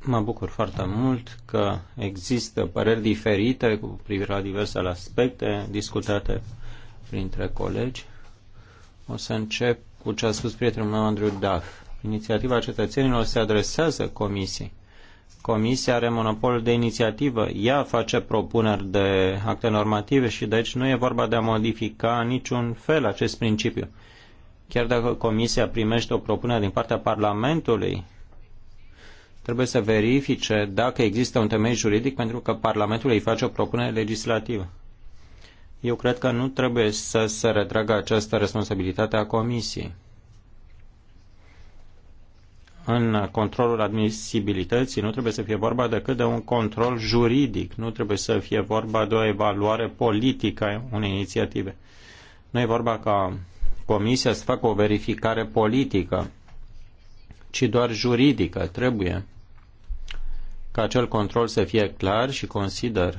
Mă bucur foarte mult că există păreri diferite cu privire la diversele aspecte discutate printre colegi. O să încep cu ce a spus prietenul meu, Andrew Duff. Inițiativa cetățenilor se adresează Comisiei. Comisia are monopol de inițiativă. Ea face propuneri de acte normative și deci nu e vorba de a modifica niciun fel acest principiu. Chiar dacă Comisia primește o propunere din partea Parlamentului, trebuie să verifice dacă există un temei juridic pentru că Parlamentul îi face o propunere legislativă. Eu cred că nu trebuie să se retragă această responsabilitate a Comisiei. În controlul admisibilității nu trebuie să fie vorba decât de un control juridic, nu trebuie să fie vorba de o evaluare politică a unei inițiative. Nu e vorba ca Comisia să facă o verificare politică, ci doar juridică. Trebuie ca acel control să fie clar și consider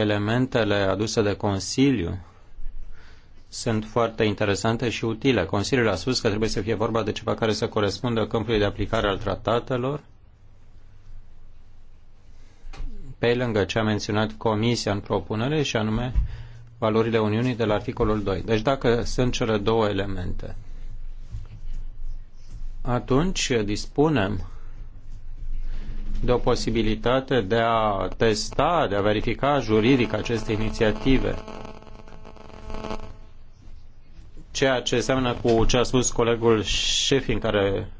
elementele aduse de Consiliu sunt foarte interesante și utile. Consiliul a spus că trebuie să fie vorba de ceva care să corespundă câmpului de aplicare al tratatelor, pe lângă ce a menționat Comisia în propunere, și anume valorile Uniunii de la articolul 2. Deci dacă sunt cele două elemente, atunci dispunem de o posibilitate de a testa, de a verifica juridic aceste inițiative. Ceea ce seamănă cu ce a spus colegul Șefin, care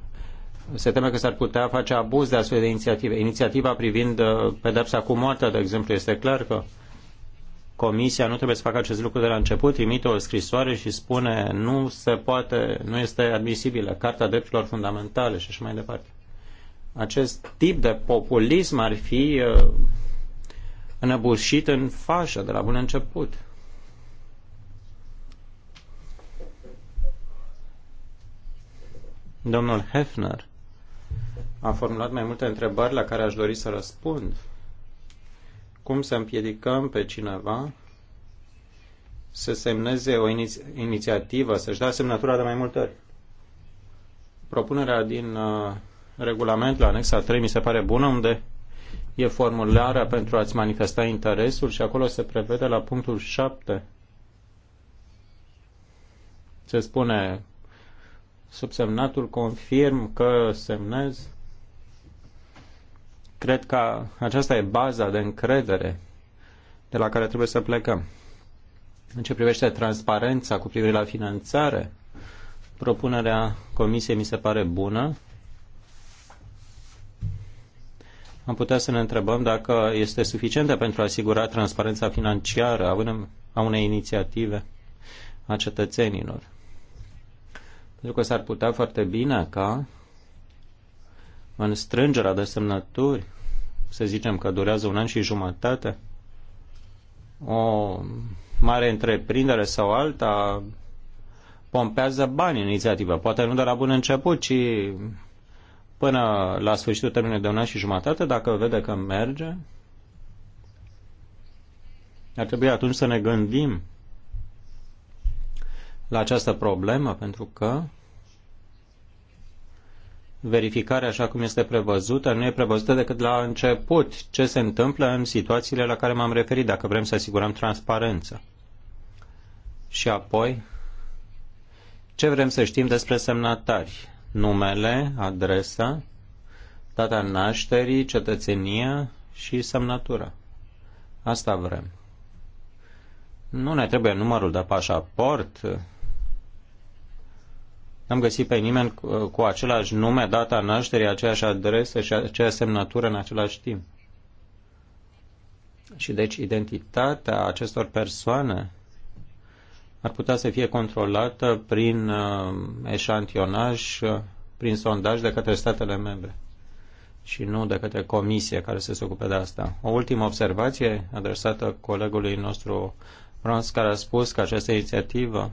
se teme că s-ar putea face abuz de astfel de inițiative. Inițiativa privind uh, pedepsa cu moartea, de exemplu, este clar că Comisia nu trebuie să facă acest lucru de la început, trimite o scrisoare și spune nu se poate, nu este admisibilă Carta Drepturilor Fundamentale și așa mai departe acest tip de populism ar fi uh, înăbușit în fașă de la bun început. Domnul Hefner a formulat mai multe întrebări la care aș dori să răspund. Cum să împiedicăm pe cineva să semneze o iniți- inițiativă, să-și dea semnătura de mai multe ori? Propunerea din uh, regulament la anexa 3 mi se pare bună, unde e formularea pentru a-ți manifesta interesul și acolo se prevede la punctul 7 se spune subsemnatul confirm că semnez cred că aceasta e baza de încredere de la care trebuie să plecăm. În ce privește transparența cu privire la finanțare, propunerea comisiei mi se pare bună. am putea să ne întrebăm dacă este suficientă pentru a asigura transparența financiară unei, a unei inițiative a cetățenilor. Pentru că s-ar putea foarte bine ca în strângerea de semnături, să zicem că durează un an și jumătate, o mare întreprindere sau alta pompează bani în inițiativă. Poate nu de la bun început, ci până la sfârșitul termenului de un an și jumătate, dacă vede că merge, ar trebui atunci să ne gândim la această problemă, pentru că verificarea așa cum este prevăzută nu e prevăzută decât la început ce se întâmplă în situațiile la care m-am referit, dacă vrem să asigurăm transparență. Și apoi, ce vrem să știm despre semnatari? numele, adresa, data nașterii, cetățenia și semnătura. Asta vrem. Nu ne trebuie numărul de pașaport. N-am găsit pe nimeni cu, cu același nume, data nașterii, aceeași adresă și aceeași semnătură în același timp. Și deci identitatea acestor persoane ar putea să fie controlată prin uh, eșantionaj, uh, prin sondaj de către statele membre și nu de către comisie care să se ocupe de asta. O ultimă observație adresată colegului nostru Brons, care a spus că această inițiativă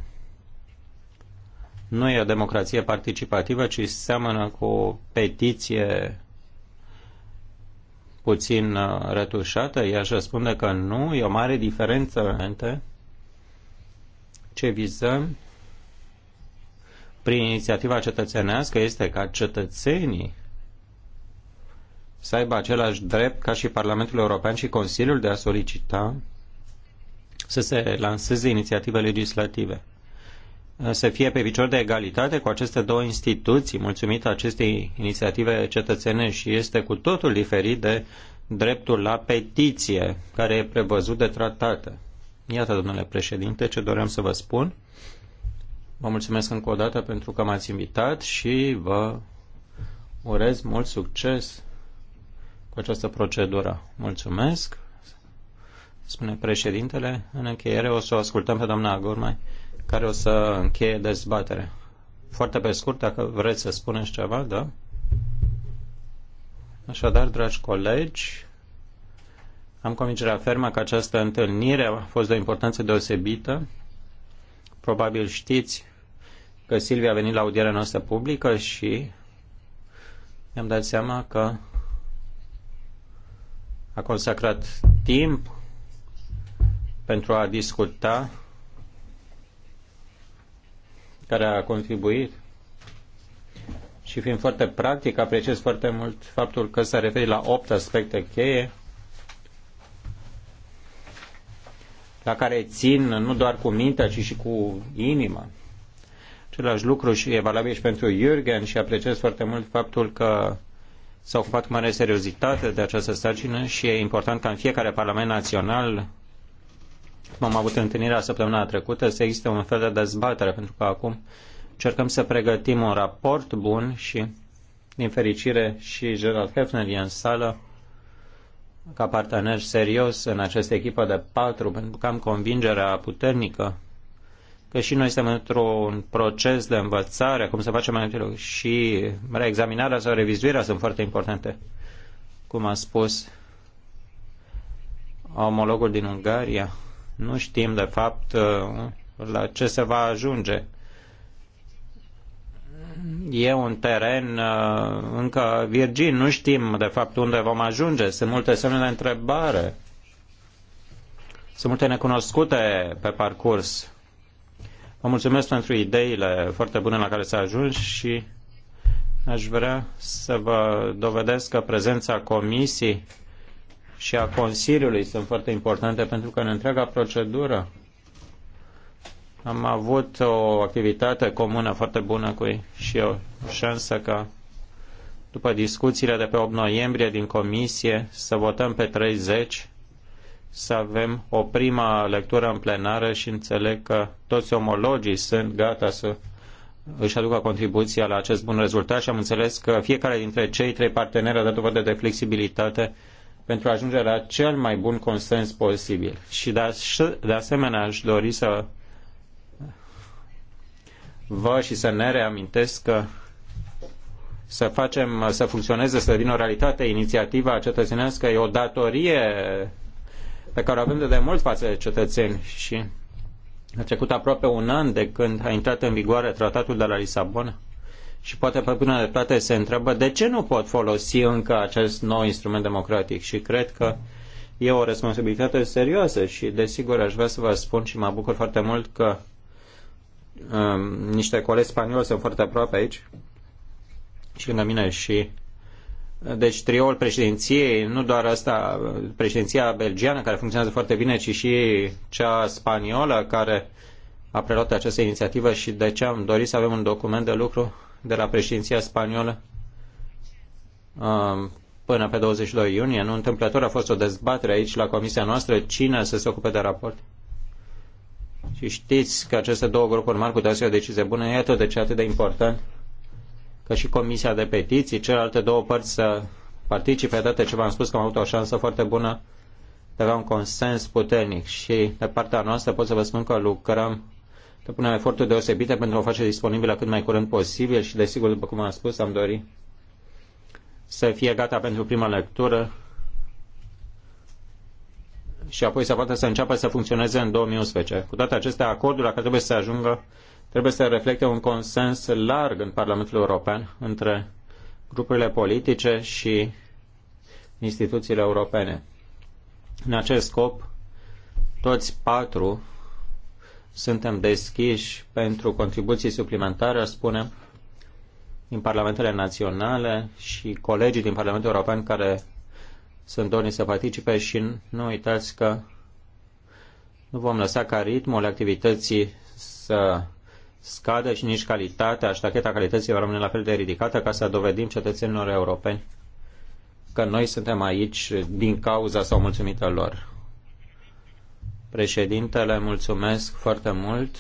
nu e o democrație participativă, ci seamănă cu o petiție puțin uh, retușată. Ea își răspunde că nu, e o mare diferență între ce vizăm prin inițiativa cetățenească este ca cetățenii să aibă același drept ca și Parlamentul European și Consiliul de a solicita să se lanseze inițiative legislative. Să fie pe picior de egalitate cu aceste două instituții, mulțumită acestei inițiative cetățenești și este cu totul diferit de dreptul la petiție care e prevăzut de tratate. Iată, domnule președinte, ce doream să vă spun. Vă mulțumesc încă o dată pentru că m-ați invitat și vă urez mult succes cu această procedură. Mulțumesc, spune președintele. În încheiere o să o ascultăm pe doamna Agurmai, care o să încheie dezbaterea. Foarte pe scurt, dacă vreți să spuneți ceva, da? Așadar, dragi colegi, am convingerea fermă că această întâlnire a fost de o importanță deosebită. Probabil știți că Silvia a venit la audierea noastră publică și mi-am dat seama că a consacrat timp pentru a discuta care a contribuit și fiind foarte practic, apreciez foarte mult faptul că s-a referit la opt aspecte cheie la care țin nu doar cu mintea, ci și cu inima. Același lucru și e valabil și pentru Jürgen și apreciez foarte mult faptul că s-au ocupat cu mare seriozitate de această sarcină și e important ca în fiecare Parlament Național, cum am avut întâlnirea săptămâna trecută, să existe un fel de dezbatere, pentru că acum încercăm să pregătim un raport bun și, din fericire, și Gerald Hefner e în sală ca partener serios în această echipă de patru, pentru că am convingerea puternică că și noi suntem într-un proces de învățare, cum să facem mai multe și reexaminarea sau revizuirea sunt foarte importante. Cum a spus omologul din Ungaria, nu știm de fapt la ce se va ajunge e un teren uh, încă virgin, nu știm de fapt unde vom ajunge, sunt multe semne de întrebare, sunt multe necunoscute pe parcurs. Vă mulțumesc pentru ideile foarte bune la care s-a ajuns și aș vrea să vă dovedesc că prezența comisiei și a Consiliului sunt foarte importante pentru că în întreaga procedură am avut o activitate comună foarte bună cu ei și o șansă ca după discuțiile de pe 8 noiembrie din comisie să votăm pe 30 să avem o prima lectură în plenară și înțeleg că toți omologii sunt gata să își aducă contribuția la acest bun rezultat și am înțeles că fiecare dintre cei trei parteneri a dat dovadă de flexibilitate pentru a ajunge la cel mai bun consens posibil. Și de, as- de asemenea aș dori să vă și să ne reamintesc că să facem să funcționeze, să devină o realitate inițiativa cetățenească e o datorie pe care o avem de demult față de cetățeni și a trecut aproape un an de când a intrat în vigoare tratatul de la Lisabona și poate pe de toate se întreabă de ce nu pot folosi încă acest nou instrument democratic și cred că e o responsabilitate serioasă și desigur aș vrea să vă spun și mă bucur foarte mult că Um, niște colegi spanioli sunt foarte aproape aici și lângă mine și deci trioul președinției, nu doar asta, președinția belgiană care funcționează foarte bine, ci și cea spaniolă care a preluat această inițiativă și de ce am dorit să avem un document de lucru de la președinția spaniolă um, până pe 22 iunie. Nu întâmplător a fost o dezbatere aici la comisia noastră cine să se ocupe de raport și știți că aceste două grupuri mari puteau să ia o decizie bună, iată de ce atât de important că și Comisia de Petiții, celelalte două părți să participe, dată ce v-am spus că am avut o șansă foarte bună de avea un consens puternic și de partea noastră pot să vă spun că lucrăm punem eforturi deosebite pentru a o face disponibilă cât mai curând posibil și, desigur, după cum am spus, am dorit să fie gata pentru prima lectură și apoi să poată să înceapă să funcționeze în 2011. Cu toate acestea, acordul la care trebuie să se ajungă trebuie să reflecte un consens larg în Parlamentul European între grupurile politice și instituțiile europene. În acest scop, toți patru suntem deschiși pentru contribuții suplimentare, spunem, din parlamentele naționale și colegii din Parlamentul European care sunt dorni să participe și nu uitați că nu vom lăsa ca ritmul activității să scadă și nici calitatea, ștacheta calității va rămâne la fel de ridicată ca să dovedim cetățenilor europeni că noi suntem aici din cauza sau mulțumită lor. Președintele, mulțumesc foarte mult.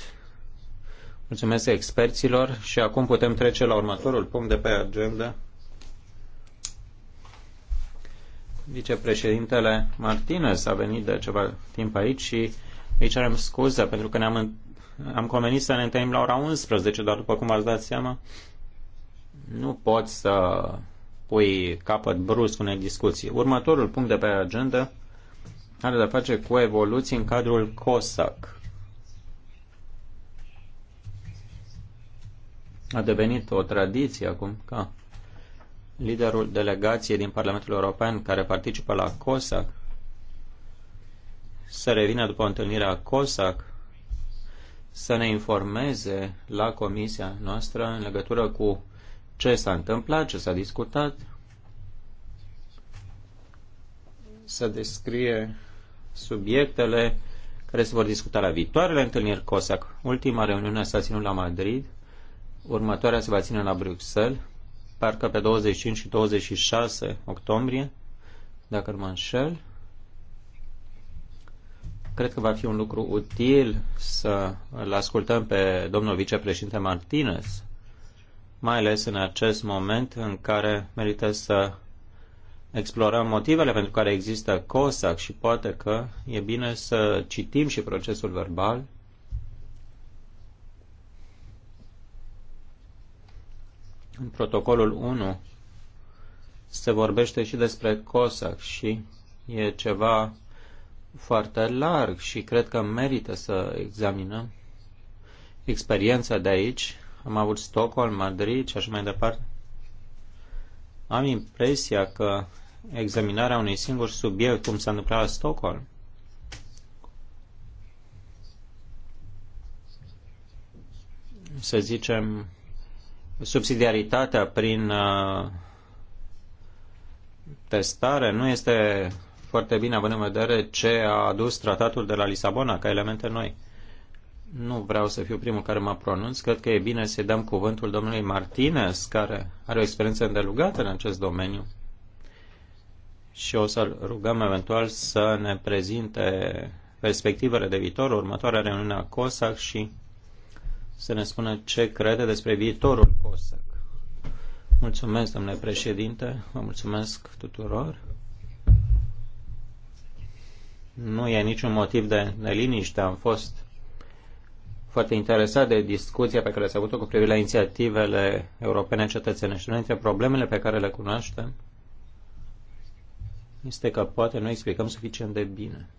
Mulțumesc experților și acum putem trece la următorul punct de pe agenda Vicepreședintele Martinez a venit de ceva timp aici și îi cerem scuze pentru că ne-am am convenit să ne întâlnim la ora 11, dar după cum ați dat seama, nu poți să pui capăt brusc unei discuții. Următorul punct de pe agenda are de-a face cu evoluții în cadrul COSAC. A devenit o tradiție acum ca liderul delegației din Parlamentul European care participă la COSAC să revină după întâlnirea COSAC să ne informeze la comisia noastră în legătură cu ce s-a întâmplat, ce s-a discutat, să descrie subiectele care se vor discuta la viitoarele întâlniri COSAC. Ultima reuniune s-a ținut la Madrid, următoarea se va ține la Bruxelles parcă pe 25 și 26 octombrie, dacă mă înșel. Cred că va fi un lucru util să îl ascultăm pe domnul vicepreședinte Martinez, mai ales în acest moment în care merită să explorăm motivele pentru care există COSAC și poate că e bine să citim și procesul verbal În protocolul 1 se vorbește și despre COSAC și e ceva foarte larg și cred că merită să examinăm experiența de aici. Am avut Stockholm, Madrid și așa mai departe. Am impresia că examinarea unui singur subiect, cum s-a întâmplat la Stockholm, să zicem, subsidiaritatea prin uh, testare nu este foarte bine având în vedere ce a adus tratatul de la Lisabona ca elemente noi. Nu vreau să fiu primul care mă pronunț, cred că e bine să-i dăm cuvântul domnului Martinez, care are o experiență îndelugată în acest domeniu și o să-l rugăm eventual să ne prezinte perspectivele de viitor, următoarea reuniune a COSAC și să ne spună ce crede despre viitorul COSAC. Mulțumesc, domnule președinte, vă mulțumesc tuturor. Nu e niciun motiv de neliniște, am fost foarte interesat de discuția pe care s-a avut-o cu privire la inițiativele europene cetățenești. Una dintre problemele pe care le cunoaștem este că poate nu explicăm suficient de bine.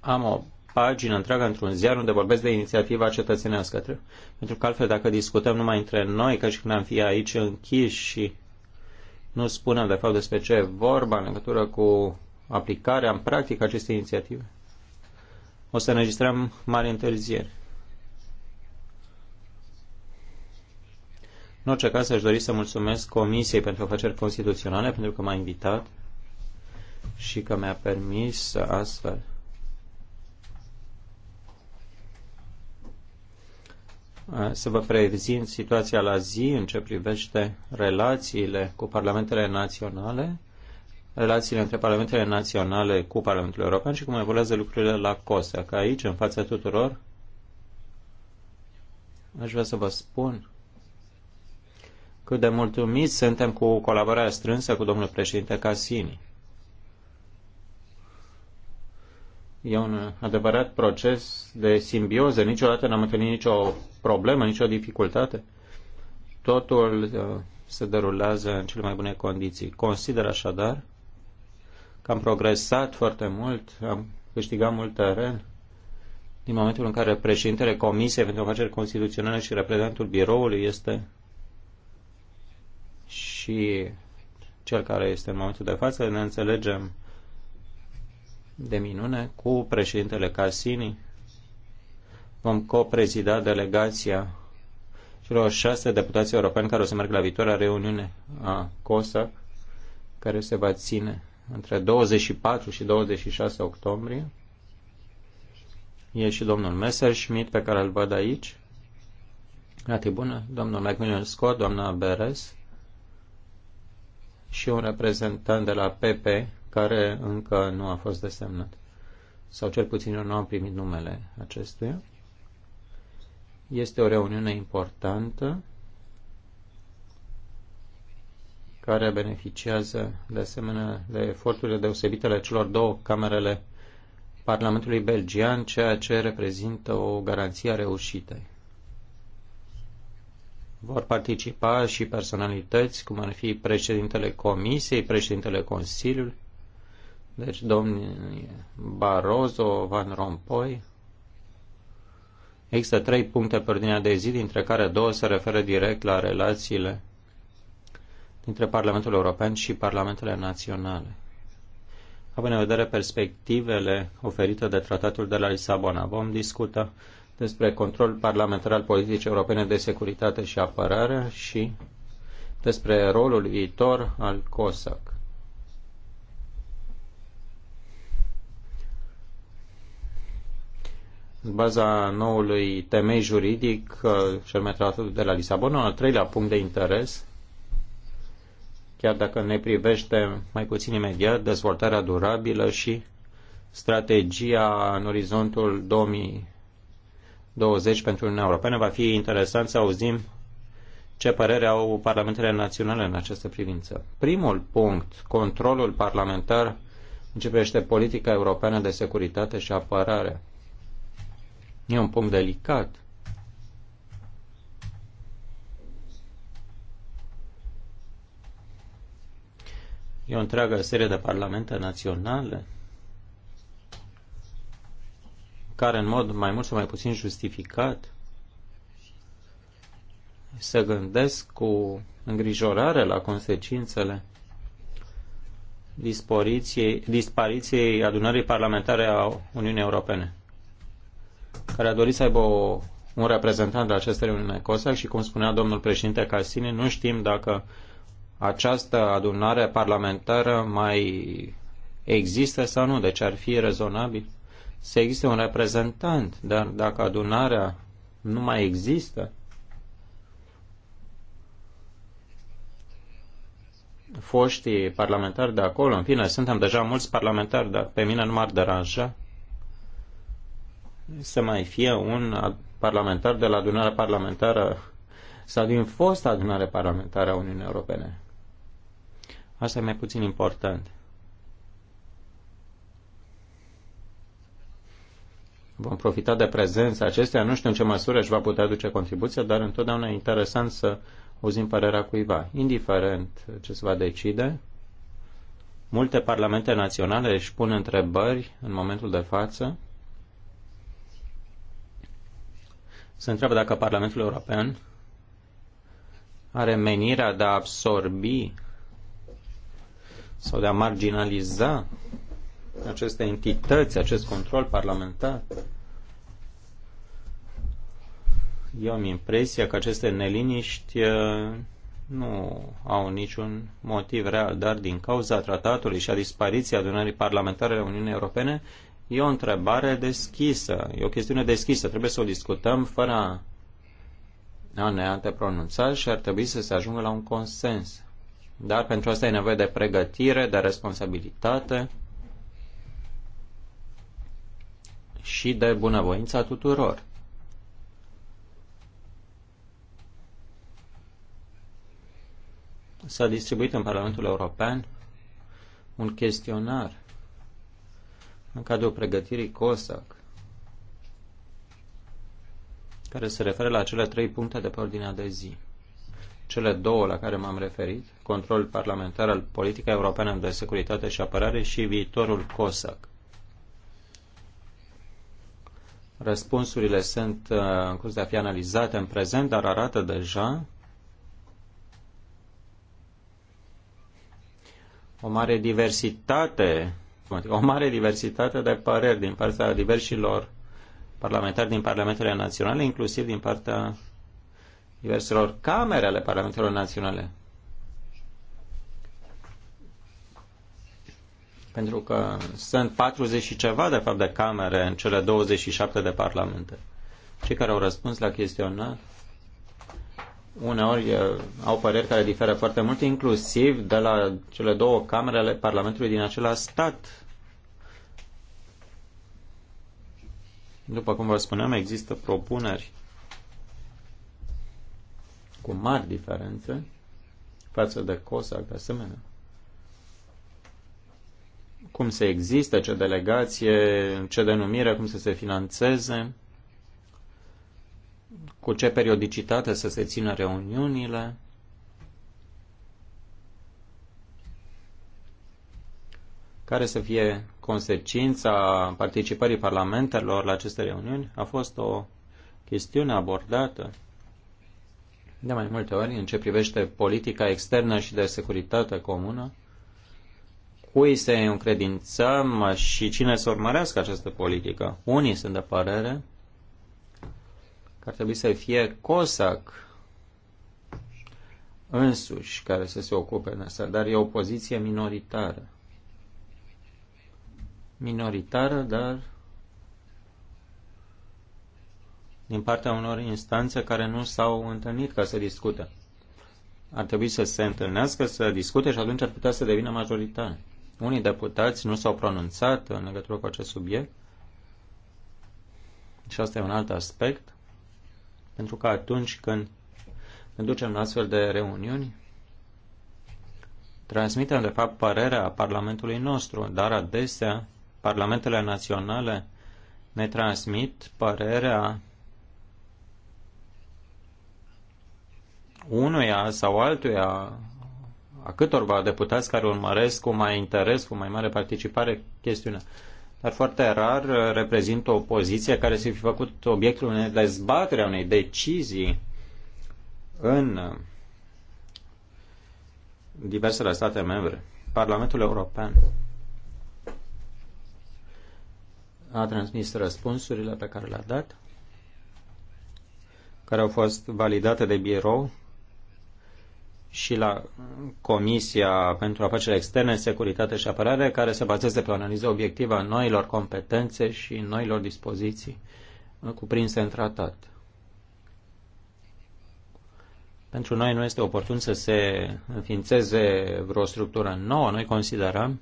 Am o pagină întreagă într-un ziar unde vorbesc de inițiativa cetățenească. Pentru că altfel dacă discutăm numai între noi, ca și când am fi aici închiși și nu spunem de fapt despre ce e vorba în legătură cu aplicarea în practică acestei inițiative, o să înregistrăm mari întârzieri. În orice caz, aș dori să mulțumesc Comisiei pentru Afaceri Constituționale pentru că m-a invitat și că mi-a permis astfel să vă prezint situația la zi în ce privește relațiile cu parlamentele naționale, relațiile între parlamentele naționale cu Parlamentul European și cum evoluează lucrurile la COSA. Că aici, în fața tuturor, aș vrea să vă spun cât de mulțumiți suntem cu colaborarea strânsă cu domnul președinte Casini E un adevărat proces de simbioză. Niciodată n-am întâlnit nicio problemă, nicio dificultate. Totul uh, se derulează în cele mai bune condiții. Consider așadar că am progresat foarte mult, am câștigat mult teren din momentul în care președintele Comisiei pentru Afaceri Constituționale și reprezentantul biroului este și cel care este în momentul de față, ne înțelegem de minune cu președintele Cassini. Vom coprezida delegația celor șase deputați europeni care o să merg la viitoarea reuniune a COSAC, care se va ține între 24 și 26 octombrie. E și domnul Messerschmidt, pe care îl văd aici, la tribună, domnul Macmillan Scott, doamna Beres și un reprezentant de la PP, care încă nu a fost desemnat. Sau cel puțin eu nu am primit numele acestuia. Este o reuniune importantă care beneficiază de asemenea de eforturile deosebite ale celor două camerele Parlamentului belgian, ceea ce reprezintă o garanție a reușitei. Vor participa și personalități, cum ar fi președintele Comisiei, președintele Consiliului, deci domnii Barroso, Van Rompuy, există trei puncte pe ordinea de zi, dintre care două se referă direct la relațiile dintre Parlamentul European și Parlamentele Naționale. Având în vedere perspectivele oferite de Tratatul de la Lisabona, vom discuta despre controlul parlamentar al politicii europene de securitate și apărare și despre rolul viitor al COSAC. baza noului temei juridic uh, cel mai de la Lisabona, un al treilea punct de interes, chiar dacă ne privește mai puțin imediat, dezvoltarea durabilă și strategia în orizontul 2020 pentru Uniunea Europeană. Va fi interesant să auzim ce părere au parlamentele naționale în această privință. Primul punct, controlul parlamentar, începește politica europeană de securitate și apărare E un punct delicat. E o întreagă serie de parlamente naționale care în mod mai mult sau mai puțin justificat se gândesc cu îngrijorare la consecințele dispariției adunării parlamentare a Uniunii Europene care a dorit să aibă o, un reprezentant de această reuniune COSAC și, cum spunea domnul președinte Casini, nu știm dacă această adunare parlamentară mai există sau nu, deci ar fi rezonabil să existe un reprezentant, dar dacă adunarea nu mai există, foștii parlamentari de acolo, în fine, suntem deja mulți parlamentari, dar pe mine nu m-ar deranja să mai fie un parlamentar de la adunarea parlamentară sau din fost adunare parlamentară a Uniunii Europene. Asta e mai puțin important. Vom profita de prezența acesteia, nu știu în ce măsură își va putea duce contribuția, dar întotdeauna e interesant să auzim părerea cuiva. Indiferent ce se va decide, multe parlamente naționale își pun întrebări în momentul de față se întreabă dacă Parlamentul European are menirea de a absorbi sau de a marginaliza aceste entități, acest control parlamentar. Eu am impresia că aceste neliniști uh, nu au niciun motiv real, dar din cauza tratatului și a dispariției adunării parlamentare a Uniunii Europene, E o întrebare deschisă, e o chestiune deschisă, trebuie să o discutăm fără a ne antepronunța și ar trebui să se ajungă la un consens. Dar pentru asta e nevoie de pregătire, de responsabilitate și de bunăvoința tuturor. S-a distribuit în Parlamentul European un chestionar în cadrul pregătirii COSAC, care se referă la cele trei puncte de pe ordinea de zi. Cele două la care m-am referit, control parlamentar al politica europeană de securitate și apărare și viitorul COSAC. Răspunsurile sunt uh, în curs de a fi analizate în prezent, dar arată deja o mare diversitate motive. O mare diversitate de păreri din partea diversilor parlamentari din Parlamentele Naționale, inclusiv din partea diverselor camere ale Parlamentelor Naționale. Pentru că sunt 40 și ceva, de fapt, de camere în cele 27 de parlamente. Cei care au răspuns la chestionar uneori eh, au păreri care diferă foarte mult, inclusiv de la cele două camere ale Parlamentului din același stat După cum vă spuneam, există propuneri cu mari diferențe față de COSA, de asemenea. Cum se există ce delegație, ce denumire, cum să se financeze, cu ce periodicitate să se țină reuniunile, care să fie consecința participării parlamentelor la aceste reuniuni, a fost o chestiune abordată de mai multe ori în ce privește politica externă și de securitate comună, cui se încredințăm și cine să urmărească această politică. Unii sunt de părere că ar trebui să fie COSAC însuși care să se ocupe de asta, dar e o poziție minoritară minoritară, dar din partea unor instanțe care nu s-au întâlnit ca să discute. Ar trebui să se întâlnească, să discute și atunci ar putea să devină majoritară. Unii deputați nu s-au pronunțat în legătură cu acest subiect și asta e un alt aspect, pentru că atunci când ne ducem la astfel de reuniuni, transmitem de fapt părerea Parlamentului nostru, dar adesea parlamentele naționale ne transmit părerea unuia sau altuia a câtorva deputați care urmăresc cu mai interes, cu mai mare participare chestiunea. Dar foarte rar reprezintă o poziție care să fi făcut obiectul unei dezbatere, unei decizii în diversele state membre. Parlamentul European a transmis răspunsurile pe care le-a dat, care au fost validate de birou și la Comisia pentru Afaceri Externe, Securitate și Apărare, care se bazează pe o analiză obiectivă a noilor competențe și noilor dispoziții cuprinse în tratat. Pentru noi nu este oportun să se înființeze vreo structură nouă. Noi considerăm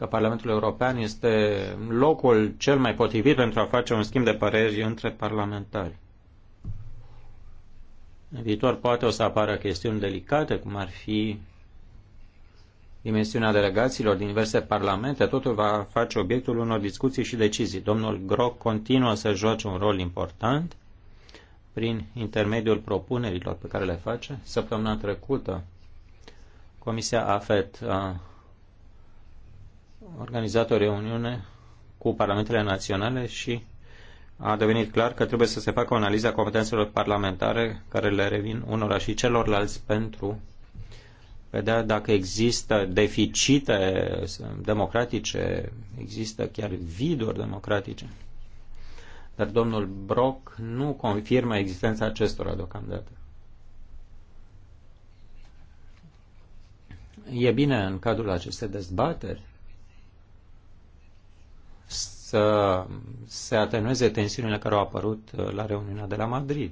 că Parlamentul European este locul cel mai potrivit pentru a face un schimb de păreri între parlamentari. În viitor poate o să apară chestiuni delicate, cum ar fi dimensiunea delegațiilor din diverse parlamente, totul va face obiectul unor discuții și decizii. Domnul Groc continuă să joace un rol important prin intermediul propunerilor pe care le face. Săptămâna trecută, Comisia AFET a organizat o reuniune cu parlamentele naționale și a devenit clar că trebuie să se facă o analiză a competențelor parlamentare care le revin unora și celorlalți pentru vedea dacă există deficite democratice, există chiar viduri democratice. Dar domnul Brock nu confirmă existența acestora deocamdată. E bine în cadrul acestei dezbateri să se atenueze tensiunile care au apărut uh, la reuniunea de la Madrid.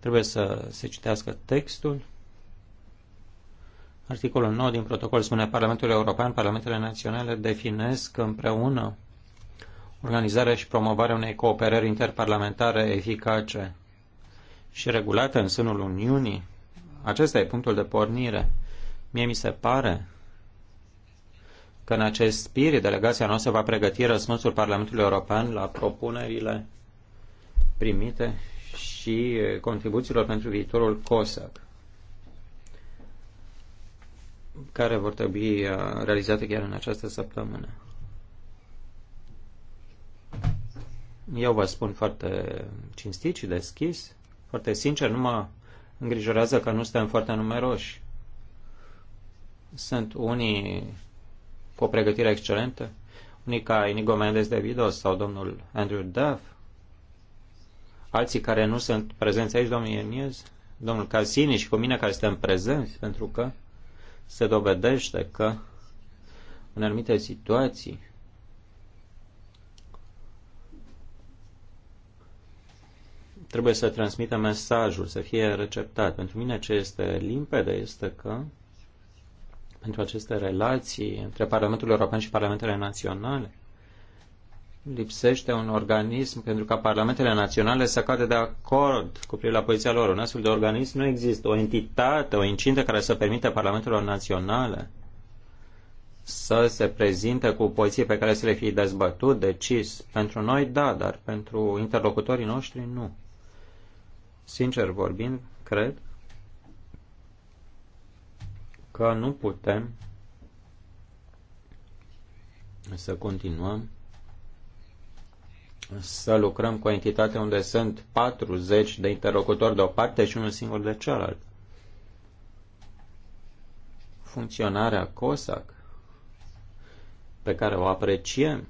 Trebuie să se citească textul. Articolul 9 din protocol spune Parlamentul European, Parlamentele Naționale definesc împreună organizarea și promovarea unei cooperări interparlamentare eficace și regulată în sânul Uniunii. Acesta e punctul de pornire. Mie mi se pare că în acest spirit delegația noastră va pregăti răspunsul Parlamentului European la propunerile primite și contribuțiilor pentru viitorul COSAC care vor trebui uh, realizate chiar în această săptămână. Eu vă spun foarte cinstit și deschis, foarte sincer, nu mă îngrijorează că nu suntem foarte numeroși. Sunt unii cu o pregătire excelentă, unii ca Inigo Mendes de Vido sau domnul Andrew Duff, alții care nu sunt prezenți aici, domnul Ieniez, domnul Casini și cu mine care suntem prezenți, pentru că se dovedește că în anumite situații trebuie să transmită mesajul, să fie receptat. Pentru mine ce este limpede este că pentru aceste relații între Parlamentul European și Parlamentele Naționale. Lipsește un organism pentru ca Parlamentele Naționale să cadă de acord cu privire la poziția lor. Un astfel de organism nu există. O entitate, o incintă care să permite Parlamentelor Naționale să se prezinte cu poziții pe care să le fie dezbătut, decis. Pentru noi, da, dar pentru interlocutorii noștri, nu. Sincer vorbind, cred că nu putem să continuăm să lucrăm cu o entitate unde sunt 40 de interlocutori de o parte și unul singur de celălalt. Funcționarea COSAC, pe care o apreciem,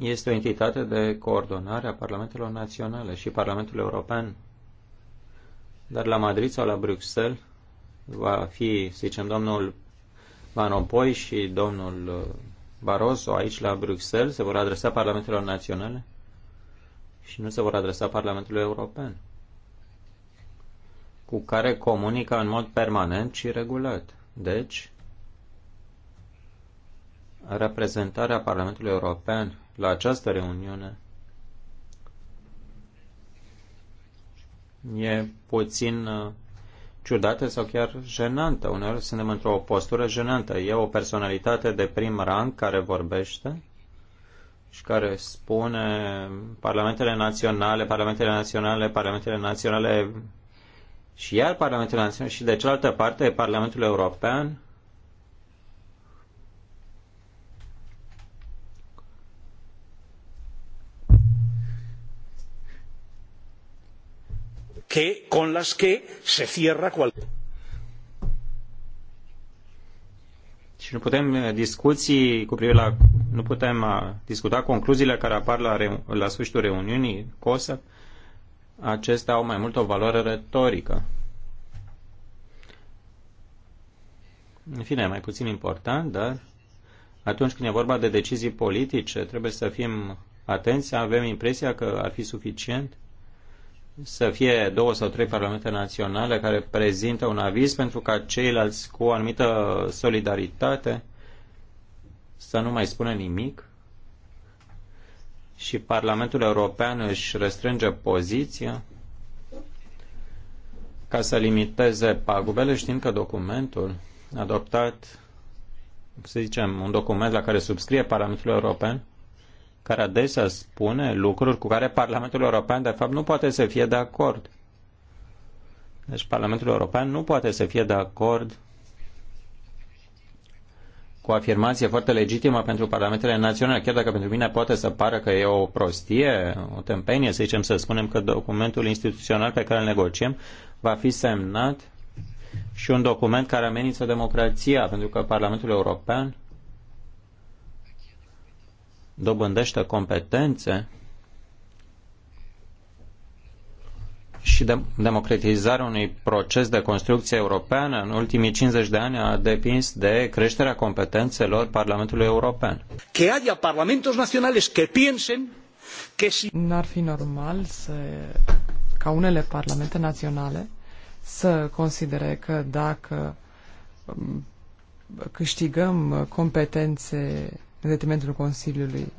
este o entitate de coordonare a Parlamentelor Naționale și Parlamentul European. Dar la Madrid sau la Bruxelles va fi, să zicem, domnul Van Rompuy și domnul uh, Barroso aici la Bruxelles se vor adresa Parlamentelor Naționale și nu se vor adresa Parlamentului European, cu care comunică în mod permanent și regulat. Deci, reprezentarea Parlamentului European la această reuniune e puțin uh, ciudată sau chiar jenantă. Uneori suntem într-o postură jenantă. E o personalitate de prim rang care vorbește și care spune parlamentele naționale, parlamentele naționale, parlamentele naționale și iar parlamentele naționale și de cealaltă parte Parlamentul European que, con las que se cierra cualquier. Și nu putem eh, discuții cu privire la, nu putem eh, discuta concluziile care apar la, la sfârșitul reuniunii COSAC. Acestea au mai mult o valoare retorică. În fine, mai puțin important, dar atunci când e vorba de decizii politice, trebuie să fim atenți, avem impresia că ar fi suficient să fie două sau trei parlamente naționale care prezintă un aviz pentru ca ceilalți cu o anumită solidaritate să nu mai spună nimic și Parlamentul European își restrânge poziția ca să limiteze pagubele, știind că documentul adoptat, să zicem, un document la care subscrie Parlamentul European, care adesea spune lucruri cu care Parlamentul European, de fapt, nu poate să fie de acord. Deci Parlamentul European nu poate să fie de acord cu o afirmație foarte legitimă pentru parlamentele naționale, chiar dacă pentru mine poate să pară că e o prostie, o tempenie, să zicem, să spunem că documentul instituțional pe care îl negociem va fi semnat și un document care amenință democrația, pentru că Parlamentul European dobândește competențe și de- democratizarea unui proces de construcție europeană în ultimii 50 de ani a depins de creșterea competențelor Parlamentului European. Que haya parlamentos nacionales que piensen que si... N-ar fi normal să, ca unele parlamente naționale să considere că dacă um, câștigăm competențe în detrimentul Consiliului.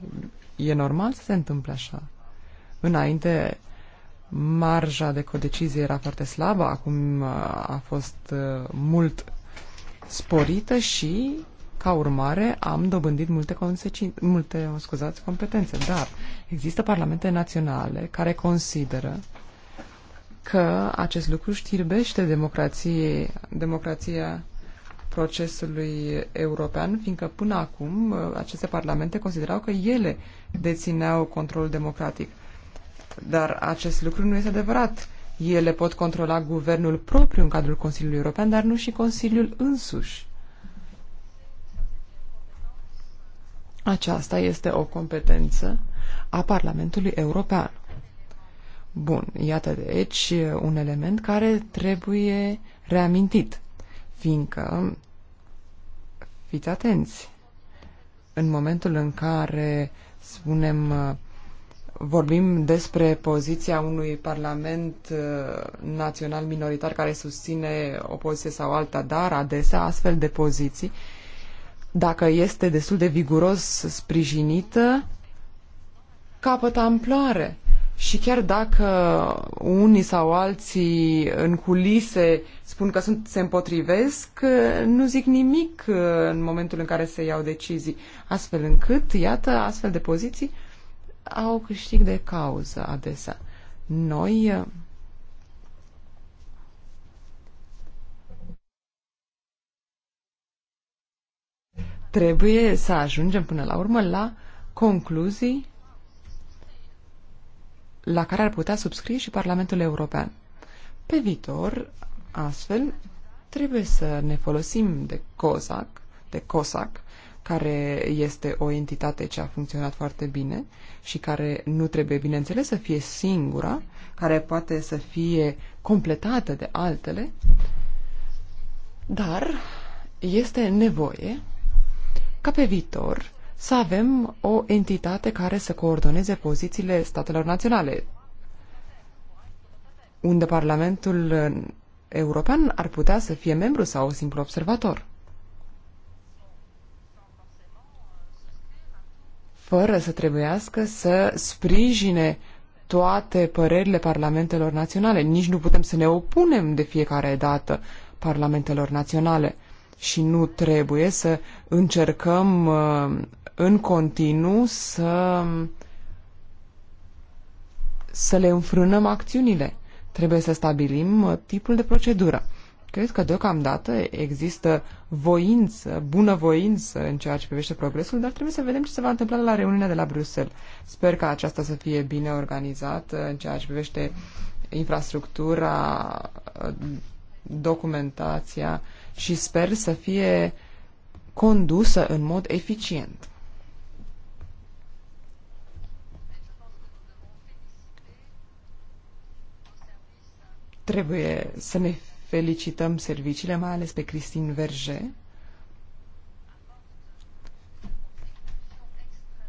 E normal să se întâmple așa. Înainte, marja de codecizie era foarte slabă, acum uh, a fost uh, mult sporită și, ca urmare, am dobândit multe, multe scuzați, competențe. Dar există parlamente naționale care consideră că acest lucru știrbește democrație, democrația procesului european, fiindcă până acum uh, aceste parlamente considerau că ele dețineau controlul democratic. Dar acest lucru nu este adevărat. Ele pot controla guvernul propriu în cadrul Consiliului European, dar nu și Consiliul însuși. Aceasta este o competență a Parlamentului European. Bun, iată deci un element care trebuie reamintit fiindcă fiți atenți. În momentul în care spunem vorbim despre poziția unui parlament uh, național minoritar care susține o poziție sau alta, dar adesea astfel de poziții, dacă este destul de viguros sprijinită, capătă amploare. Și chiar dacă unii sau alții în culise spun că sunt, se împotrivesc, nu zic nimic în momentul în care se iau decizii. Astfel încât, iată, astfel de poziții au câștig de cauză adesea. Noi trebuie să ajungem până la urmă la concluzii la care ar putea subscrie și Parlamentul European. Pe viitor, astfel, trebuie să ne folosim de COSAC, de COSAC, care este o entitate ce a funcționat foarte bine și care nu trebuie, bineînțeles, să fie singura, care poate să fie completată de altele, dar este nevoie ca pe viitor să avem o entitate care să coordoneze pozițiile statelor naționale, unde Parlamentul European ar putea să fie membru sau simplu observator. fără să trebuiască să sprijine toate părerile parlamentelor naționale. Nici nu putem să ne opunem de fiecare dată parlamentelor naționale și nu trebuie să încercăm uh, în continuu să, să le înfrânăm acțiunile. Trebuie să stabilim uh, tipul de procedură. Cred că deocamdată există voință, voință în ceea ce privește progresul, dar trebuie să vedem ce se va întâmpla la reuniunea de la Bruxelles. Sper că aceasta să fie bine organizată în ceea ce privește infrastructura, uh, documentația și sper să fie condusă în mod eficient. Trebuie să ne felicităm serviciile, mai ales pe Cristin Verge,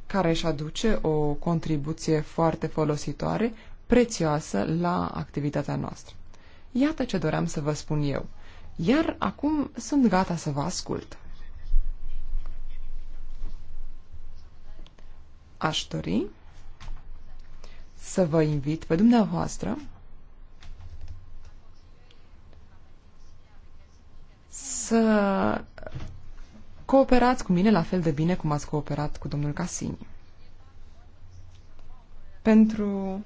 care își aduce o contribuție foarte folositoare, prețioasă la activitatea noastră. Iată ce doream să vă spun eu. Iar acum sunt gata să vă ascult. Aș dori să vă invit pe dumneavoastră să cooperați cu mine la fel de bine cum ați cooperat cu domnul Casini. Pentru...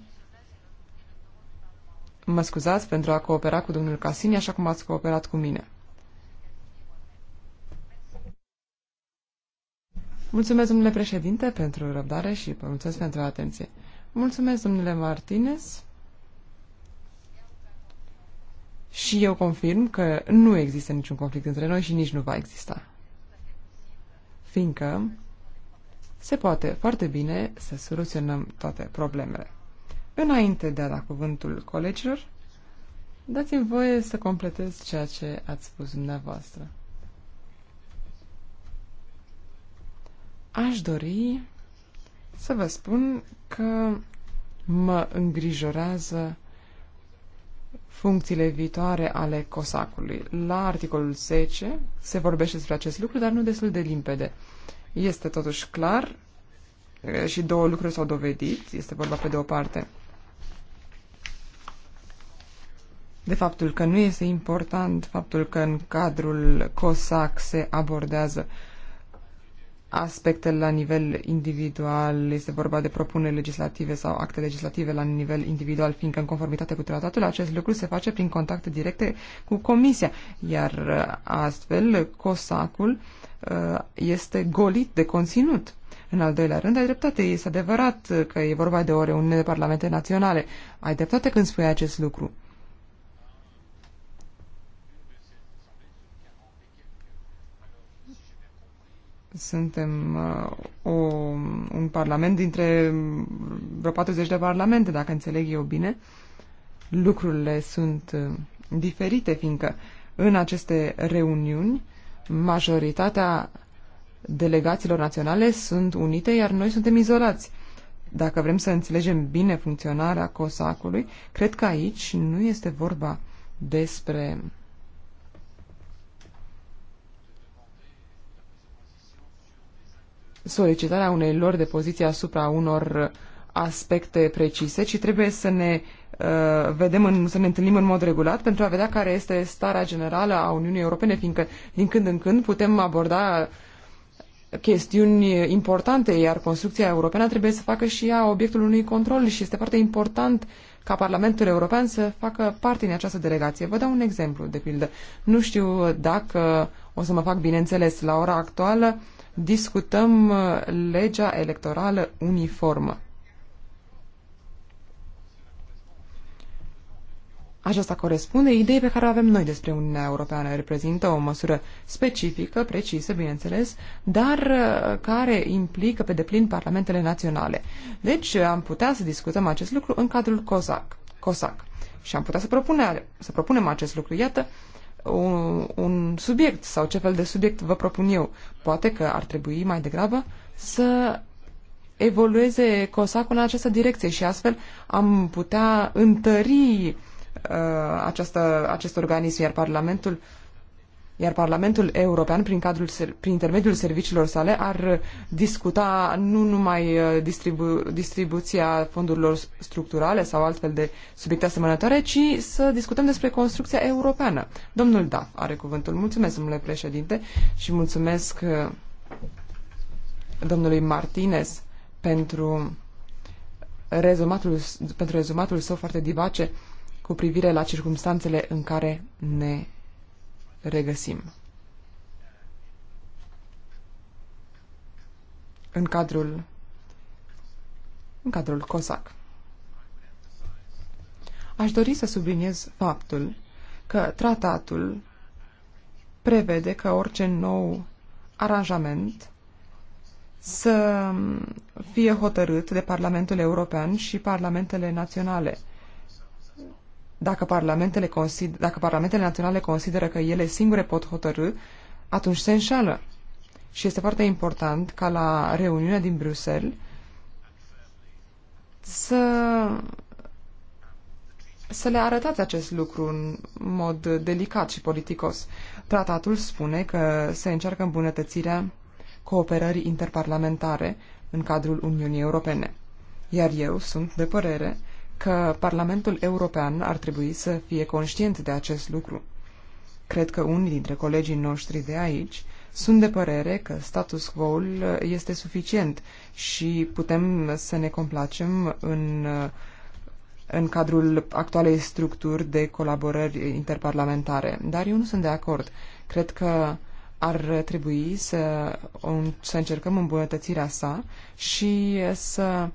Mă scuzați pentru a coopera cu domnul Casini așa cum ați cooperat cu mine. Mulțumesc, domnule președinte, pentru răbdare și mulțumesc pentru atenție. Mulțumesc, domnule Martinez. Și eu confirm că nu există niciun conflict între noi și nici nu va exista. Fiindcă se poate foarte bine să soluționăm toate problemele. Înainte de a da cuvântul colegilor, dați-mi voie să completez ceea ce ați spus dumneavoastră. Aș dori să vă spun că mă îngrijorează funcțiile viitoare ale COSAC-ului. La articolul 10 se vorbește despre acest lucru, dar nu destul de limpede. Este totuși clar și două lucruri s-au dovedit. Este vorba pe de o parte de faptul că nu este important faptul că în cadrul COSAC se abordează uh, aspectele la nivel individual, este vorba de propuneri legislative sau acte legislative la nivel individual, fiindcă în conformitate cu tratatul acest lucru se face prin contacte directe cu Comisia, iar uh, astfel COSAC-ul uh, este golit de conținut. În al doilea rând, ai dreptate, este adevărat că e vorba de o reuniune de parlamente naționale. Ai dreptate când spui acest lucru. Suntem uh, o, un parlament dintre vreo 40 de parlamente, dacă înțeleg eu bine. Lucrurile sunt uh, diferite, fiindcă în aceste reuniuni majoritatea delegațiilor naționale sunt unite, iar noi suntem izolați. Dacă vrem să înțelegem bine funcționarea COSAC-ului, cred că aici nu este vorba despre solicitarea unei lor de poziție asupra unor aspecte precise, ci trebuie să ne uh, vedem în, să ne întâlnim în mod regulat pentru a vedea care este starea generală a Uniunii Europene, fiindcă din când în când putem aborda chestiuni importante, iar construcția europeană trebuie să facă și ea obiectul unui control și este foarte important ca Parlamentul European să facă parte din această delegație. Vă dau un exemplu, de pildă. Nu știu dacă o să mă fac bineînțeles la ora actuală, uh, discutăm uh, legea electorală uniformă. Aceasta corespunde ideii pe care o avem noi despre Uniunea Europeană. Reprezintă o măsură specifică, precisă, bineînțeles, dar uh, care implică pe deplin parlamentele naționale. Deci uh, am putea să discutăm acest lucru în cadrul COSAC. COSAC. Și am putea să, propune, să propunem acest lucru. Iată un, un subiect sau ce fel de subiect vă propun eu. Poate că ar trebui mai degrabă să evolueze cosac în această direcție și astfel am putea întări uh, această, acest organism, iar Parlamentul iar Parlamentul European, prin, cadrul, prin intermediul serviciilor sale, ar discuta nu numai uh, distribu- distribuția fondurilor structurale sau altfel de subiecte asemănătoare, ci să discutăm despre construcția europeană. Domnul Daf are cuvântul. Mulțumesc, domnule președinte, și mulțumesc uh, domnului Martinez pentru rezumatul, pentru rezumatul său foarte divace cu privire la circumstanțele în care ne regăsim. În cadrul în cadrul COSAC. Aș dori să subliniez faptul că tratatul prevede că orice nou aranjament să fie hotărât de Parlamentul European și Parlamentele Naționale dacă parlamentele, consid- dacă parlamentele naționale consideră că ele singure pot hotărâ, atunci se înșală. Și este foarte important ca la reuniunea din Bruxelles să, să le arătați acest lucru în mod delicat și politicos. Tratatul spune că se încearcă îmbunătățirea cooperării interparlamentare în cadrul Uniunii Europene. Iar eu sunt de părere că Parlamentul European ar trebui să fie conștient de acest lucru. Cred că unii dintre colegii noștri de aici sunt de părere că status quo-ul este suficient și putem să ne complacem în, în cadrul actualei structuri de colaborări interparlamentare. Dar eu nu sunt de acord. Cred că ar trebui să, să încercăm îmbunătățirea sa și să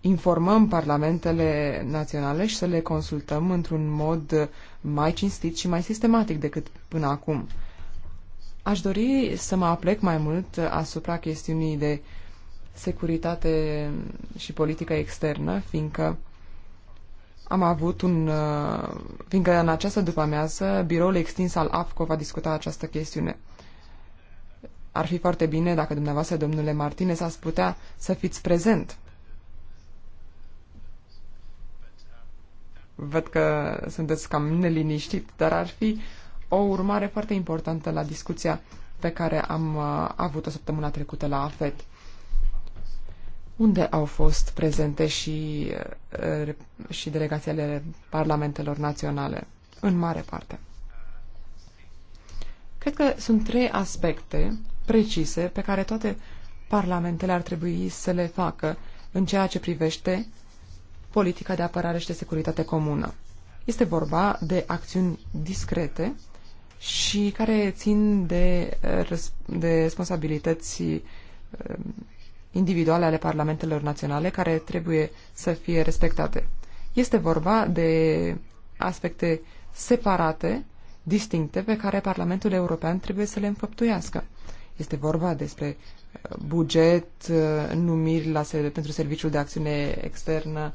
informăm parlamentele naționale și să le consultăm într-un mod mai cinstit și mai sistematic decât până acum. Aș dori să mă aplec mai mult asupra chestiunii de securitate și politică externă, fiindcă am avut un... fiindcă în această după-amiază biroul extins al AFCO va discuta această chestiune. Ar fi foarte bine dacă dumneavoastră, domnule Martinez, ați putea să fiți prezent Văd că sunteți cam neliniștit, dar ar fi o urmare foarte importantă la discuția pe care am uh, avut-o săptămâna trecută la AFET unde au fost prezente și, uh, și delegațiile parlamentelor naționale, în mare parte. Cred că sunt trei aspecte precise pe care toate parlamentele ar trebui să le facă în ceea ce privește politica de apărare și de securitate comună. Este vorba de acțiuni discrete și care țin de, eh, de responsabilități eh, individuale ale parlamentelor naționale care trebuie să fie respectate. Este vorba de aspecte separate, distincte, pe care Parlamentul European trebuie să le înfăptuiască. Este vorba despre eh, buget, numiri la, pentru Serviciul de Acțiune Externă,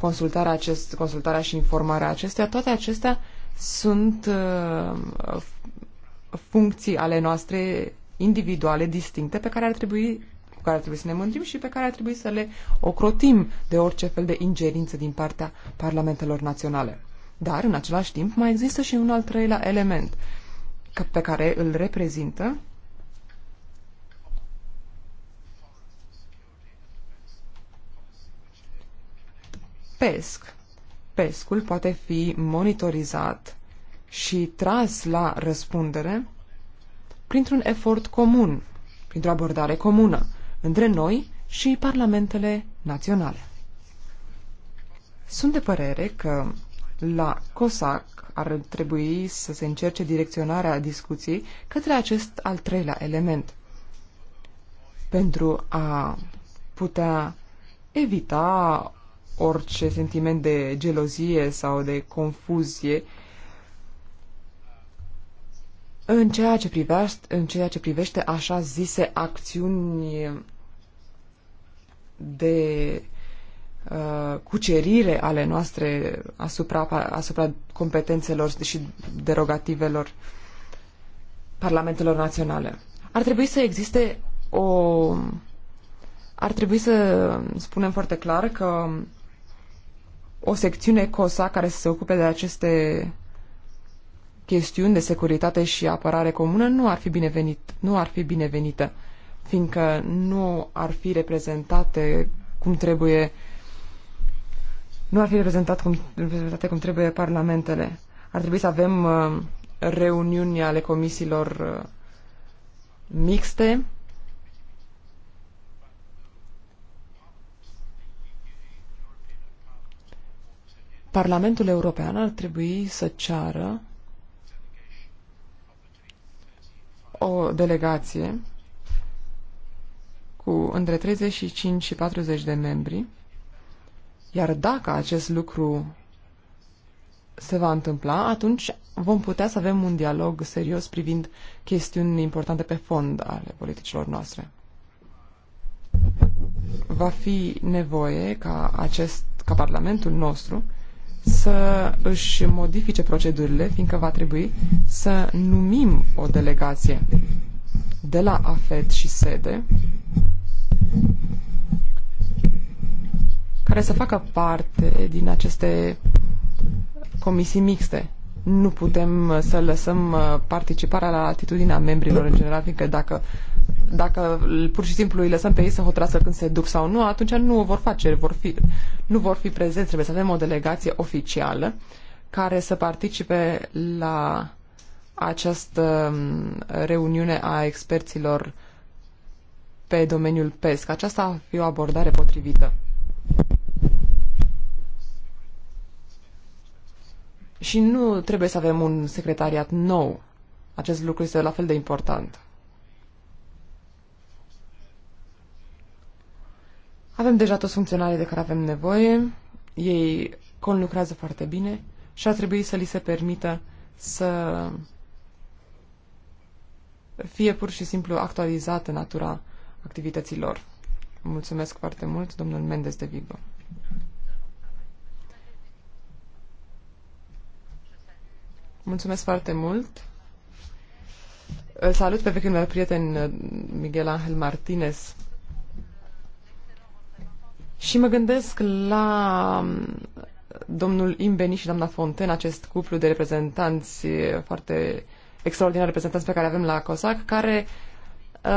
consultarea, acest, consultarea și informarea acestea, toate acestea sunt uh, funcții ale noastre individuale, distincte, pe care ar trebui cu care ar trebui să ne mândrim și pe care ar trebui să le ocrotim de orice fel de ingerință din partea parlamentelor naționale. Dar, în același timp, mai există și un al treilea element pe care îl reprezintă pesc. Pescul poate fi monitorizat și tras la răspundere printr-un efort comun, printr-o abordare comună între noi și parlamentele naționale. Sunt de părere că la COSAC ar trebui să se încerce direcționarea discuției către acest al treilea element, pentru a putea evita orice sentiment de gelozie sau de confuzie în ceea ce privește, în ceea ce privește așa zise acțiuni de uh, cucerire ale noastre asupra, asupra competențelor și derogativelor parlamentelor naționale. Ar trebui să existe o... Ar trebui să spunem foarte clar că o secțiune COSA care să se ocupe de aceste chestiuni de securitate și apărare comună nu ar fi, binevenit, nu ar fi binevenită, fiindcă nu ar fi reprezentate cum trebuie nu ar fi reprezentat cum, reprezentate cum trebuie parlamentele. Ar trebui să avem uh, reuniuni ale comisiilor uh, mixte Parlamentul European ar trebui să ceară o delegație cu între 35 și 40 de membri, iar dacă acest lucru se va întâmpla, atunci vom putea să avem un dialog serios privind chestiuni importante pe fond ale politicilor noastre. Va fi nevoie ca acest ca Parlamentul nostru să își modifice procedurile, fiindcă va trebui să numim o delegație de la AFET și SEDE care să facă parte din aceste comisii mixte nu putem uh, să lăsăm uh, participarea la atitudinea membrilor în general, fiindcă dacă, dacă pur și simplu îi lăsăm pe ei să hotărască când se duc sau nu, atunci nu o vor face, vor fi, nu vor fi prezenți. Trebuie să avem o delegație oficială care să participe la această um, reuniune a experților pe domeniul PESC. Aceasta ar fi o abordare potrivită. Și nu trebuie să avem un secretariat nou. Acest lucru este la fel de important. Avem deja toți funcționarii de care avem nevoie, ei conlucrează foarte bine și ar trebui să li se permită să fie pur și simplu actualizată natura activităților. Mulțumesc foarte mult, domnul Mendes de Vigo. Mulțumesc foarte mult. Îl salut pe vechiul meu prieten uh, Miguel Angel Martinez. Și mă gândesc la um, domnul Imbeni și doamna Fonten, acest cuplu de reprezentanți uh, foarte extraordinari, reprezentanți pe care avem la COSAC, care uh,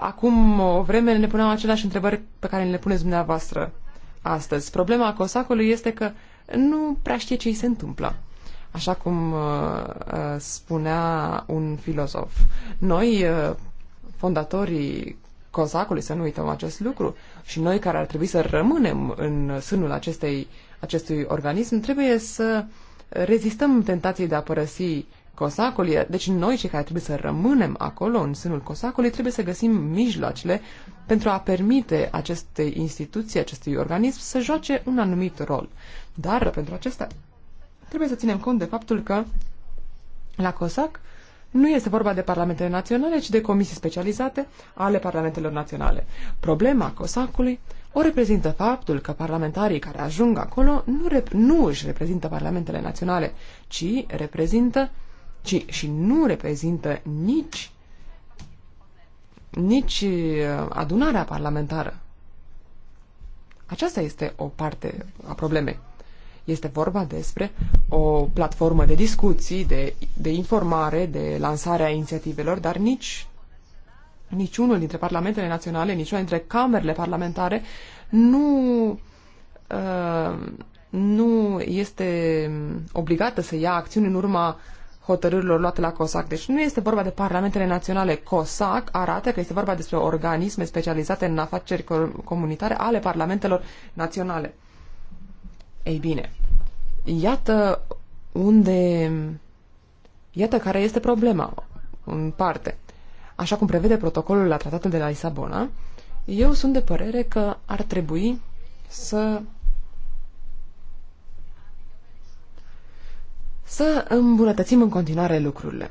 acum o vreme ne puneau aceleași întrebări pe care le puneți dumneavoastră astăzi. Problema COSAC-ului este că nu prea știe ce îi se întâmplă. Așa cum uh, uh, spunea un filozof, noi, uh, fondatorii COSAC-ului, să nu uităm acest lucru, și noi care ar trebui să rămânem în sânul acestei, acestui organism, trebuie să rezistăm tentației de a părăsi Cosacul, deci noi cei care trebuie să rămânem acolo în sânul Cosacului trebuie să găsim mijloacele pentru a permite acestei instituții, acestui organism să joace un anumit rol. Dar pentru acestea Trebuie să ținem cont de faptul că la COSAC nu este vorba de parlamentele naționale, ci de comisii specializate ale parlamentelor naționale. Problema COSAC-ului o reprezintă faptul că parlamentarii care ajung acolo nu, rep- nu își reprezintă parlamentele naționale, ci reprezintă ci, și nu reprezintă nici nici uh, adunarea parlamentară. Aceasta este o parte a problemei. Este vorba despre o platformă de discuții, de, de informare, de lansare a inițiativelor, dar nici niciunul dintre parlamentele naționale, niciuna dintre camerele parlamentare nu, uh, nu este obligată să ia acțiuni în urma hotărârilor luate la COSAC. Deci nu este vorba de parlamentele naționale. COSAC arată că este vorba despre organisme specializate în afaceri comunitare ale parlamentelor naționale. Ei bine, iată unde... Iată care este problema, în parte. Așa cum prevede protocolul la tratatul de la Lisabona, eu sunt de părere că ar trebui să să îmbunătățim în continuare lucrurile.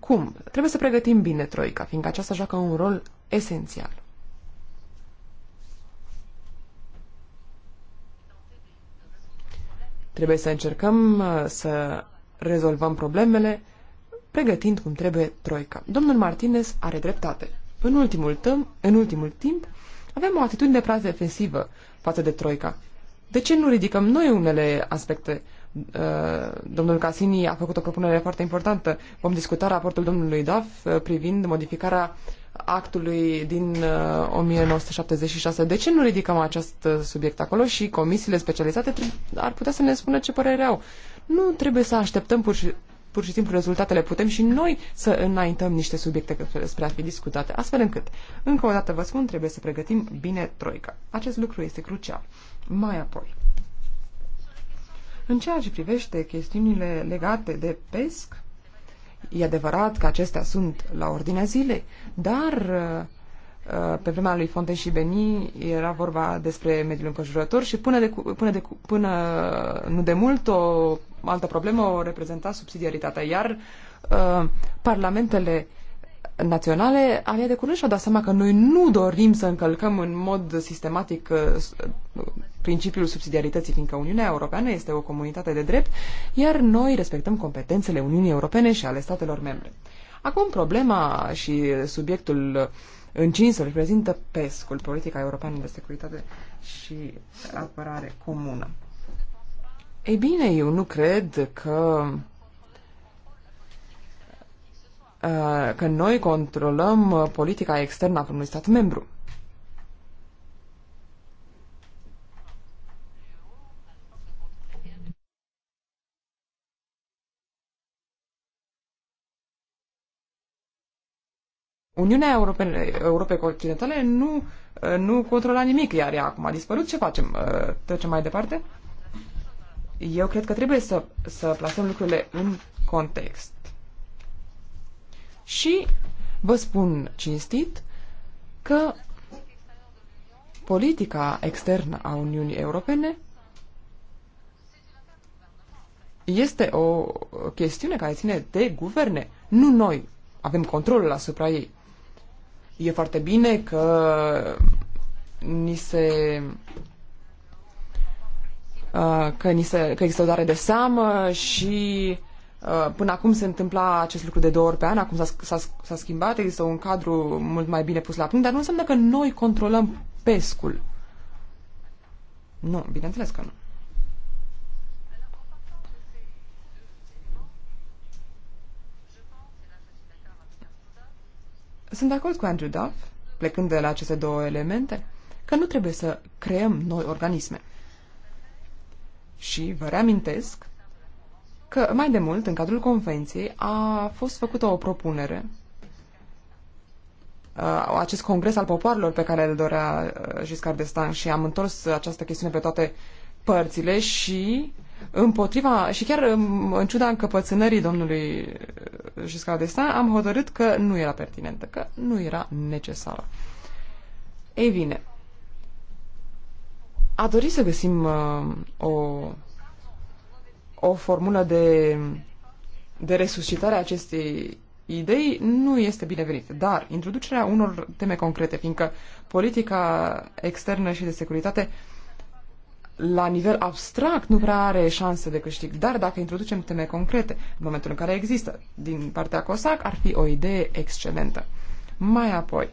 Cum? Trebuie să pregătim bine Troica, fiindcă aceasta joacă un rol esențial. Trebuie să încercăm uh, să rezolvăm problemele pregătind cum trebuie troica. Domnul Martinez are dreptate. În ultimul, tâm, în ultimul timp avem o atitudine prea defensivă față de troica. De ce nu ridicăm noi unele aspecte Uh, domnul Casini a făcut o propunere foarte importantă. Vom discuta raportul domnului Daf uh, privind modificarea actului din 1976. Uh, De ce nu ridicăm acest subiect acolo și comisiile specializate ar putea să ne spună ce părere au? Nu trebuie să așteptăm pur și, pur și simplu rezultatele. Putem și noi să înaintăm niște subiecte spre a fi discutate, astfel încât, încă o dată vă spun, trebuie să pregătim bine troica. Acest lucru este crucial. Mai apoi. În ceea ce privește chestiunile legate de pesc, e adevărat că acestea sunt la ordinea zilei, dar uh, uh, pe vremea lui Fonte și Beni era vorba despre mediul înconjurător și până, de, până, de, până nu de mult o altă problemă o reprezenta subsidiaritatea, iar uh, parlamentele uh, naționale, abia de curând și-au dat seama că noi nu dorim să încălcăm în mod sistematic uh, uh, principiul subsidiarității, fiindcă Uniunea Europeană este o comunitate de drept, iar noi respectăm competențele Uniunii Europene și ale statelor membre. Acum problema și subiectul încins îl reprezintă PESCUL, Politica Europeană de Securitate și Apărare Comună. Ei bine, eu nu cred că Uh, că noi controlăm uh, politica externă a unui stat membru. Uniunea Europene, Europei Continentale nu, uh, nu controla nimic, iar ea acum a dispărut. Ce facem? Trecem mai departe? Eu cred că trebuie să, să plasăm lucrurile în context și vă spun cinstit că politica externă a Uniunii Europene este o chestiune care ține de guverne. Nu noi avem controlul asupra ei. E foarte bine că ni se uh, că, ni se, că există o dare de seamă și Uh, până acum se întâmpla acest lucru de două ori pe an, acum s-a, schimbat, există un cadru mult mai bine pus la punct, dar nu înseamnă că noi controlăm pescul. Nu, bineînțeles că nu. Sunt de acord cu Andrew Duff, plecând de la aceste două elemente, că nu trebuie să creăm noi organisme. Și vă reamintesc că mai de mult, în cadrul convenției, a fost făcută o propunere uh, acest congres al popoarelor pe care îl dorea uh, Giscard d'Estaing și am întors această chestiune pe toate părțile și împotriva și chiar în ciuda încăpățânării domnului uh, Giscard d'Estaing am hotărât că nu era pertinentă, că nu era necesară. Ei bine, a dorit să găsim uh, o o formulă de, de resuscitare a acestei idei nu este binevenit, dar introducerea unor teme concrete, fiindcă politica externă și de securitate la nivel abstract nu prea are șanse de câștig, dar dacă introducem teme concrete, în momentul în care există, din partea COSAC, ar fi o idee excelentă. Mai apoi,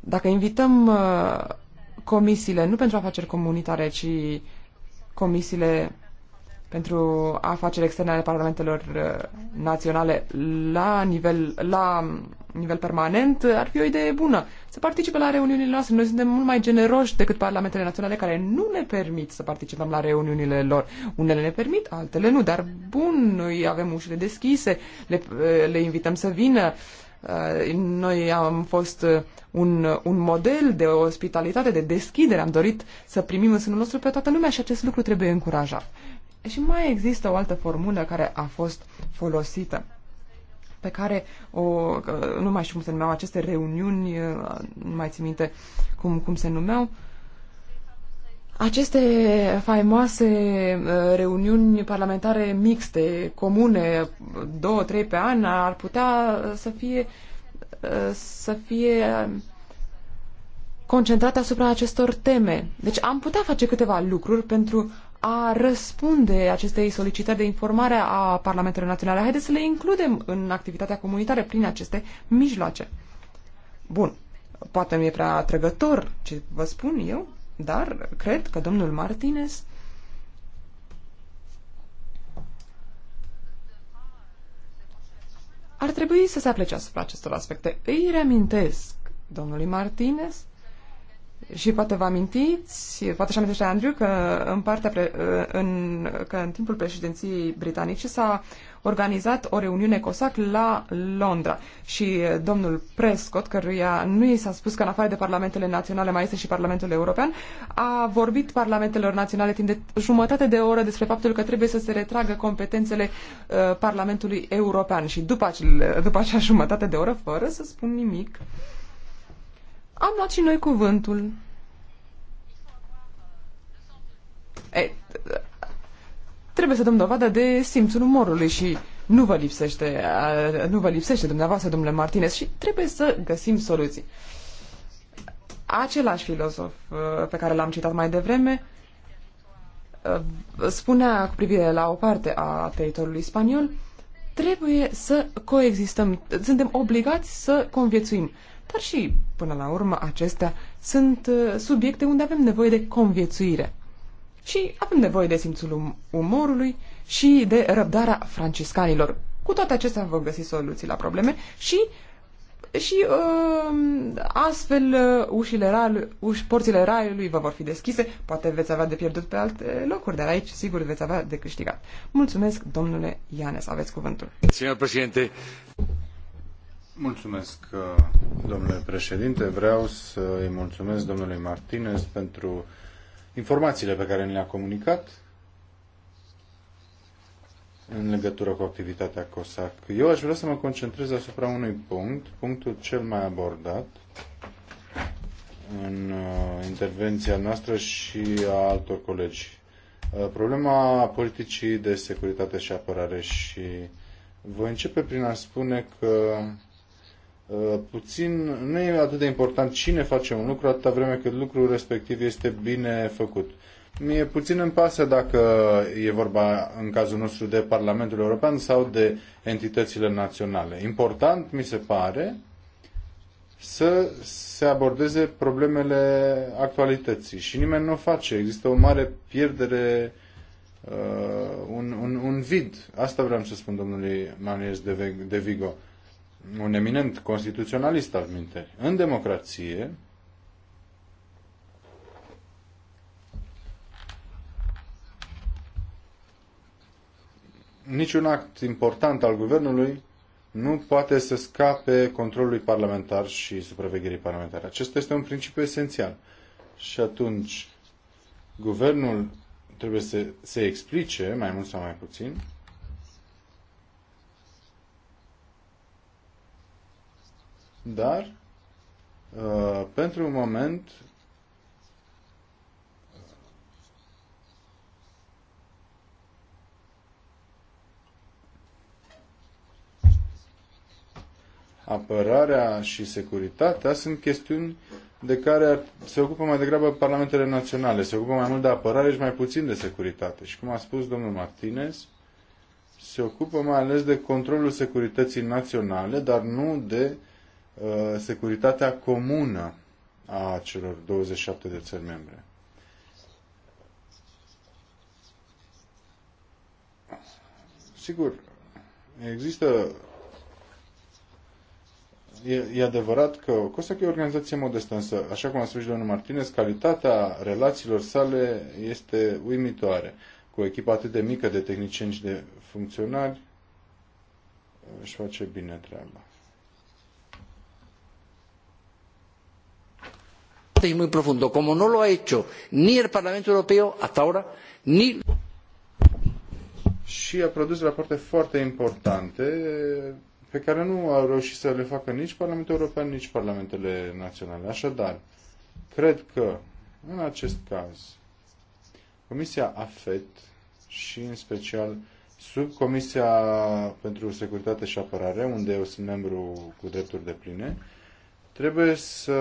dacă invităm uh, comisiile, nu pentru afaceri comunitare, ci comisiile pentru afaceri externe ale parlamentelor uh, naționale la nivel, la nivel permanent uh, ar fi o idee bună. Să participe la reuniunile noastre. Noi suntem mult mai generoși decât parlamentele naționale care nu ne permit să participăm la reuniunile lor. Unele ne permit, altele nu, dar bun, noi avem ușile deschise, le, uh, le invităm să vină. Uh, Uh, noi am fost uh, un, uh, un model de ospitalitate, de deschidere. Am dorit să primim în sânul nostru pe toată lumea și acest lucru trebuie încurajat. Și mai există o altă formulă care a fost folosită pe care o, nu mai știu cum se numeau aceste reuniuni, nu mai țin minte cum, cum se numeau, uh, aceste faimoase uh, reuniuni parlamentare mixte, comune, două, trei pe an, ar putea uh, să fie, uh, să fie um, concentrate asupra acestor teme. Deci am putea face câteva lucruri pentru a răspunde acestei solicitări de informare a parlamentului Naționale. Haideți să le includem în activitatea comunitară prin aceste mijloace. Bun, poate nu e prea atrăgător ce vă spun eu, dar cred că domnul Martinez ar trebui să se aplece asupra acestor aspecte. Îi reamintesc domnului Martinez și poate vă amintiți, poate și amintește Andrew, că în, partea pre, în, că în timpul președinției britanice s-a organizat o reuniune COSAC la Londra și eh, domnul Prescott, căruia nu i s-a spus că în afară de parlamentele naționale mai este și Parlamentul European, a vorbit parlamentelor naționale timp de jumătate de oră despre faptul că trebuie să se retragă competențele uh, Parlamentului European și după, acel, după acea jumătate de oră, fără să spun nimic, am luat și noi cuvântul trebuie să dăm dovadă de simțul umorului și nu vă lipsește, nu vă lipsește dumneavoastră, domnule Martinez, și trebuie să găsim soluții. Același filozof uh, pe care l-am citat mai devreme uh, spunea cu privire la o parte a teritoriului spaniol, trebuie să coexistăm, suntem obligați să conviețuim. Dar și, până la urmă, acestea sunt uh, subiecte unde avem nevoie de conviețuire și avem nevoie de simțul um- umorului și de răbdarea franciscanilor. Cu toate acestea vom găsi soluții la probleme și și um, uh, astfel ușile ral, uș, porțile raiului vă vor fi deschise, poate veți avea de pierdut pe alte locuri, dar aici sigur veți avea de câștigat. Mulțumesc, domnule Ianes, aveți cuvântul. Domnule președinte. Mulțumesc, uh, domnule președinte. Vreau să îi mulțumesc domnului Martinez pentru informațiile pe care ni le-a comunicat în legătură cu activitatea COSAC. Eu aș vrea să mă concentrez asupra unui punct, punctul cel mai abordat în uh, intervenția noastră și a altor colegi. Uh, problema politicii de securitate și apărare și voi începe prin a spune că Uh, puțin, nu e atât de important cine face un lucru atâta vreme cât lucrul respectiv este bine făcut. Mie puțin îmi pasă dacă e vorba în cazul nostru de Parlamentul European sau de entitățile naționale. Important mi se pare să se abordeze problemele actualității și nimeni nu o face. Există o mare pierdere, uh, un, un, un vid. Asta vreau să spun domnului Manies de, Vigo. Uh, un eminent constituționalist al minteri. În democrație, niciun act important al guvernului nu poate să scape controlului parlamentar și supravegherii parlamentare. Acesta este un principiu esențial. Și atunci, guvernul trebuie să se explice, mai mult sau mai puțin, dar uh, pentru un moment apărarea și securitatea sunt chestiuni de care se ocupă mai degrabă parlamentele naționale. Se ocupă mai mult de apărare și mai puțin de securitate. Și cum a spus domnul Martinez, se ocupă mai ales de controlul securității naționale, dar nu de Uh, securitatea comună a celor 27 de țări membre. Sigur, există e, e adevărat că COSAC e o organizație modestă, însă, așa cum a spus și domnul Martinez, calitatea relațiilor sale este uimitoare. Cu o echipă atât de mică de tehnicieni și de funcționari, își face bine treaba. importante y muy profundo, como no lo ha hecho ni el Parlamento Europeo hasta ahora, ni. Și a produs rapoarte foarte importante eh, pe care nu au reușit să le facă nici Parlamentul European, nici Parlamentele Naționale. Așadar, cred că în acest caz Comisia AFET și în special sub Comisia pentru Securitate și Apărare, unde eu sunt membru cu drepturi de pline, trebuie să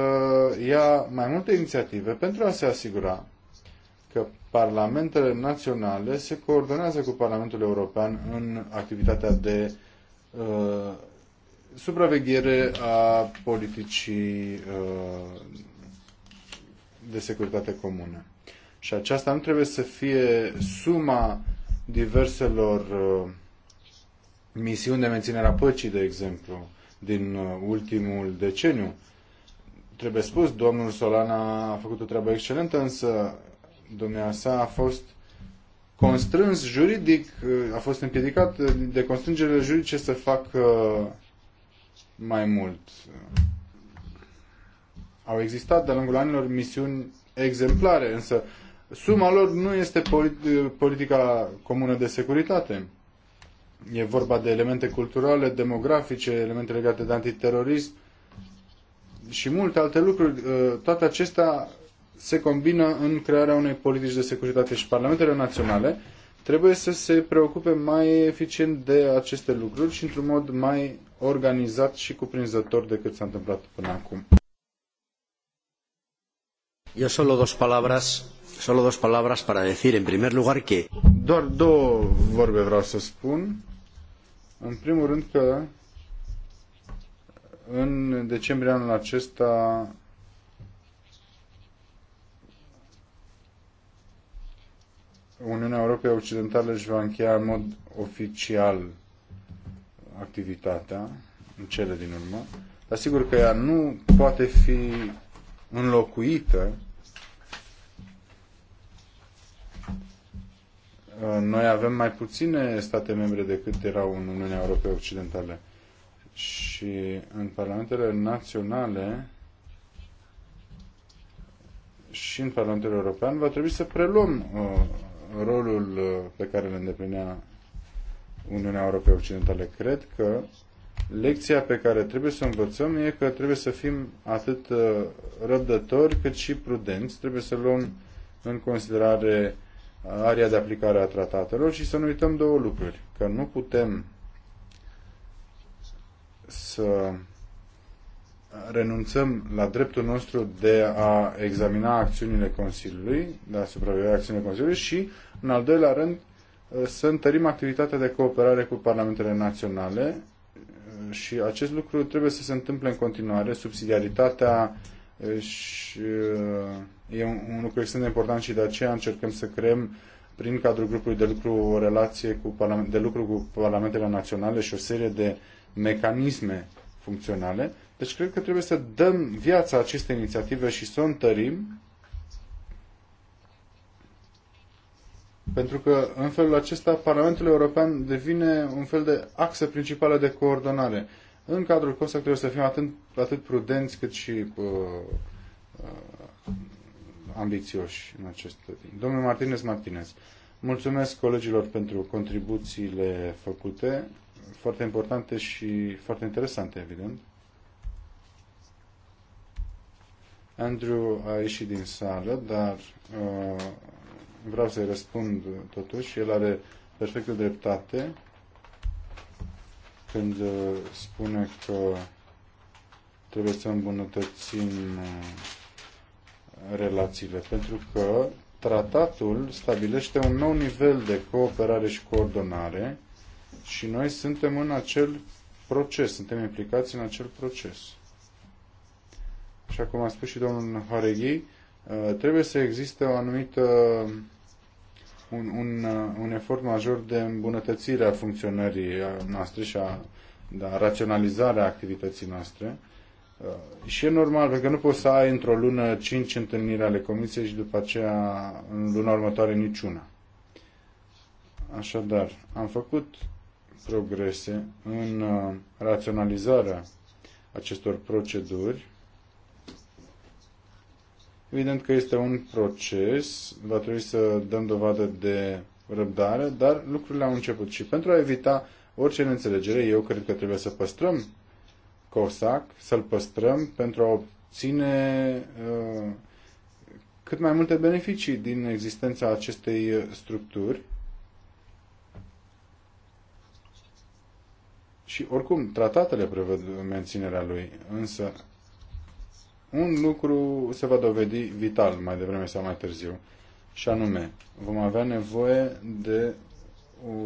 ia mai multe inițiative pentru a se asigura că parlamentele naționale se coordonează cu Parlamentul European în activitatea de uh, supraveghere a politicii uh, de securitate comună. Și aceasta nu trebuie să fie suma diverselor uh, misiuni de menținere a păcii, de exemplu, din uh, ultimul deceniu. Trebuie spus, domnul Solana a făcut o treabă excelentă, însă domnia sa a fost constrâns juridic, uh, a fost împiedicat de constrângerile juridice să facă uh, mai mult. Au existat de-a lungul anilor misiuni exemplare, însă suma lor nu este politica comună de securitate. E vorba de elemente culturale, demografice, elemente legate de antiterorism și multe alte lucruri. Uh, toate acestea se combină în crearea unei politici de securitate și parlamentele naționale trebuie să se preocupe mai eficient de aceste lucruri și într-un mod mai organizat și cuprinzător decât s-a întâmplat până acum. Eu solo dos palabras, solo dos palabras para decir en primer lugar que Doar două vorbe vreau să spun. În primul rând că în decembrie anul acesta Uniunea Europei Occidentală își va încheia în mod oficial activitatea în cele din urmă, dar sigur că ea nu poate fi înlocuită Noi avem mai puține state membre decât erau în Uniunea Europeană Occidentală. Și în parlamentele naționale și în Parlamentul European va trebui să preluăm uh, rolul uh, pe care îl îndeplinea Uniunea Europeană Occidentală. Cred că lecția pe care trebuie să o învățăm e că trebuie să fim atât uh, răbdători cât și prudenți. Trebuie să luăm în considerare area de aplicare a tratatelor și să nu uităm două lucruri, că nu putem să renunțăm la dreptul nostru de a examina acțiunile Consiliului, de a supraveghea acțiunile Consiliului și, în al doilea rând, să întărim activitatea de cooperare cu parlamentele naționale și acest lucru trebuie să se întâmple în continuare. Subsidiaritatea și uh, E un, un lucru extrem de important și de aceea încercăm să creăm prin cadrul grupului de lucru o relație cu de lucru cu parlamentele naționale și o serie de mecanisme funcționale. Deci cred că trebuie să dăm viața acestei inițiative și să o întărim pentru că în felul acesta Parlamentul European devine un fel de axă principală de coordonare. În cadrul COSAC trebuie să fim atât, atât prudenți cât și uh, uh, ambițioși în acest timp. Domnul Martinez Martinez, mulțumesc colegilor pentru contribuțiile făcute, foarte importante și foarte interesante, evident. Andrew a ieșit din sală, dar uh, vreau să-i răspund totuși. El are perfectă dreptate când uh, spune că trebuie să îmbunătățim uh, relațiile, pentru că tratatul stabilește un nou nivel de cooperare și coordonare și noi suntem în acel proces, suntem implicați în acel proces. Așa cum a spus și domnul Haregi, uh, trebuie să existe o anumită un, un, uh, un efort major de îmbunătățire a funcționării uh, noastre și a, a da, raționalizarea activității noastre și e normal, pentru că nu poți să ai într-o lună cinci întâlniri ale comisiei și după aceea în luna următoare niciuna. Așadar, am făcut progrese în uh, raționalizarea acestor proceduri. Evident că este un proces, va trebui să dăm dovadă de răbdare, dar lucrurile au început și pentru a evita orice neînțelegere, eu cred că trebuie să păstrăm Corsac, să-l păstrăm pentru a obține uh, cât mai multe beneficii din existența acestei uh, structuri. Și oricum, tratatele prevăd menținerea lui, însă un lucru se va dovedi vital mai devreme sau mai târziu, și anume, vom avea nevoie de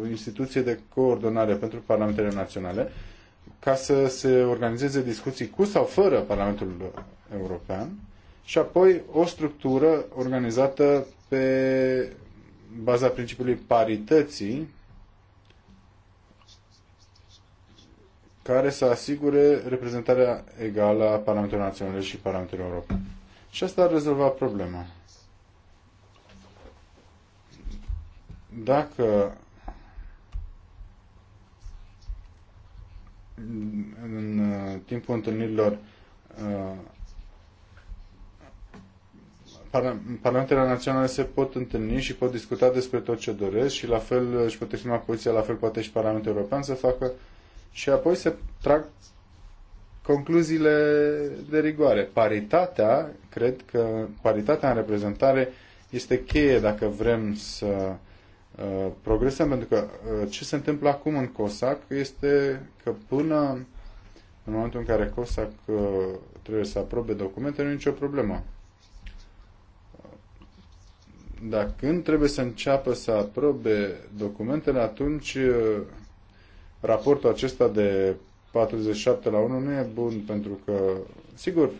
o instituție de coordonare pentru parlamentele naționale ca să se organizeze discuții cu sau fără Parlamentul European și apoi o structură organizată pe baza principiului parității care să asigure reprezentarea egală a Parlamentului Național și Parlamentului European. Și asta ar rezolva problema. Dacă în uh, timpul întâlnirilor uh, Parlamentele naționale se pot întâlni și pot discuta despre tot ce doresc și la fel își pot exprima poziția, la fel poate și Parlamentul European să facă și apoi se trag concluziile de rigoare. Paritatea, cred că paritatea în reprezentare este cheie dacă vrem să Uh, progresăm, pentru că uh, ce se întâmplă acum în COSAC este că până în momentul în care COSAC uh, trebuie să aprobe documente, nu e nicio problemă. Dar când trebuie să înceapă să aprobe documentele, atunci raportul acesta de 47 la 1 nu e bun pentru că, sigur,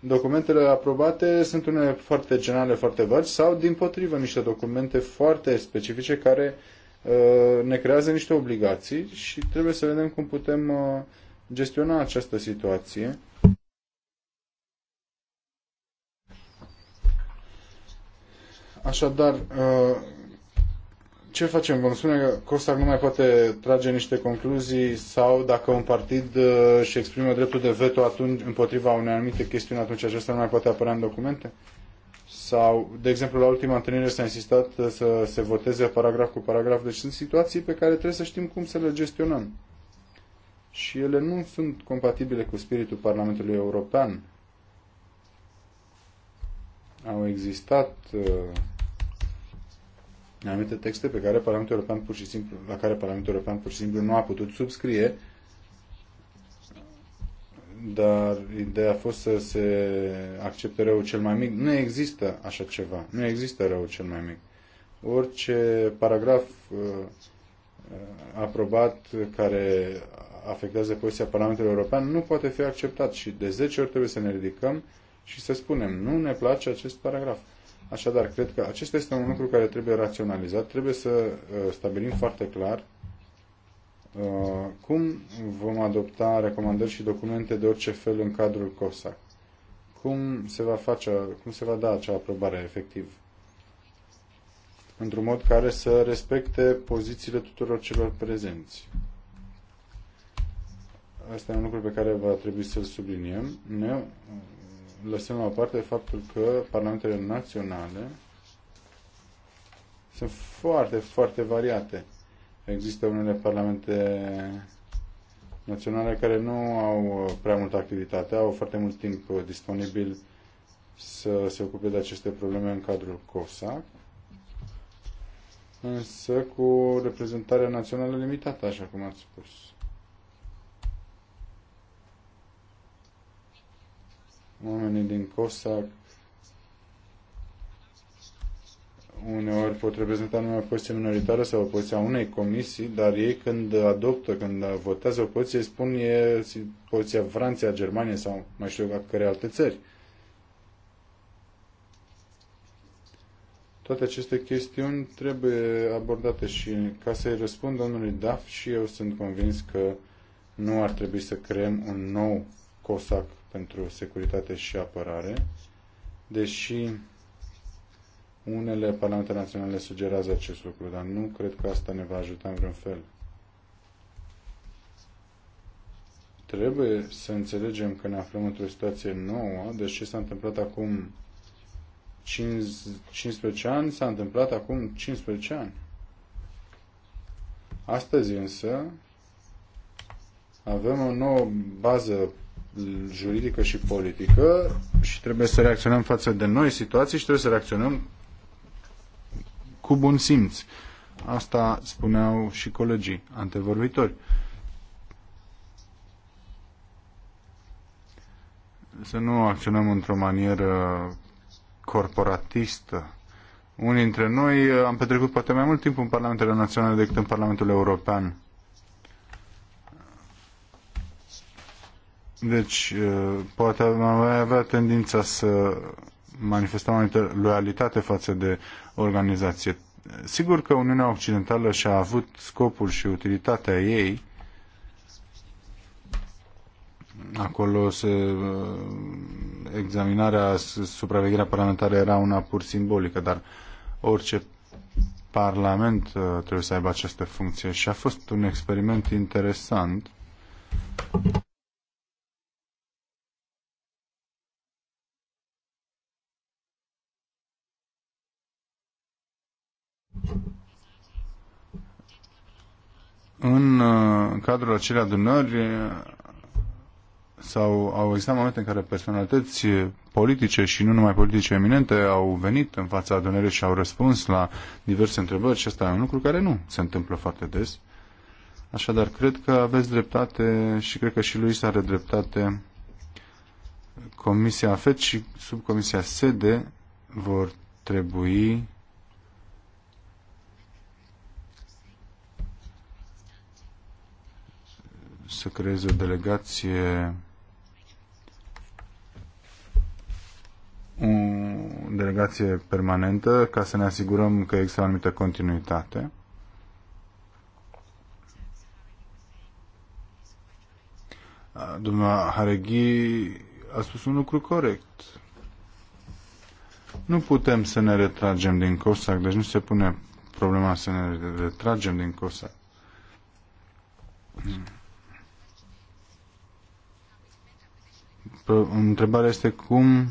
documentele aprobate sunt unele foarte generale, foarte vagi sau, din potrivă, niște documente foarte specifice care uh, ne creează niște obligații și trebuie să vedem cum putem uh, gestiona această situație. Așadar, uh, ce facem? Vom spune că Cosac nu mai poate trage niște concluzii sau dacă un partid uh, își exprimă dreptul de veto atunci împotriva unei anumite chestiuni, atunci acesta nu mai poate apărea în documente? Sau, de exemplu, la ultima întâlnire s-a insistat uh, să se voteze paragraf cu paragraf. Deci sunt situații pe care trebuie să știm cum să le gestionăm. Și ele nu sunt compatibile cu spiritul Parlamentului European. Au existat uh, în anumite texte pe care Parlamentul European pur și simplu, la care Parlamentul European pur și simplu nu a putut subscrie, dar ideea a fost să se accepte răul cel mai mic. Nu există așa ceva. Nu există răul cel mai mic. Orice paragraf uh, aprobat care afectează poziția Parlamentului European nu poate fi acceptat și de 10 ori trebuie să ne ridicăm și să spunem nu ne place acest paragraf. Așadar, cred că acesta este un lucru care trebuie raționalizat. Trebuie să uh, stabilim foarte clar uh, cum vom adopta recomandări și documente de orice fel în cadrul COSAC. Cum se va, face, cum se va da acea aprobare efectiv? Într-un mod care să respecte pozițiile tuturor celor prezenți. Asta e un lucru pe care va trebui să-l subliniem. Ne lăsăm la o parte faptul că parlamentele naționale sunt foarte, foarte variate. Există unele parlamente naționale care nu au uh, prea multă activitate, au foarte mult timp uh, disponibil să se ocupe de aceste probleme în cadrul COSAC, însă cu reprezentarea națională limitată, așa cum ați spus. oamenii din COSAC uneori pot reprezenta numai o poziție minoritară sau o poziție a unei comisii, dar ei când adoptă, când votează o poziție, spun e poziția Franția, Germania sau mai știu a care alte țări. Toate aceste chestiuni trebuie abordate și ca să-i răspund domnului Daf și eu sunt convins că nu ar trebui să creăm un nou COSAC pentru securitate și apărare, deși unele parlamente naționale sugerează acest lucru, dar nu cred că asta ne va ajuta în vreun fel. Trebuie să înțelegem că ne aflăm într-o situație nouă, deși s-a întâmplat acum 15 ani, s-a întâmplat acum 15 ani. Astăzi însă avem o nouă bază juridică și politică și trebuie să reacționăm față de noi situații și trebuie să reacționăm cu bun simț. Asta spuneau și colegii antevorbitori. Să nu acționăm într-o manieră corporatistă. Unii dintre noi am petrecut poate mai mult timp în Parlamentele Naționale decât în Parlamentul European Deci, poate am avea tendința să manifestăm anumită loialitate față de organizație. Sigur că Uniunea Occidentală și-a avut scopul și utilitatea ei. Acolo se, examinarea, supravegherea parlamentară era una pur simbolică, dar orice parlament trebuie să aibă această funcție și a fost un experiment interesant Uh, în cadrul acelei adunări uh, sau au existat momente în care personalități politice și nu numai politice eminente au venit în fața adunării și au răspuns la diverse întrebări și asta e un lucru care nu se întâmplă foarte des. Așadar, cred că aveți dreptate și cred că și lui are dreptate. Comisia FED și subcomisia SEDE vor trebui să creeze o delegație o delegație permanentă ca să ne asigurăm că există o anumită continuitate. Domnul Hareghi a spus un lucru corect. Nu putem să ne retragem din COSAC, deci nu se pune problema să ne retragem din COSAC. Întrebarea este cum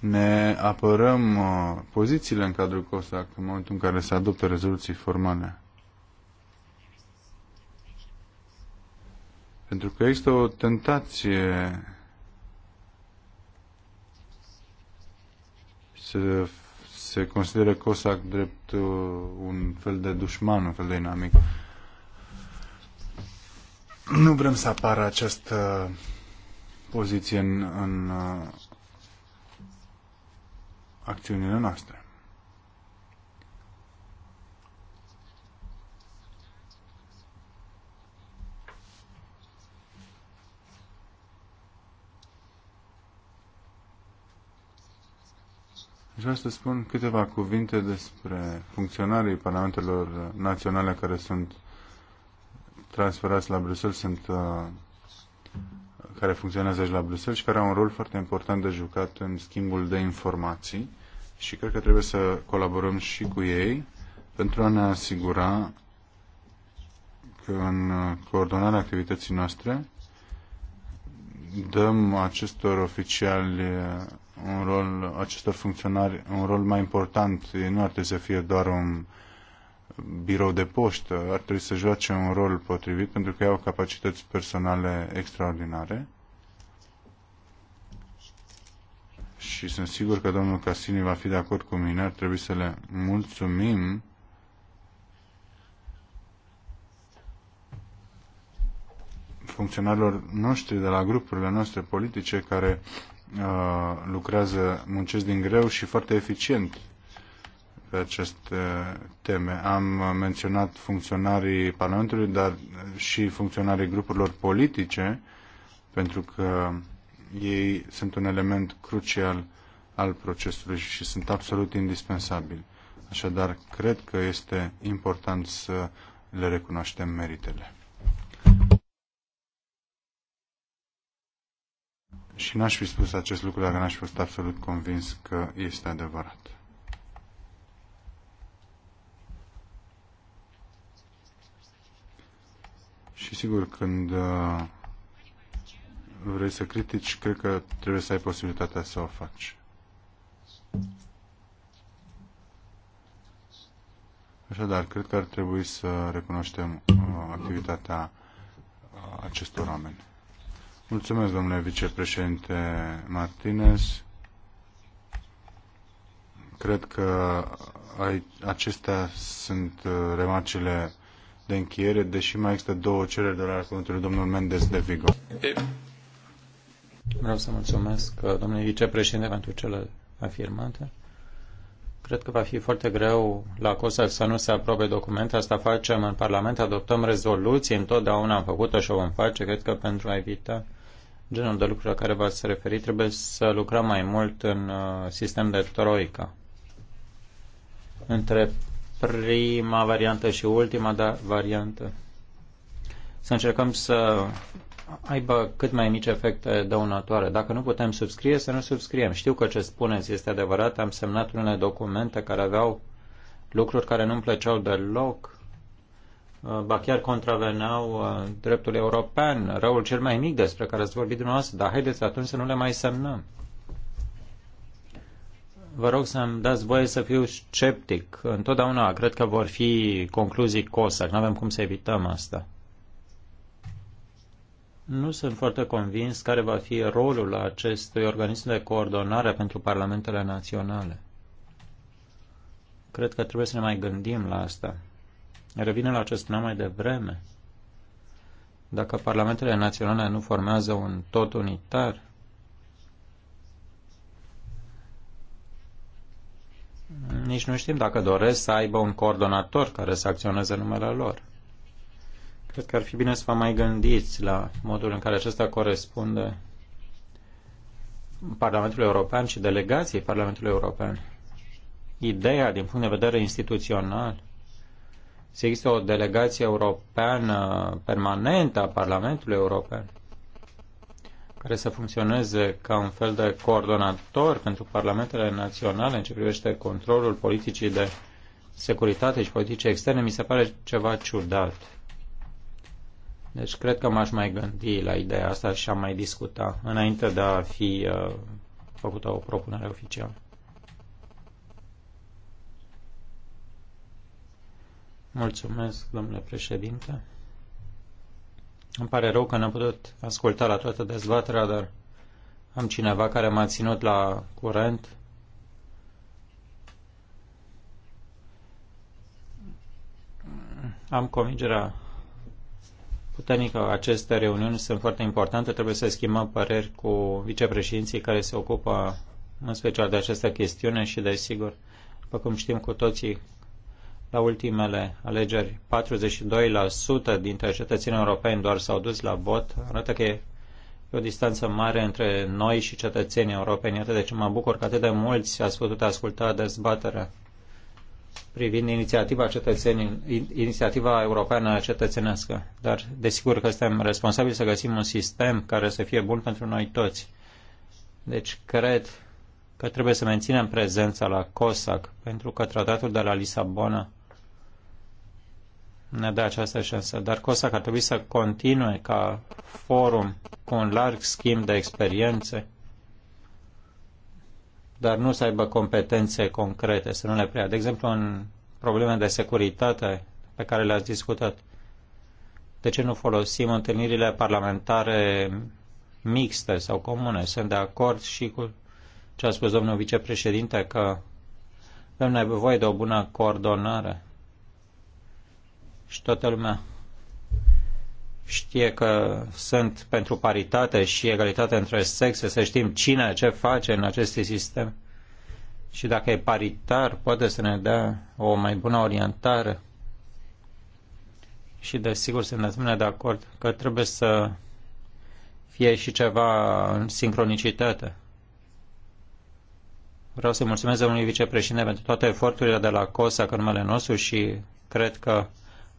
ne apărăm uh, pozițiile în cadrul COSAC în momentul în care se adoptă rezoluții formale. Pentru că există o tentație să se consideră COSAC drept uh, un fel de dușman, un fel de inamic. Nu vrem să apară această poziție în, în uh, acțiunile noastre. Aș vrea să spun câteva cuvinte despre funcționarii Parlamentelor Naționale care sunt transferați la Bruxelles, sunt uh, care funcționează și la Bruxelles și care au un rol foarte important de jucat în schimbul de informații și cred că trebuie să colaborăm și cu ei pentru a ne asigura că în coordonarea activității noastre dăm acestor oficiali un rol, acestor funcționari un rol mai important. Ei nu ar trebui să fie doar un birou de poștă ar trebui să joace un rol potrivit pentru că ei au capacități personale extraordinare. Și sunt sigur că domnul Casini va fi de acord cu mine, ar trebui să le mulțumim funcționarilor noștri de la grupurile noastre politice care uh, lucrează, muncesc din greu și foarte eficient pe aceste teme. Am menționat funcționarii Parlamentului, dar și funcționarii grupurilor politice, pentru că ei sunt un element crucial al procesului și sunt absolut indispensabili. Așadar, cred că este important să le recunoaștem meritele. Și n-aș fi spus acest lucru dacă n-aș fi fost absolut convins că este adevărat. Și sigur, când uh, vrei să critici, cred că trebuie să ai posibilitatea să o faci. Așadar, cred că ar trebui să recunoaștem uh, activitatea uh, acestor oameni. Mulțumesc, domnule vicepreședinte Martinez. Cred că ai, acestea sunt remarcile de încheiere, deși mai există două cereri de la cuvântul domnul Mendes de Vigo. Vreau să mulțumesc uh, domnului vicepreședinte pentru cele afirmate. Cred că va fi foarte greu la COSAC să nu se aprobe documente. Asta facem în Parlament, adoptăm rezoluții, întotdeauna am făcut-o și o vom face. Cred că pentru a evita genul de lucruri la care v-ați referit, trebuie să lucrăm mai mult în uh, sistem de troică. între prima variantă și ultima da, variantă. Să încercăm să aibă cât mai mici efecte dăunătoare. Dacă nu putem subscrie, să nu subscriem. Știu că ce spuneți este adevărat. Am semnat unele documente care aveau lucruri care nu-mi plăceau deloc, uh, ba chiar contraveneau uh, dreptul european, răul cel mai mic despre care ați vorbit dumneavoastră, dar haideți atunci să nu le mai semnăm vă rog să-mi dați voie să fiu sceptic. Întotdeauna cred că vor fi concluzii COSAC. Nu avem cum să evităm asta. Nu sunt foarte convins care va fi rolul acestui organism de coordonare pentru parlamentele naționale. Cred că trebuie să ne mai gândim la asta. Revine la acest nume mai devreme. Dacă parlamentele naționale nu formează un tot unitar, nici nu știm dacă doresc să aibă un coordonator care să acționeze numele lor. Cred că ar fi bine să vă mai gândiți la modul în care acesta corespunde Parlamentului European și delegației Parlamentului European. Ideea, din punct de vedere instituțional, să există o delegație europeană permanentă a Parlamentului European – care să funcționeze ca un fel de coordonator pentru parlamentele naționale în ce privește controlul politicii de securitate și politice externe, mi se pare ceva ciudat. Deci cred că m-aș mai gândi la ideea asta și am mai discuta înainte de a fi uh, făcută o propunere oficială. Mulțumesc, domnule președinte. Îmi pare rău că n-am putut asculta la toată dezbaterea, dar am cineva care m-a ținut la curent. Am convingerea puternică aceste reuniuni sunt foarte importante. Trebuie să schimbăm păreri cu vicepreședinții care se ocupă în special de această chestiune și, desigur, după cum știm cu toții, la ultimele alegeri, 42% dintre cetățenii europeni doar s-au dus la vot. Arată că e o distanță mare între noi și cetățenii europeni. Iată de ce mă bucur că atât de mulți ați putut asculta dezbaterea privind inițiativa, cetățenii, inițiativa europeană cetățenească. Dar desigur că suntem responsabili să găsim un sistem care să fie bun pentru noi toți. Deci cred că trebuie să menținem prezența la COSAC, pentru că tratatul de la Lisabona ne dă această șansă. Dar COSAC ar trebui să continue ca forum cu un larg schimb de experiențe, dar nu să aibă competențe concrete, să nu le preia. De exemplu, în probleme de securitate pe care le-ați discutat, de ce nu folosim întâlnirile parlamentare mixte sau comune? Sunt de acord și cu ce a spus domnul vicepreședinte că avem nevoie de o bună coordonare și toată lumea știe că sunt pentru paritate și egalitate între sexe, să știm cine ce face în aceste sistem. Și dacă e paritar, poate să ne dea o mai bună orientare. Și desigur sunt de asemenea de acord că trebuie să fie și ceva în sincronicitate. Vreau să mulțumesc domnului vicepreședinte pentru toate eforturile de la COSA în numele nostru și cred că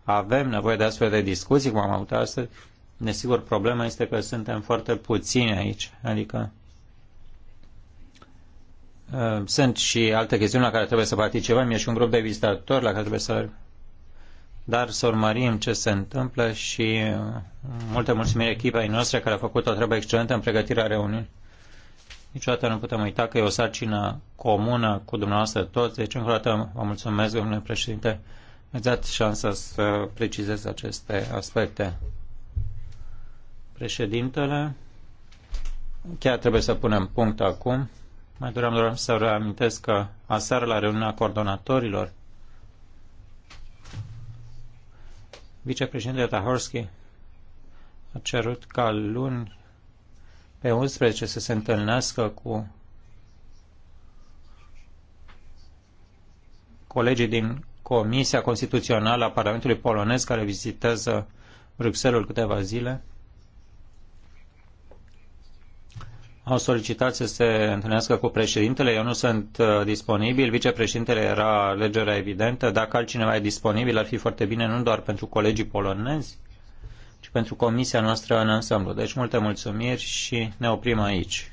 avem nevoie de astfel de discuții, cum am avut astăzi, nesigur, problema este că suntem foarte puțini aici, adică uh, sunt și alte chestiuni la care trebuie să participăm. E și un grup de vizitatori la care trebuie să dar să urmărim ce se întâmplă și uh, multe mulțumiri echipei noastre care a făcut o treabă excelentă în pregătirea reuniunii. Niciodată nu putem uita că e o sarcină comună cu dumneavoastră toți, deci încă o dată vă mulțumesc, domnule președinte, Ați dat șansa să precizez aceste aspecte. Președintele, chiar trebuie să punem punct acum. Mai doream doar să reamintesc că aseară la reuniunea coordonatorilor, vicepreședintele Tahorski a cerut ca luni pe 11 să se întâlnească cu colegii din Comisia Constituțională a Parlamentului Polonez care vizitează Bruxelles câteva zile. Au solicitat să se întâlnească cu președintele, eu nu sunt uh, disponibil, vicepreședintele era alegerea evidentă, dacă altcineva e disponibil ar fi foarte bine nu doar pentru colegii polonezi, ci pentru comisia noastră în ansamblu. Deci multe mulțumiri și ne oprim aici.